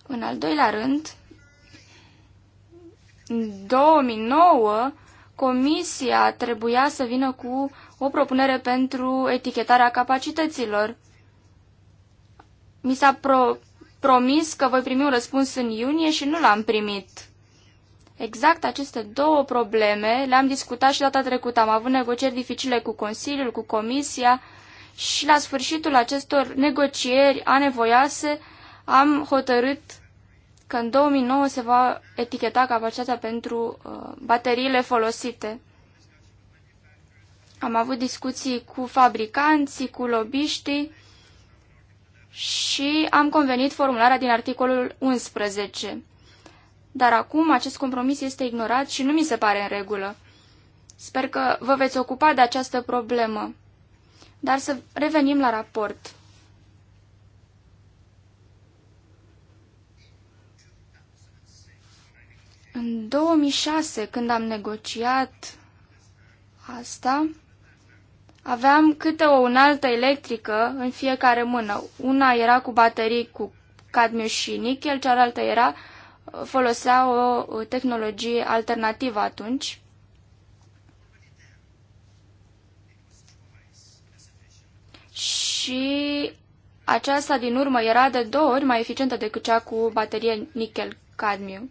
În al doilea rând, în 2009, Comisia trebuia să vină cu o propunere pentru etichetarea capacităților. Mi s-a pro promis că voi primi un răspuns în iunie și nu l-am primit. Exact aceste două probleme le-am discutat și data trecută. Am avut negocieri dificile cu Consiliul, cu Comisia și la sfârșitul acestor negocieri anevoioase am hotărât că în 2009 se va eticheta capacitatea pentru uh, bateriile folosite. Am avut discuții cu fabricanții, cu lobiștii și am convenit formularea din articolul 11 dar acum acest compromis este ignorat și nu mi se pare în regulă. Sper că vă veți ocupa de această problemă. Dar să revenim la raport. În 2006, când am negociat asta, aveam câte o unaltă electrică în fiecare mână. Una era cu baterii cu cadmiu și nichel, cealaltă era folosea o tehnologie alternativă atunci. Și aceasta din urmă era de două ori mai eficientă decât cea cu baterie nickel-cadmiu.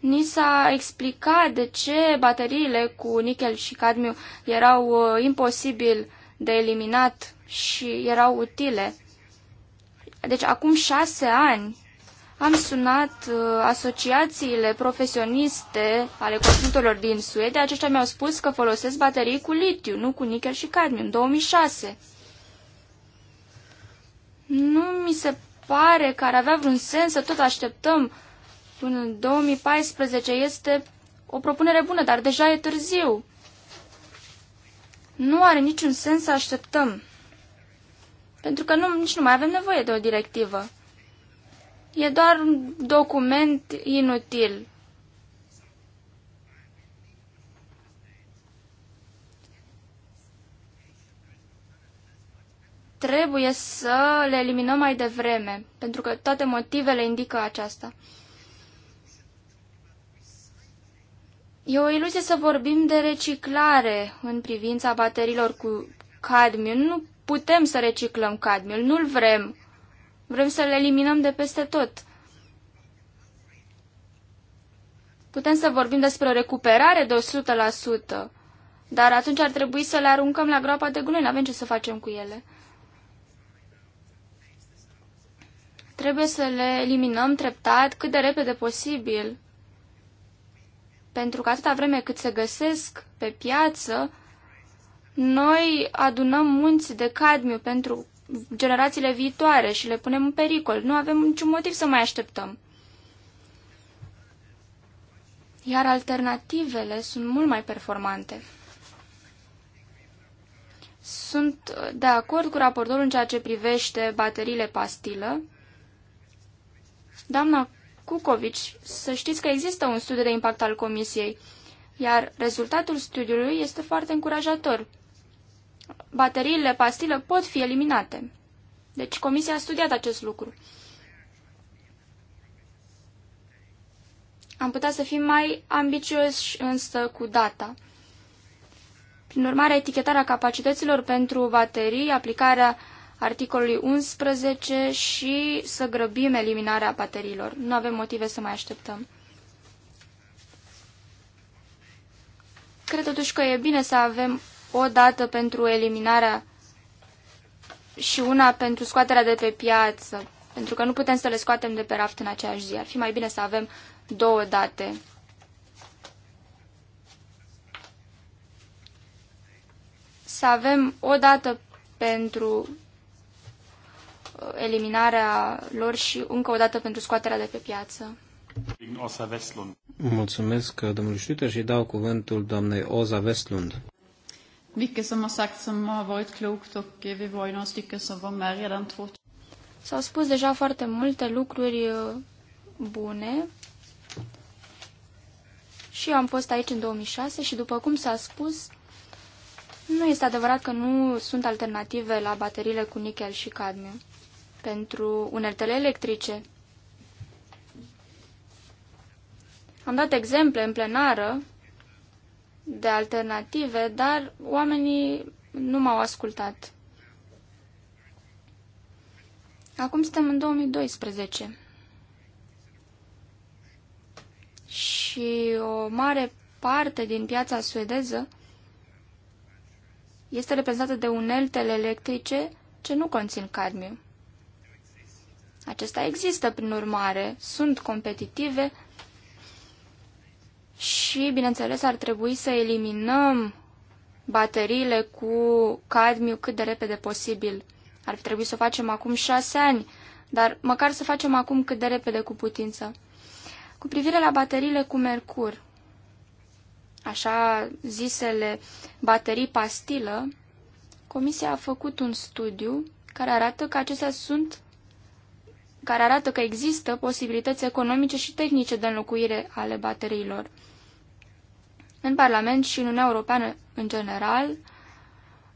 Ni s-a explicat de ce bateriile cu nickel și cadmiu erau uh, imposibil de eliminat și erau utile. Deci acum șase ani am sunat uh, asociațiile profesioniste ale constructorilor din Suedia. Aceștia mi-au spus că folosesc baterii cu litiu, nu cu nichel și cadmiu, în 2006. Nu mi se pare că ar avea vreun sens să tot așteptăm până în 2014. Este o propunere bună, dar deja e târziu. Nu are niciun sens să așteptăm. Pentru că nu, nici nu mai avem nevoie de o directivă. E doar un document inutil. Trebuie să le eliminăm mai devreme, pentru că toate motivele indică aceasta. E o iluzie să vorbim de reciclare în privința bateriilor cu cadmiu. Nu putem să reciclăm cadmiul, nu-l vrem. Vrem să le eliminăm de peste tot. Putem să vorbim despre o recuperare de 100%, dar atunci ar trebui să le aruncăm la groapa de gunoi. Nu avem ce să facem cu ele. Trebuie să le eliminăm treptat cât de repede posibil. Pentru că atâta vreme cât se găsesc pe piață, noi adunăm munți de cadmiu pentru generațiile viitoare și le punem în pericol. Nu avem niciun motiv să mai așteptăm. Iar alternativele sunt mult mai performante. Sunt de acord cu raportorul în ceea ce privește bateriile pastilă. Doamna Cucovic, să știți că există un studiu de impact al Comisiei, iar rezultatul studiului este foarte încurajator bateriile pastilă pot fi eliminate. Deci comisia a studiat acest lucru. Am putea să fim mai ambicioși însă cu data. Prin urmare, etichetarea capacităților pentru baterii, aplicarea articolului 11 și să grăbim eliminarea bateriilor. Nu avem motive să mai așteptăm. Cred totuși că e bine să avem o dată pentru eliminarea și una pentru scoaterea de pe piață, pentru că nu putem să le scoatem de pe raft în aceeași zi. Ar fi mai bine să avem două date. Să avem o dată pentru uh, eliminarea lor și încă o dată pentru scoaterea de pe piață. Mulțumesc, domnul Șuter, și dau cuvântul doamnei Oza Vestlund mycket som har sagt som har varit klokt och eh, vi var ju några stycken som var med redan 2000. S-au spus deja foarte multe lucruri eh, bune și eu am fost aici în 2006 și după cum s-a spus, nu este adevărat că nu sunt alternative la bateriile cu nichel și cadmiu pentru uneltele electrice. Am dat exemple în plenară de alternative, dar oamenii nu m-au ascultat. Acum suntem în 2012 și o mare parte din piața suedeză este reprezentată de uneltele electrice ce nu conțin cadmiu. Acestea există, prin urmare, sunt competitive și, bineînțeles, ar trebui să eliminăm bateriile cu cadmiu cât de repede posibil. Ar fi trebuit să o facem acum șase ani, dar măcar să facem acum cât de repede cu putință. Cu privire la bateriile cu mercur, așa zisele baterii pastilă, Comisia a făcut un studiu care arată că acestea sunt care arată că există posibilități economice și tehnice de înlocuire ale bateriilor. În Parlament și în Uniunea Europeană în general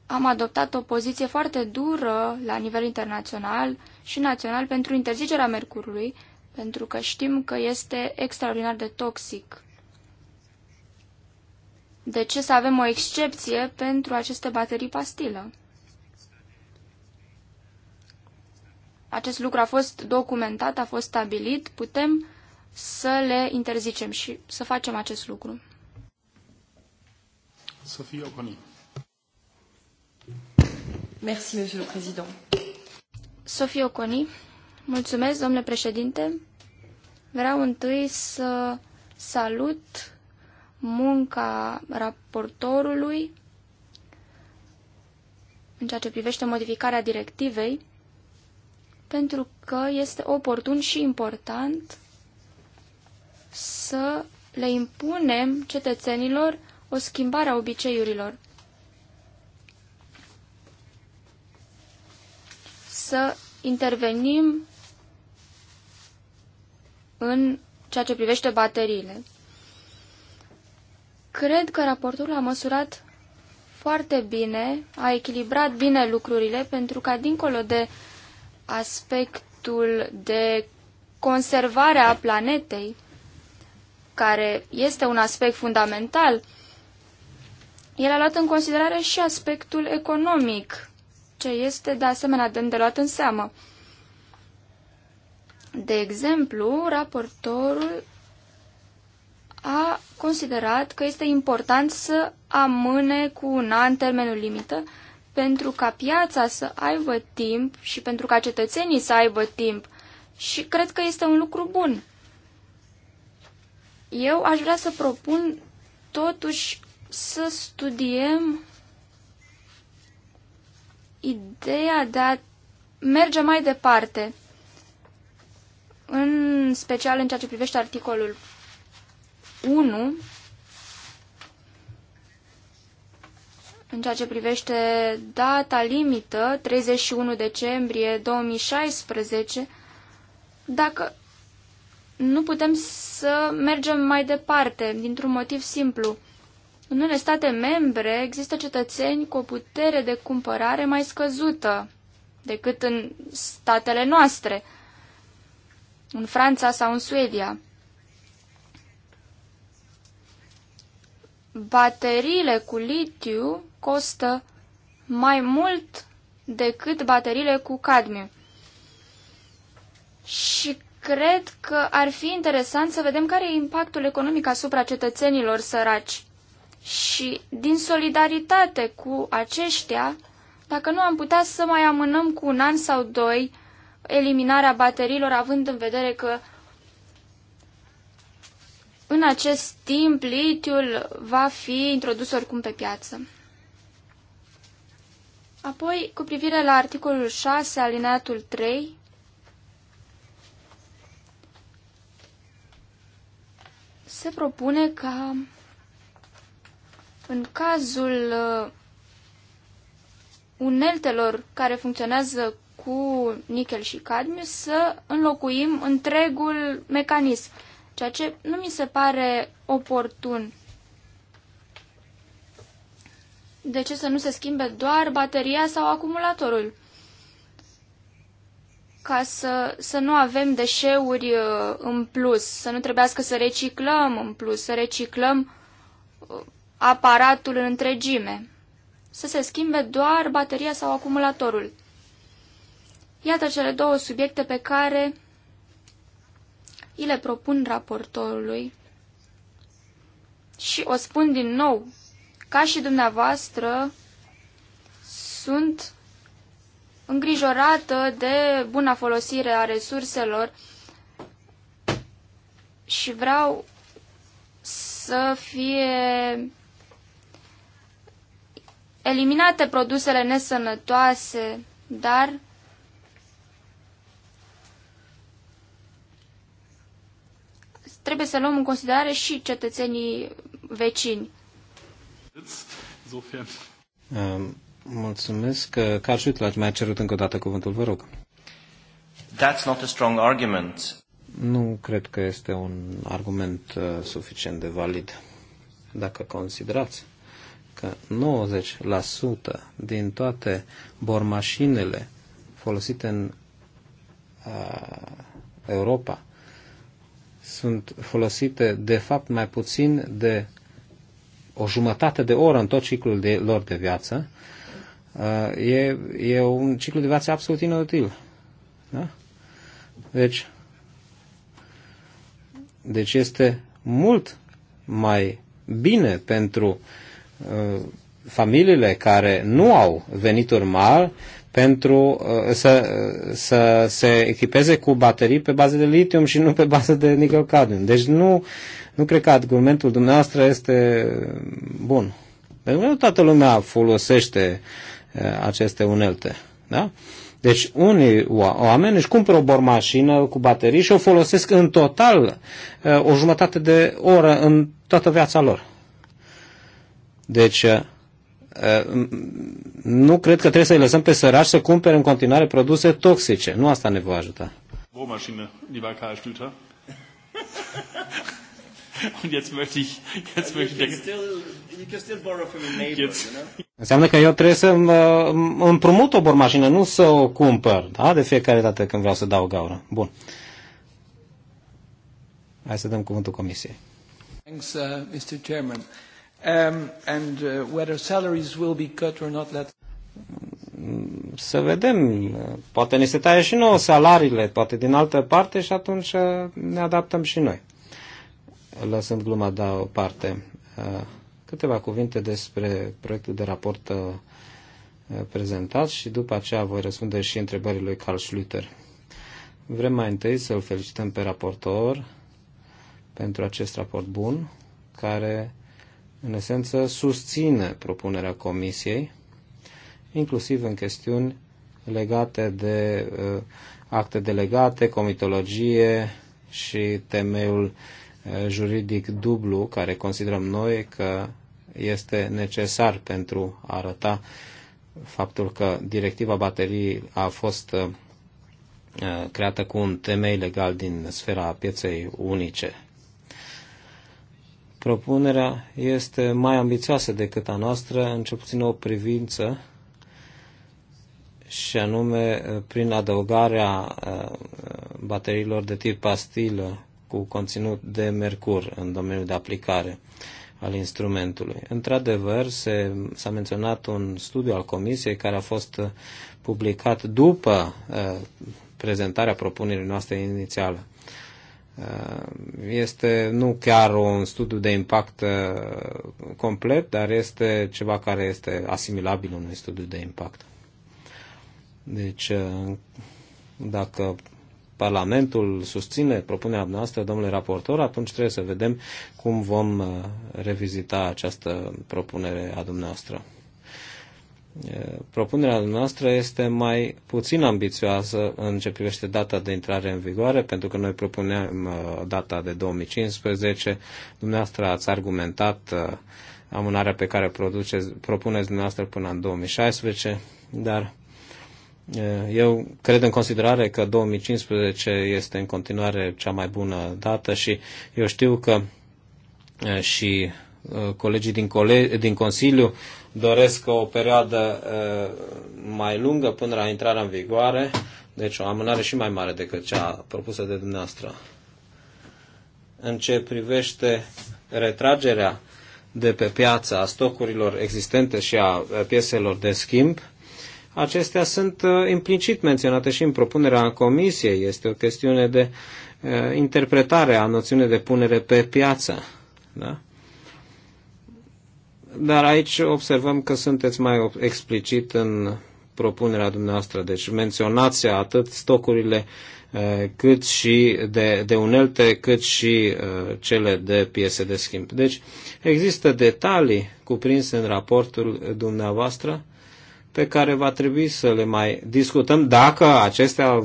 am adoptat o poziție foarte dură la nivel internațional și național pentru interzicerea mercurului, pentru că știm că este extraordinar de toxic. De ce să avem o excepție pentru aceste baterii pastilă? acest lucru a fost documentat, a fost stabilit, putem să le interzicem și să facem acest lucru. Sofie Oconi. Merci, Monsieur le Président. Sofie Oconi. Mulțumesc, domnule președinte. Vreau întâi să salut munca raportorului în ceea ce privește modificarea directivei pentru că este oportun și important să le impunem cetățenilor o schimbare a obiceiurilor. Să intervenim în ceea ce privește bateriile. Cred că raportul a măsurat foarte bine, a echilibrat bine lucrurile, pentru ca dincolo de aspectul de conservare a planetei, care este un aspect fundamental, el a luat în considerare și aspectul economic, ce este de asemenea demn de luat în seamă. De exemplu, raportorul a considerat că este important să amâne cu un an termenul limită pentru ca piața să aibă timp și pentru ca cetățenii să aibă timp. Și cred că este un lucru bun. Eu aș vrea să propun totuși să studiem ideea de a merge mai departe, în special în ceea ce privește articolul 1 În ceea ce privește data limită, 31 decembrie 2016, dacă nu putem să mergem mai departe, dintr-un motiv simplu. În unele state membre există cetățeni cu o putere de cumpărare mai scăzută decât în statele noastre, în Franța sau în Suedia. Bateriile cu litiu costă mai mult decât bateriile cu cadmiu. Și cred că ar fi interesant să vedem care e impactul economic asupra cetățenilor săraci. Și din solidaritate cu aceștia, dacă nu am putea să mai amânăm cu un an sau doi eliminarea bateriilor, având în vedere că în acest timp litiul va fi introdus oricum pe piață. Apoi, cu privire la articolul 6, alineatul 3, se propune ca în cazul uh, uneltelor care funcționează cu nichel și cadmiu să înlocuim întregul mecanism, ceea ce nu mi se pare oportun de ce să nu se schimbe doar bateria sau acumulatorul? Ca să, să nu avem deșeuri uh, în plus, să nu trebuiască să reciclăm în plus, să reciclăm uh, aparatul în întregime. Să se schimbe doar bateria sau acumulatorul. Iată cele două subiecte pe care îi le propun raportorului. Și o spun din nou, ca și dumneavoastră, sunt îngrijorată de buna folosire a resurselor și vreau să fie eliminate produsele nesănătoase, dar trebuie să luăm în considerare și cetățenii vecini. Ehm, mulțumesc. Carl Schüttler mi mai cerut încă o dată cuvântul, vă rog. That's not a strong argument. Nu cred că este un argument uh, suficient de valid. Dacă considerați că 90% din toate bormașinele folosite în uh, Europa sunt folosite de fapt mai puțin de o jumătate de oră în tot ciclul de, lor de viață, uh, e, e un ciclu de viață absolut inutil. Da? Deci, deci este mult mai bine pentru uh, familiile care nu au venituri mari pentru uh, să, uh, să se echipeze cu baterii pe bază de litium și nu pe bază de nickel cadmium. Deci nu nu cred că argumentul dumneavoastră este bun. Pentru că toată lumea folosește aceste unelte. Da? Deci unii oameni își cumpără o bormașină cu baterii și o folosesc în total o jumătate de oră în toată viața lor. Deci nu cred că trebuie să-i lăsăm pe sărași să cumpere în continuare produse toxice. Nu asta ne va ajuta. Bohrmaschine, lieber Karl Schlüter. Und jetzt möchte ich, jetzt möchte ich... Înseamnă că eu trebuie să uh, împrumut o bormașină, nu să o cumpăr, da? De fiecare dată când vreau să dau gaură. Bun. Hai să dăm cuvântul comisiei. Thanks, uh, Mr. Chairman. Um, and uh, whether salaries will be cut or not, let's să vedem, poate ne se taie și nouă salariile, poate din altă parte și atunci uh, ne adaptăm și noi lăsând gluma da, parte, uh, câteva cuvinte despre proiectul de raport uh, prezentat și după aceea voi răspunde și întrebării lui Carl Schlüter. Vrem mai întâi să-l felicităm pe raportor pentru acest raport bun, care în esență susține propunerea Comisiei, inclusiv în chestiuni legate de uh, acte delegate, comitologie și temeiul juridic dublu care considerăm noi că este necesar pentru a arăta faptul că directiva bateriei a fost uh, creată cu un temei legal din sfera pieței unice. Propunerea este mai ambițioasă decât a noastră, în cel puțin o privință, și anume uh, prin adăugarea uh, bateriilor de tip pastilă cu conținut de mercur în domeniul de aplicare al instrumentului. Într-adevăr, se, s-a menționat un studiu al Comisiei care a fost uh, publicat după uh, prezentarea propunerii noastre inițială. Uh, este nu chiar un studiu de impact uh, complet, dar este ceva care este asimilabil unui studiu de impact. Deci, dacă Parlamentul susține propunerea noastră, domnule raportor, atunci trebuie să vedem cum vom uh, revizita această propunere a dumneavoastră. Uh, propunerea noastră este mai puțin ambițioasă în ce privește data de intrare în vigoare, pentru că noi propuneam uh, data de 2015. Dumneavoastră ați argumentat amânarea pe care produceți, propuneți dumneavoastră până în 2016, dar Eh, eu cred în considerare că 2015 este în continuare cea mai bună dată și eu știu că eh, și eh, colegii din, colegi, din Consiliu doresc o perioadă mai lungă până la intrarea în vigoare, deci o amânare și mai mare decât cea propusă de dumneavoastră. În ce privește retragerea de pe piață a stocurilor existente și a pieselor de schimb, acestea sunt uh, implicit menționate și în propunerea Comisiei. Este o chestiune de uh, interpretare a noțiunii de punere pe piață. Da? Dar aici observăm că sunteți mai explicit în propunerea dumneavoastră. Deci menționați atât stocurile uh, cât și de, de unelte, cât și cele de piese de schimb. Deci există detalii cuprinse în raportul dumneavoastră pe care va trebui să le mai discutăm dacă acestea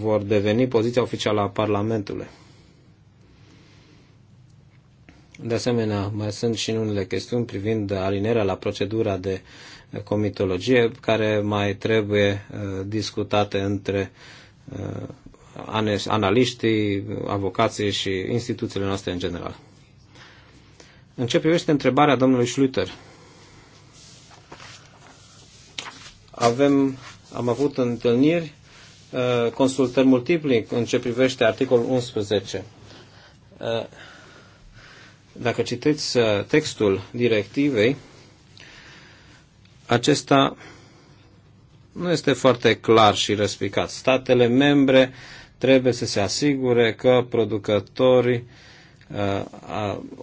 vor deveni poziția oficială a Parlamentului. De asemenea, mai sunt și unele chestiuni privind alinerea la procedura de comitologie care mai trebuie uh, discutate între uh, analiștii, avocații și instituțiile noastre în general. În ce privește întrebarea domnului Schluter, Avem, am avut întâlniri, uh, consultări multiple în ce privește articolul 11. Uh, dacă citiți uh, textul directivei, acesta nu este foarte clar și răspicat. Statele membre trebuie să se asigure că producătorii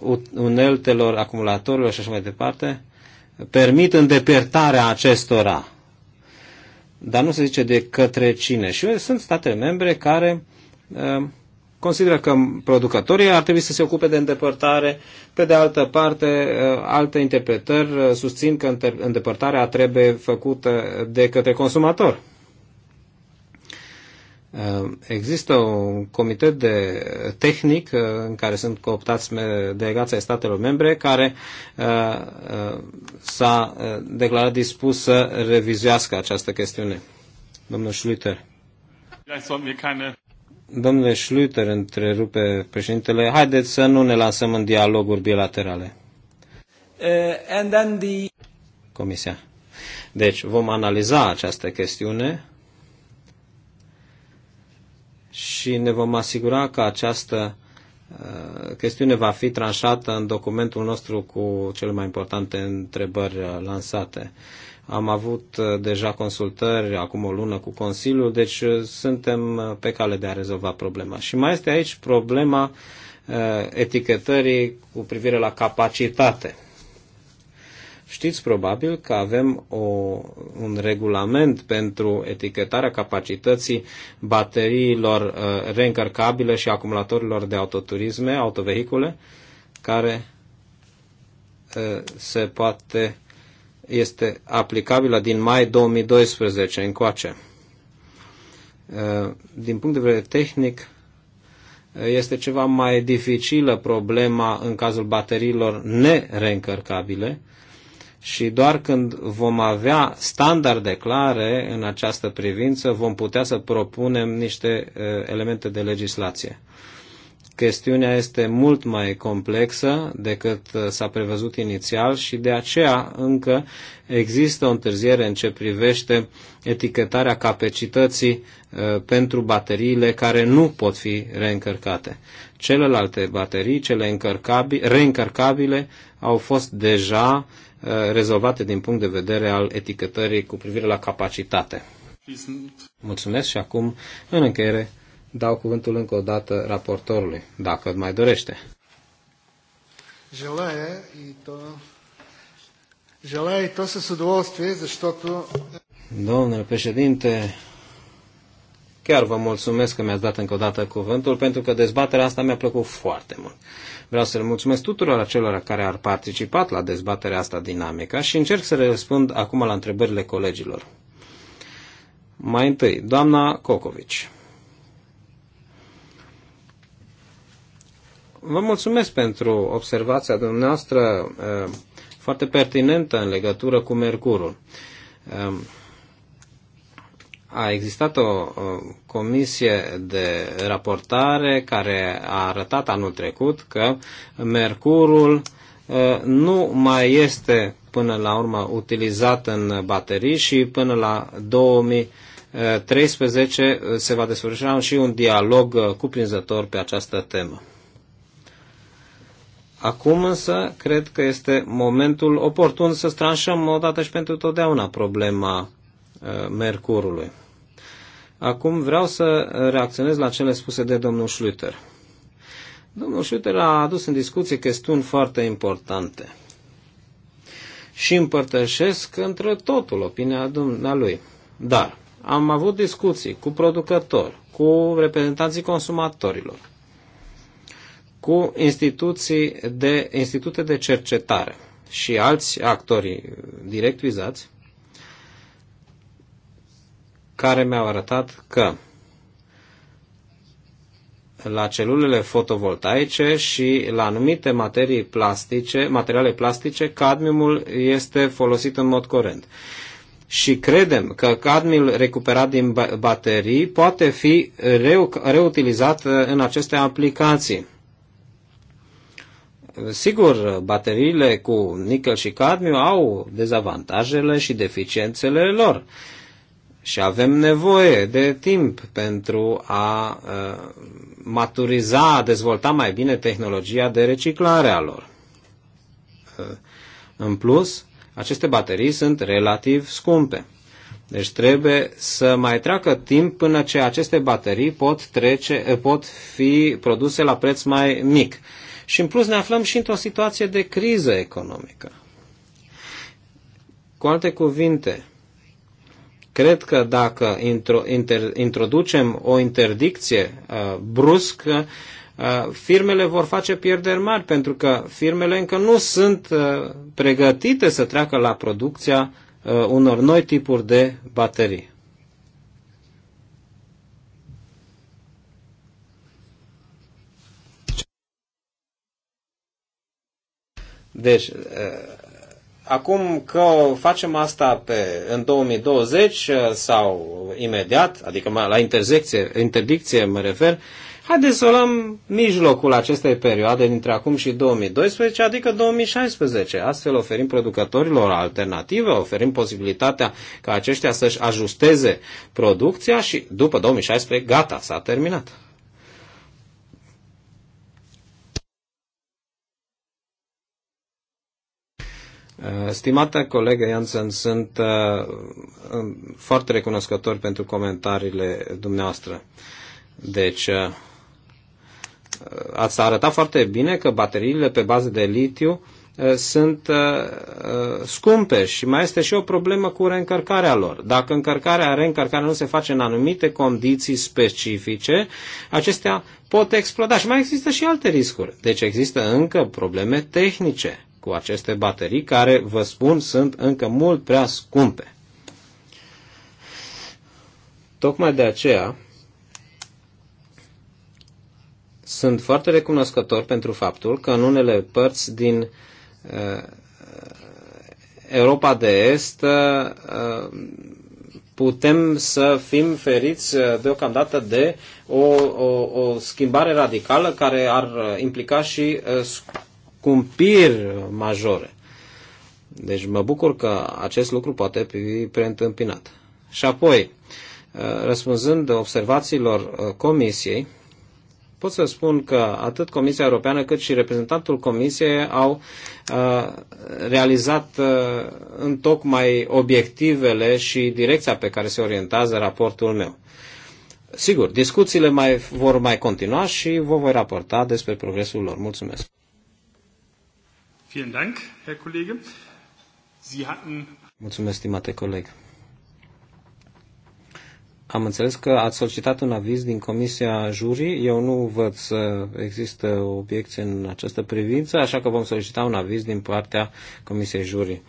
uh, uneltelor, acumulatorilor și așa mai departe permit îndepărtarea acestora dar nu se zice de către cine. Și sunt state membre care uh, consideră că producătorii ar trebui să se ocupe de îndepărtare. Pe de altă parte, uh, alte interpretări uh, susțin că îndepărtarea trebuie făcută de către consumator. Uh, există un comitet de tehnic uh, în care sunt cooptați delegația statelor membre care uh, s-a declarat dispus să revizuiască această chestiune. Domnul Schlüter. Domnule Schlüter, întrerupe președintele, haideți să nu ne lansăm în dialoguri bilaterale. Comisia. Deci vom analiza această chestiune și ne vom asigura că această uh, chestiune va fi tranșată în documentul nostru cu cele mai importante întrebări uh, lansate. Am avut uh, deja consultări acum o lună cu Consiliul, deci suntem pe cale de a rezolva problema. Și mai este aici problema etichetării cu privire la capacitate. Știți probabil că avem o, un regulament pentru etichetarea capacității bateriilor uh, reîncărcabile și acumulatorilor de autoturisme, autovehicule, care uh, se poate este aplicabilă din mai 2012 încoace. Uh, din punct de vedere tehnic, uh, este ceva mai dificilă problema în cazul bateriilor nereîncărcabile, și doar când vom avea standarde clare în această privință, vom putea să propunem niște uh, elemente de legislație. Chestiunea este mult mai complexă decât uh, s-a prevăzut inițial și de aceea încă există o întârziere în ce privește etichetarea capacității uh, pentru bateriile care nu pot fi reîncărcate. Celelalte baterii, cele reîncărcabile, au fost deja uh, Eh, rezolvate din punct de vedere al etichetării cu privire la capacitate. Mulțumesc și acum, în încheiere, dau cuvântul încă o dată raportorului, dacă mai dorește. Желая и то, желая и то с удовольствие, защото... Domnule președinte, Chiar vă mulțumesc că mi-ați dat încă o dată cuvântul, pentru că dezbaterea asta mi-a plăcut foarte mult. Vreau să le mulțumesc tuturor acelora care au participat la dezbaterea asta dinamică și încerc să răspund acum la întrebările colegilor. Mai întâi, doamna Cocovici. Vă mulțumesc pentru observația dumneavoastră eh, foarte pertinentă în legătură cu Mercurul. Eh, a existat o comisie de raportare care a arătat anul trecut că mercurul nu mai este până la urmă utilizat în baterii și până la 2013 se va desfășura și un dialog cuprinzător pe această temă. Acum însă cred că este momentul oportun să stranșăm odată și pentru totdeauna problema mercurului. Acum vreau să reacționez la cele spuse de domnul Schlüter. Domnul Schlüter a adus în discuție chestiuni foarte importante și împărtășesc între totul opinia dumnealui. Dar am avut discuții cu producători, cu reprezentanții consumatorilor, cu instituții de, institute de cercetare și alți actori direct vizați care mi-au arătat că la celulele fotovoltaice și la anumite materii plastice, materiale plastice, cadmiumul este folosit în mod corent. Și credem că cadmiul recuperat din baterii poate fi reutilizat în aceste aplicații. Sigur, bateriile cu nickel și cadmiu au dezavantajele și deficiențele lor și avem nevoie de timp pentru a uh, maturiza, a dezvolta mai bine tehnologia de reciclare a lor. Uh, în plus, aceste baterii sunt relativ scumpe. Deci trebuie să mai treacă timp până ce aceste baterii pot, trece, uh, pot fi produse la preț mai mic. Și în plus ne aflăm și într-o situație de criză economică. Cu alte cuvinte, Cred că dacă introducem o interdicție uh, brusc, uh, firmele vor face pierderi mari, pentru că firmele încă nu sunt uh, pregătite să treacă la producția unor noi tipuri de baterii. Deci, Acum că facem asta pe, în 2020 uh, sau imediat, adică la intersecție interdicție mă refer, haideți să o luăm mijlocul acestei perioade dintre acum și 2012, adică 2016. Astfel oferim producătorilor alternative, oferim posibilitatea ca aceștia să-și ajusteze producția și după 2016, gata, s-a terminat. Uh, stimată colegă Janssen, sunt uh, um, foarte recunoscător pentru comentariile dumneavoastră. Deci, uh, ați arătat foarte bine că bateriile pe bază de litiu sunt scumpe și mai este și o problemă cu reîncărcarea lor. Dacă încărcarea, reîncărcarea nu se face în anumite condiții specifice, acestea pot exploda și mai există și alte riscuri. Deci există încă probleme tehnice cu aceste baterii, care, vă spun, sunt încă mult prea scumpe. Tocmai de aceea sunt foarte recunoscător pentru faptul că în unele părți din uh, Europa de Est uh, putem să fim feriți uh, deocamdată de o, o, o schimbare radicală care ar implica și uh, scumpiri majore. Deci mă bucur că acest lucru poate fi preîntâmpinat. Și apoi, uh, răspunzând observațiilor uh, Comisiei, pot să spun că atât Comisia Europeană cât și reprezentantul Comisiei au uh, realizat în tocmai obiectivele și direcția pe care se orientează raportul meu. Sigur, discuțiile mai vor mai continua și vă voi raporta despre progresul lor. Mulțumesc! Vielen Dank, Herr Kollege. Sie hatten... Mulțumesc, stimate coleg. Am înțeles că ați solicitat un aviz din Comisia Jurii. Eu nu văd să există obiecții în această privință, așa că vom solicita un aviz din partea Comisiei Jurii.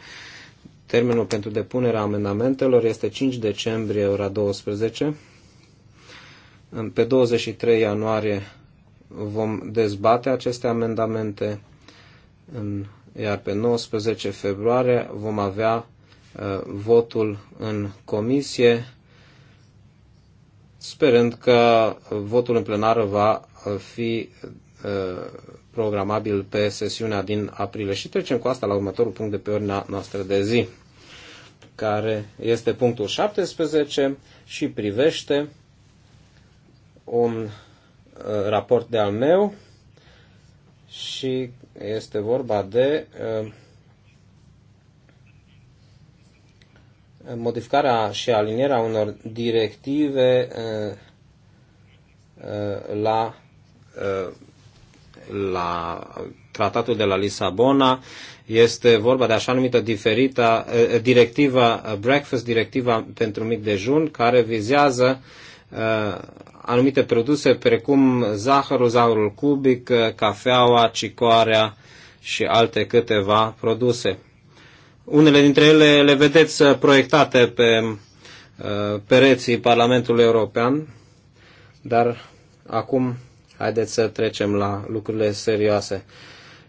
Termenul pentru depunerea amendamentelor este 5 decembrie, ora 12. Pe 23 ianuarie vom dezbate aceste amendamente în, iar pe 19 februarie vom avea uh, votul în comisie, sperând că votul în plenară va uh, fi uh, programabil pe sesiunea din aprilie. Și trecem cu asta la următorul punct de pe ordinea noastră de zi, care este punctul 17 și privește un uh, raport de al meu și este vorba de uh, modificarea și alinierea unor directive uh, uh, la, la tratatul de la Lisabona. Este vorba de așa numită diferită directiva breakfast, directiva pentru mic dejun, care vizează anumite produse precum zahărul, zahărul cubic, cafeaua, cicoarea și alte câteva produse. Unele dintre ele le vedeți proiectate pe uh, pereții Parlamentului European, dar acum haideți să trecem la lucrurile serioase.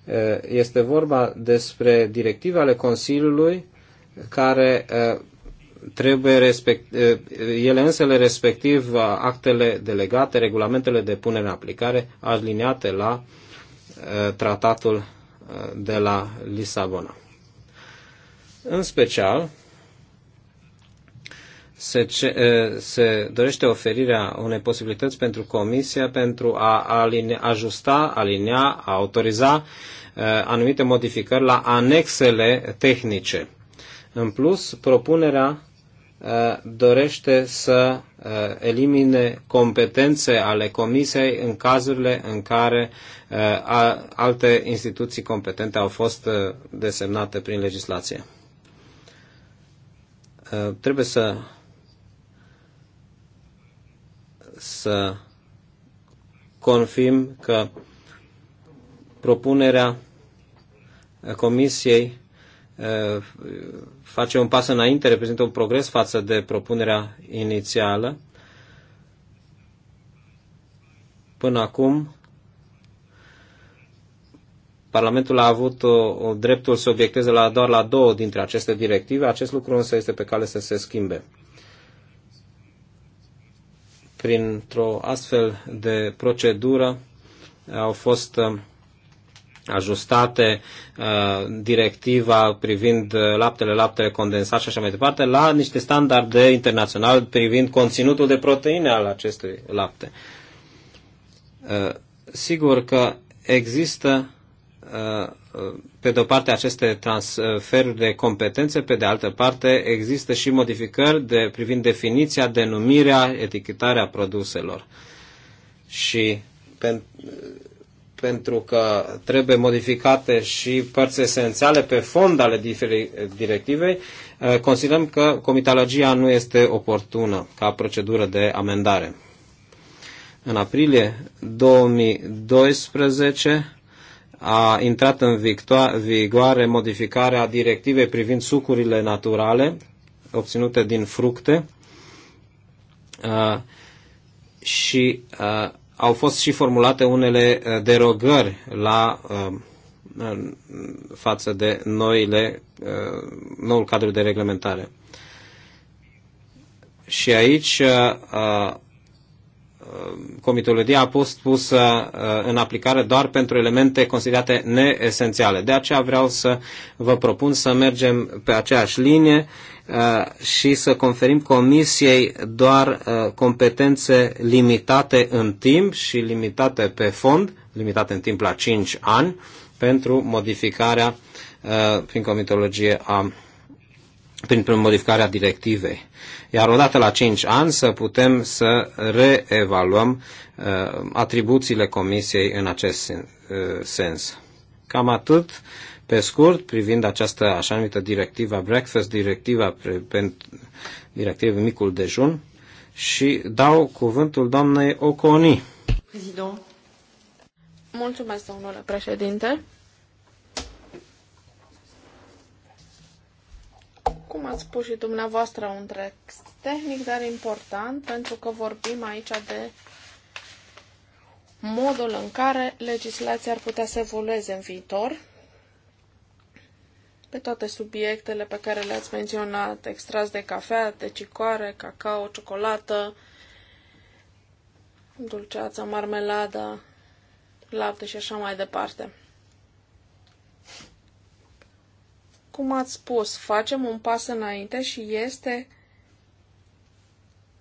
Uh, este vorba despre directive ale Consiliului care uh, trebuie respect, ele însele respectiv actele delegate, regulamentele de punere în aplicare aliniate la tratatul de la Lisabona. În special, se, ce, se dorește oferirea unei posibilități pentru Comisia pentru a aline, ajusta, alinea, a autoriza anumite modificări la anexele tehnice. În plus, propunerea Uh, dorește să uh, elimine competențe ale comisiei în cazurile în care uh, alte instituții competente au fost desemnate prin legislație. Trebuie să să confirm că propunerea comisiei face un pas înainte, reprezintă un progres față de propunerea inițială. Până acum, Parlamentul a avut o, dreptul să obiecteze la, doar la două dintre aceste directive. Acest lucru însă este pe cale să se schimbe. Printr-o astfel de procedură au fost uh, ajustate uh, directiva privind uh, laptele, laptele condensat și așa mai departe, la niște standarde internaționale privind conținutul de proteine al acestui lapte. Uh, sigur că există uh, pe de o parte aceste transferuri de competențe, pe de altă parte există și modificări de, privind definiția, denumirea, etichetarea produselor. Și pentru pentru că trebuie modificate și părți esențiale pe fond ale directivei, eh, considerăm că comitologia nu este oportună ca procedură de amendare. În aprilie 2012 a intrat în vigoare modificarea directivei privind sucurile naturale obținute din fructe eh, și eh, au fost și formulate unele uh, derogări la uh, față de noile, uh, noul cadru de reglementare. Și aici de a fost pus în aplicare doar pentru elemente considerate neesențiale. De aceea vreau să vă propun să mergem pe aceeași linie Uh, și să conferim comisiei doar uh, competențe limitate în timp și limitate pe fond, limitate în timp la 5 ani, pentru modificarea uh, prin comitologie a prin, prin modificarea directivei. Iar odată la 5 ani să putem să reevaluăm uh, atribuțiile Comisiei în acest sen, uh, sens. Cam atât pe scurt privind această așa numită directiva breakfast, directiva pentru directiva micul dejun și dau cuvântul doamnei Oconi. Prezident. Mulțumesc, domnule președinte. Cum ați spus și dumneavoastră, un text tehnic, dar important, pentru că vorbim aici de modul în care legislația ar putea să evolueze în viitor pe toate subiectele pe care le-ați menționat, extras de cafea, de cicoare, cacao, ciocolată, dulceață, marmelada, lapte și așa mai departe. Cum ați spus, facem un pas înainte și este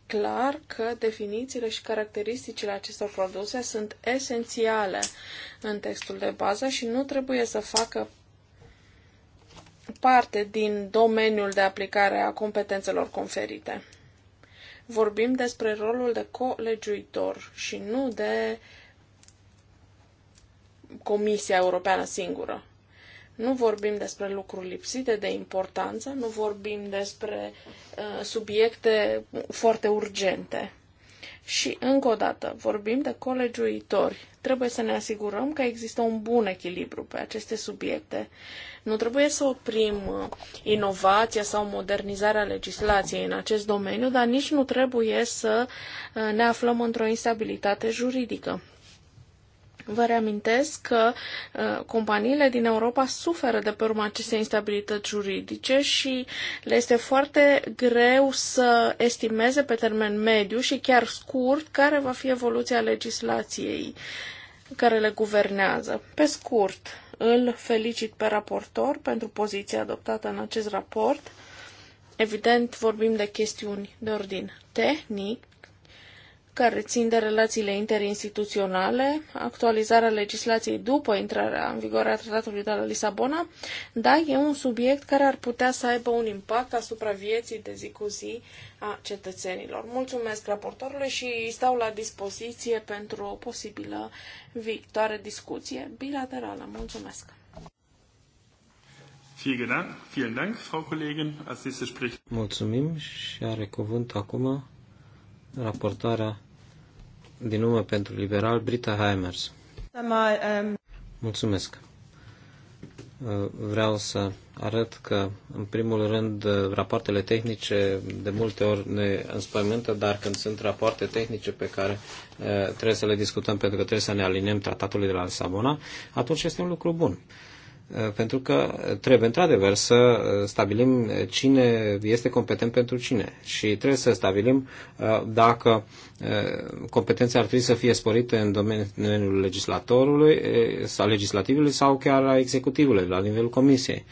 clar că definițiile și caracteristicile acestor produse sunt esențiale în textul de bază și nu trebuie să facă parte din domeniul de aplicare a competențelor conferite. Vorbim despre rolul de colegiuitor și nu de Comisia Europeană singură. Nu vorbim despre lucruri lipsite de importanță, nu vorbim despre uh, subiecte foarte urgente. Și, încă o dată, vorbim de colegiuitori. Trebuie să ne asigurăm că există un bun echilibru pe aceste subiecte. Nu trebuie să oprim uh, inovația sau modernizarea legislației în acest domeniu, dar nici nu trebuie să uh, ne aflăm într-o instabilitate juridică. Vă reamintesc că uh, companiile din Europa suferă de pe urma acestei instabilități juridice și le este foarte greu să estimeze pe termen mediu și chiar scurt care va fi evoluția legislației care le guvernează. Pe scurt, îl felicit pe raportor pentru poziția adoptată în acest raport. Evident, vorbim de chestiuni de ordin tehnic, care țin de relațiile interinstituționale, actualizarea legislației după intrarea în vigoare a Tratatului de la Lisabona, da, e un subiect care ar putea să aibă un impact asupra vieții de zi cu zi a cetățenilor. Mulțumesc raportorului și stau la dispoziție pentru o posibilă viitoare discuție bilaterală. Mulțumesc! Mulțumim și are cuvânt acum raportarea din urmă pentru liberal, Brita Heimers. Mulțumesc. Vreau să arăt că, în primul rând, rapoartele tehnice de multe ori ne înspăimântă, dar când sunt rapoarte tehnice pe care eh, trebuie să le discutăm pentru că trebuie să ne aliniem tratatului de la Lisabona, atunci este un lucru bun. Eh, pentru că trebuie într-adevăr să eh, stabilim eh, cine este competent pentru cine și trebuie să stabilim dacă competența ar trebui să fie sporită în domeniul legislatorului sau legislativului sau chiar a executivului la nivelul comisiei.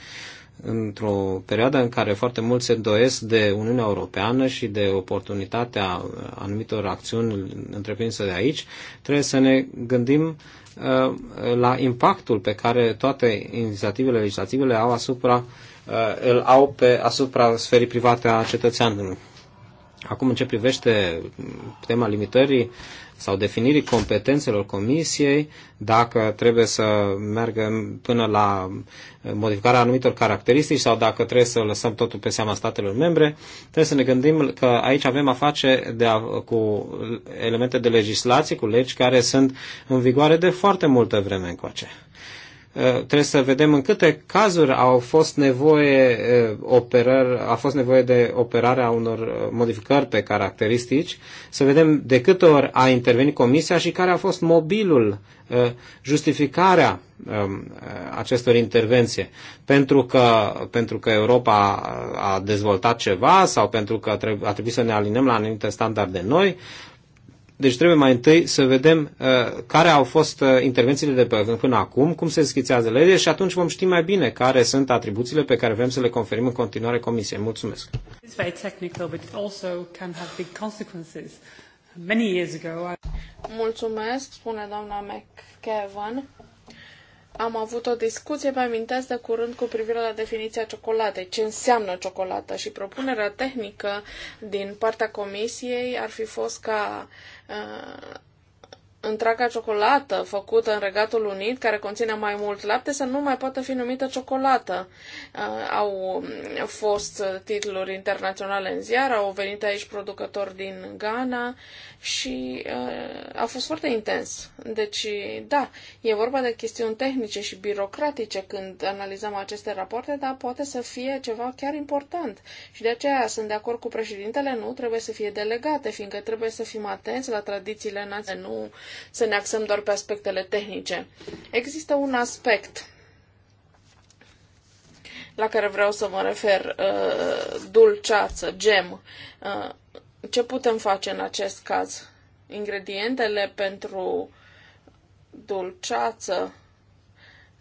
Într-o perioadă în care foarte mulți se doresc de Uniunea Europeană și de oportunitatea anumitor acțiuni întreprinse de aici, trebuie să ne gândim uh, Uh, la impactul pe care toate inițiativele legislative le au asupra, uh, îl au pe asupra sferii private a cetățeanului. Acum, în ce privește tema limitării sau definirii competențelor comisiei, dacă trebuie să meargă până la modificarea anumitor caracteristici sau dacă trebuie să lăsăm totul pe seama statelor membre, trebuie să ne gândim că aici avem a face de a, cu elemente de legislație, cu legi care sunt în vigoare de foarte multă vreme încoace. Eh, trebuie să vedem în câte cazuri au fost nevoie eh, operări, a fost nevoie de operarea unor eh, modificări pe caracteristici, să vedem de câte ori a intervenit comisia și care a fost mobilul, justificarea acestor intervenții. Pentru că, pentru că Europa a dezvoltat ceva sau pentru că a trebuit să ne alinăm la anumite standarde noi, deci trebuie mai întâi să vedem uh, care au fost uh, intervențiile de pe, până acum, cum se schițează lege și atunci vom ști mai bine care sunt atribuțiile pe care vrem să le conferim în continuare Comisiei. Mulțumesc! Mulțumesc, spune doamna McKevin am avut o discuție, mai amintesc de curând, cu privire la definiția ciocolatei, ce înseamnă ciocolată și propunerea tehnică din partea comisiei ar fi fost ca uh, întreaga ciocolată făcută în Regatul Unit, care conține mai mult lapte, să nu mai poată fi numită ciocolată. Uh, au fost titluri internaționale în ziar, au venit aici producători din Ghana și uh, a fost foarte intens. Deci, da, e vorba de chestiuni tehnice și birocratice când analizăm aceste rapoarte, dar poate să fie ceva chiar important. Și de aceea sunt de acord cu președintele, nu trebuie să fie delegate, fiindcă trebuie să fim atenți la tradițiile naționale, nu să ne axăm doar pe aspectele tehnice. Există un aspect la care vreau să mă refer, uh, dulceață, gem. Uh, ce putem face în acest caz? Ingredientele pentru dulceață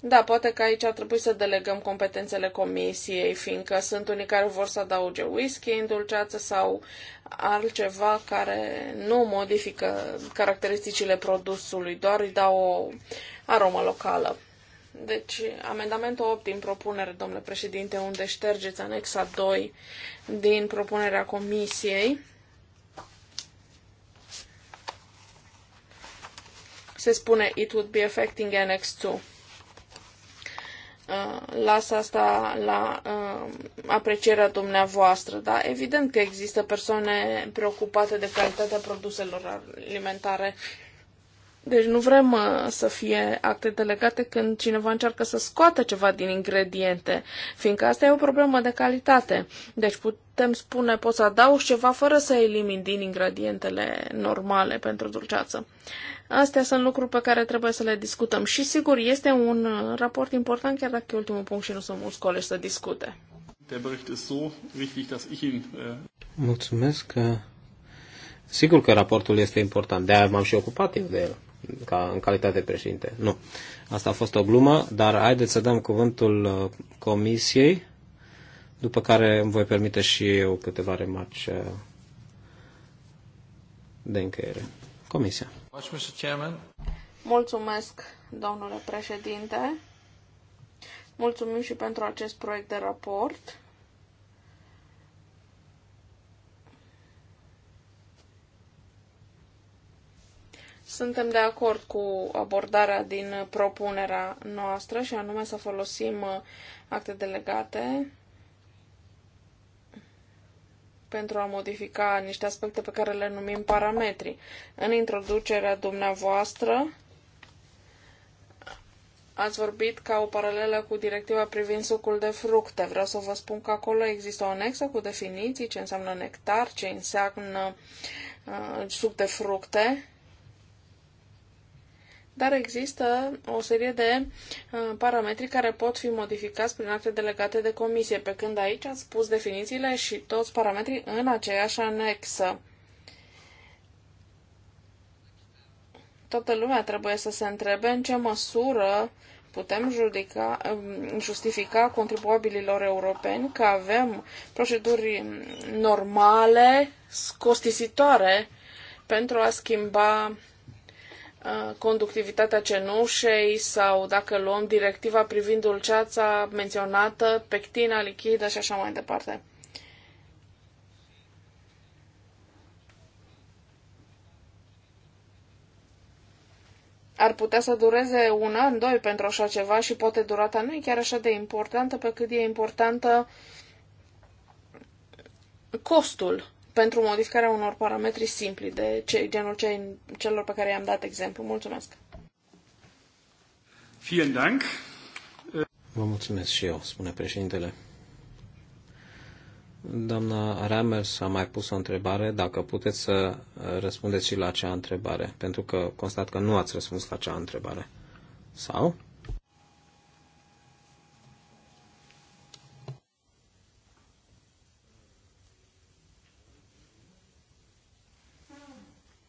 da, poate că aici ar trebui să delegăm competențele comisiei, fiindcă sunt unii care vor să adauge whisky în dulceață sau altceva care nu modifică caracteristicile produsului, doar îi dau o aromă locală. Deci, amendamentul 8 din propunere, domnule președinte, unde ștergeți anexa 2 din propunerea comisiei, se spune it would be affecting annex 2. Uh, las asta la uh, aprecierea dumneavoastră, da? Evident că există persoane preocupate de calitatea produselor alimentare deci nu vrem uh, să fie acte delegate când cineva încearcă să scoată ceva din ingrediente, fiindcă asta e o problemă de calitate. Deci putem spune, poți adaugi ceva fără să elimini din ingredientele normale pentru dulceață. Astea sunt lucruri pe care trebuie să le discutăm și sigur este un uh, raport important, chiar dacă e ultimul punct și nu sunt mulți colegi să discute. Äh, Mulțumesc. Sigur că raportul este important, de-aia m-am și ocupat eu de el ca în calitate de președinte. Nu. Asta a fost o glumă, dar haideți să dăm cuvântul uh, comisiei, după care îmi voi permite și eu câteva remarci uh, de încheiere. Comisia. Mulțumesc, domnule președinte. Mulțumim și pentru acest proiect de raport. Suntem de acord cu abordarea din propunerea noastră și anume să folosim uh, acte delegate pentru a modifica niște aspecte pe care le numim parametri. În introducerea dumneavoastră ați vorbit ca o paralelă cu directiva privind sucul de fructe. Vreau să vă spun că acolo există o anexă cu definiții, ce înseamnă nectar, ce înseamnă uh, suc de fructe dar există o serie de uh, parametri care pot fi modificați prin acte delegate de comisie, pe când aici ați spus definițiile și toți parametrii în aceeași anexă. Toată lumea trebuie să se întrebe în ce măsură putem judica, um, justifica contribuabililor europeni că avem proceduri normale, costisitoare pentru a schimba Uh, conductivitatea cenușei sau dacă luăm directiva privind dulceața menționată, pectina lichidă și așa mai departe. Ar putea să dureze un an, doi pentru așa ceva și poate durata nu e chiar așa de importantă pe cât e importantă costul pentru modificarea unor parametri simpli de ce, genul ce, celor pe care i-am dat exemplu. Mulțumesc! Vielen Dank! Vă mulțumesc și eu, spune președintele. Doamna Ramers a mai pus o întrebare, dacă puteți să răspundeți și la acea întrebare, pentru că constat că nu ați răspuns la acea întrebare. Sau?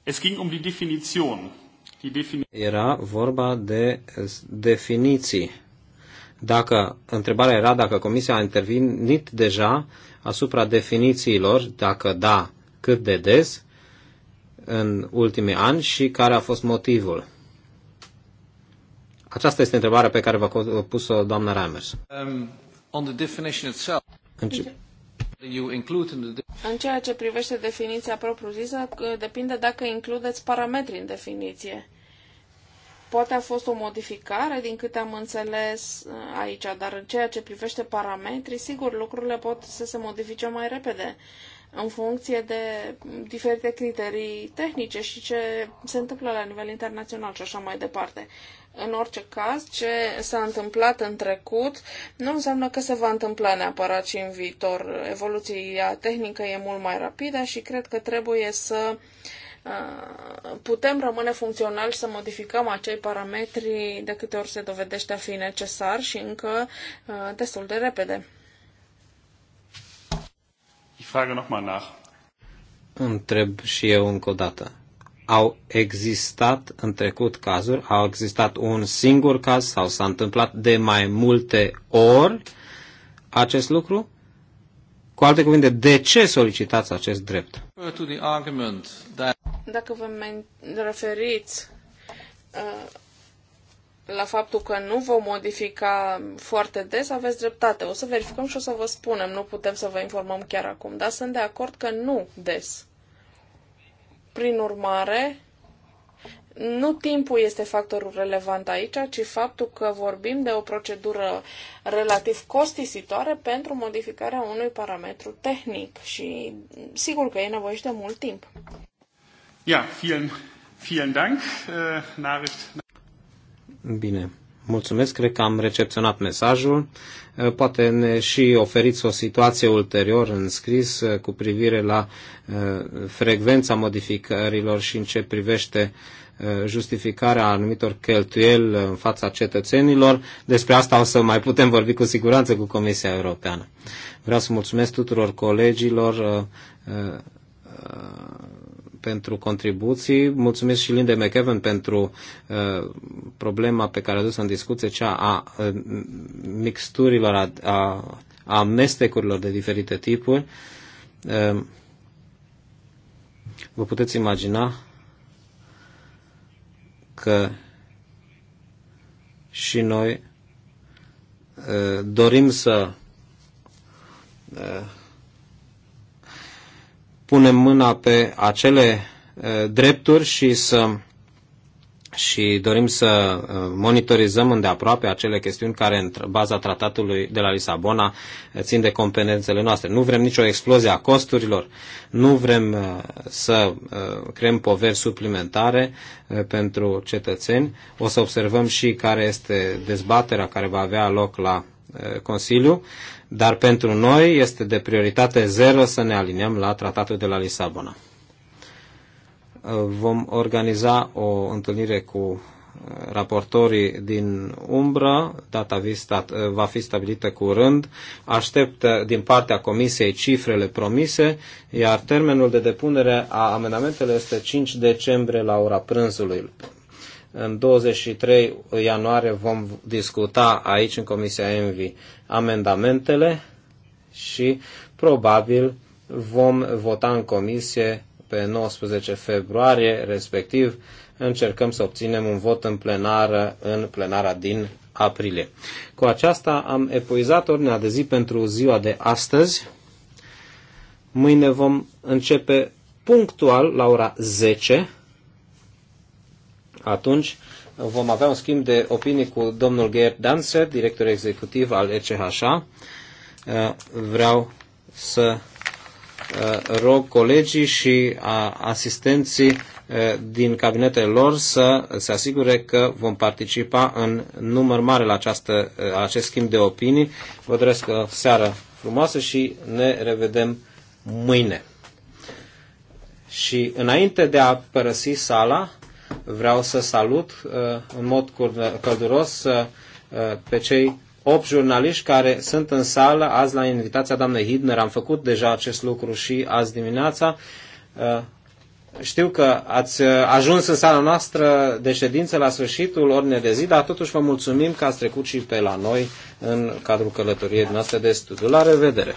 Es ging um die Definition. Die defini era vorba de eh, definiții. Dacă întrebarea era dacă Comisia a intervenit deja asupra definițiilor, dacă da, cât de des în ultimii ani și care a fost motivul. Aceasta este întrebarea pe care v-a pus-o doamna Reimers. Um, on the definition itself. Înce- deci, în ceea ce privește definiția propriu-zisă, depinde dacă includeți parametri în definiție. Poate a fost o modificare, din câte am înțeles uh, aici, dar în ceea ce privește parametrii, sigur, lucrurile pot să se modifice mai repede în funcție de diferite criterii tehnice și ce se întâmplă la nivel internațional și așa mai departe. În orice caz, ce s-a întâmplat în trecut nu înseamnă că se va întâmpla neapărat și în viitor. Evoluția tehnică e mult mai rapidă și cred că trebuie să uh, putem rămâne funcționali și să modificăm acei parametri de câte ori se dovedește a fi necesar și încă uh, destul de repede. Ich frage nach. Întreb și eu încă o dată au existat în trecut cazuri, au existat un singur caz sau s-a întâmplat de mai multe ori acest lucru? Cu alte cuvinte, de ce solicitați acest drept? Dacă vă referiți uh, la faptul că nu vom modifica foarte des, aveți dreptate. O să verificăm și o să vă spunem. Nu putem să vă informăm chiar acum, dar sunt de acord că nu des prin urmare, nu timpul este factorul relevant aici, ci faptul că vorbim de o procedură relativ costisitoare pentru modificarea unui parametru tehnic și sigur că e nevoie de mult timp. Ja, vielen, vielen Dank. Äh, Bine. Mulțumesc, cred că am recepționat mesajul. Eh, poate ne și oferiți o situație ulterior în scris eh, cu privire la eh, frecvența modificărilor și în ce privește justificarea anumitor cheltuieli în fața cetățenilor. Despre asta o să mai putem vorbi cu siguranță cu Comisia Europeană. Vreau să mulțumesc tuturor colegilor pentru contribuții. Mulțumesc și Linde McEwen pentru uh, problema pe care a dus în discuție, cea a uh, mixturilor, a, a amestecurilor de diferite tipuri. Uh, vă puteți imagina că și noi uh, dorim să uh, punem mâna pe acele drepturi și să și dorim să monitorizăm îndeaproape acele chestiuni care în baza tratatului de la Lisabona țin de competențele noastre. Nu vrem nicio explozie a costurilor, nu vrem să creăm poveri suplimentare pentru cetățeni. O să observăm și care este dezbaterea care va avea loc la Consiliu, dar pentru noi este de prioritate zero să ne aliniem la tratatul de la Lisabona. Vom organiza o întâlnire cu uh, raportorii din umbră, data uh, va fi stabilită curând, aștept uh, din partea comisiei cifrele promise, iar termenul de depunere a amendamentelor este 5 decembrie la ora prânzului. În 23 ianuarie vom discuta aici în Comisia Envi amendamentele și probabil vom vota în comisie pe 19 februarie, respectiv încercăm să obținem un vot în plenară în plenara din aprilie. Cu aceasta am epuizat ordinea de zi pentru ziua de astăzi. Mâine vom începe punctual la ora 10 atunci vom avea un schimb de opinii cu domnul Gerd Danse, director executiv al ECHA. Uh, vreau să uh, rog colegii și asistenții uh, din cabinetele lor să se asigure că vom participa în număr mare la această, acest schimb de opinii. Vă doresc o seară frumoasă și ne revedem mâine. Și înainte de a părăsi sala, Vreau să salut uh, în mod călduros uh, uh, pe cei opt jurnaliști care sunt în sală azi la invitația doamnei Hidner. Am făcut deja acest lucru și azi dimineața. Știu că ați ajuns în sala noastră de ședință la sfârșitul ordine de zi, dar totuși vă mulțumim că ați trecut și pe la noi în cadrul călătoriei noastre de studiu. La revedere!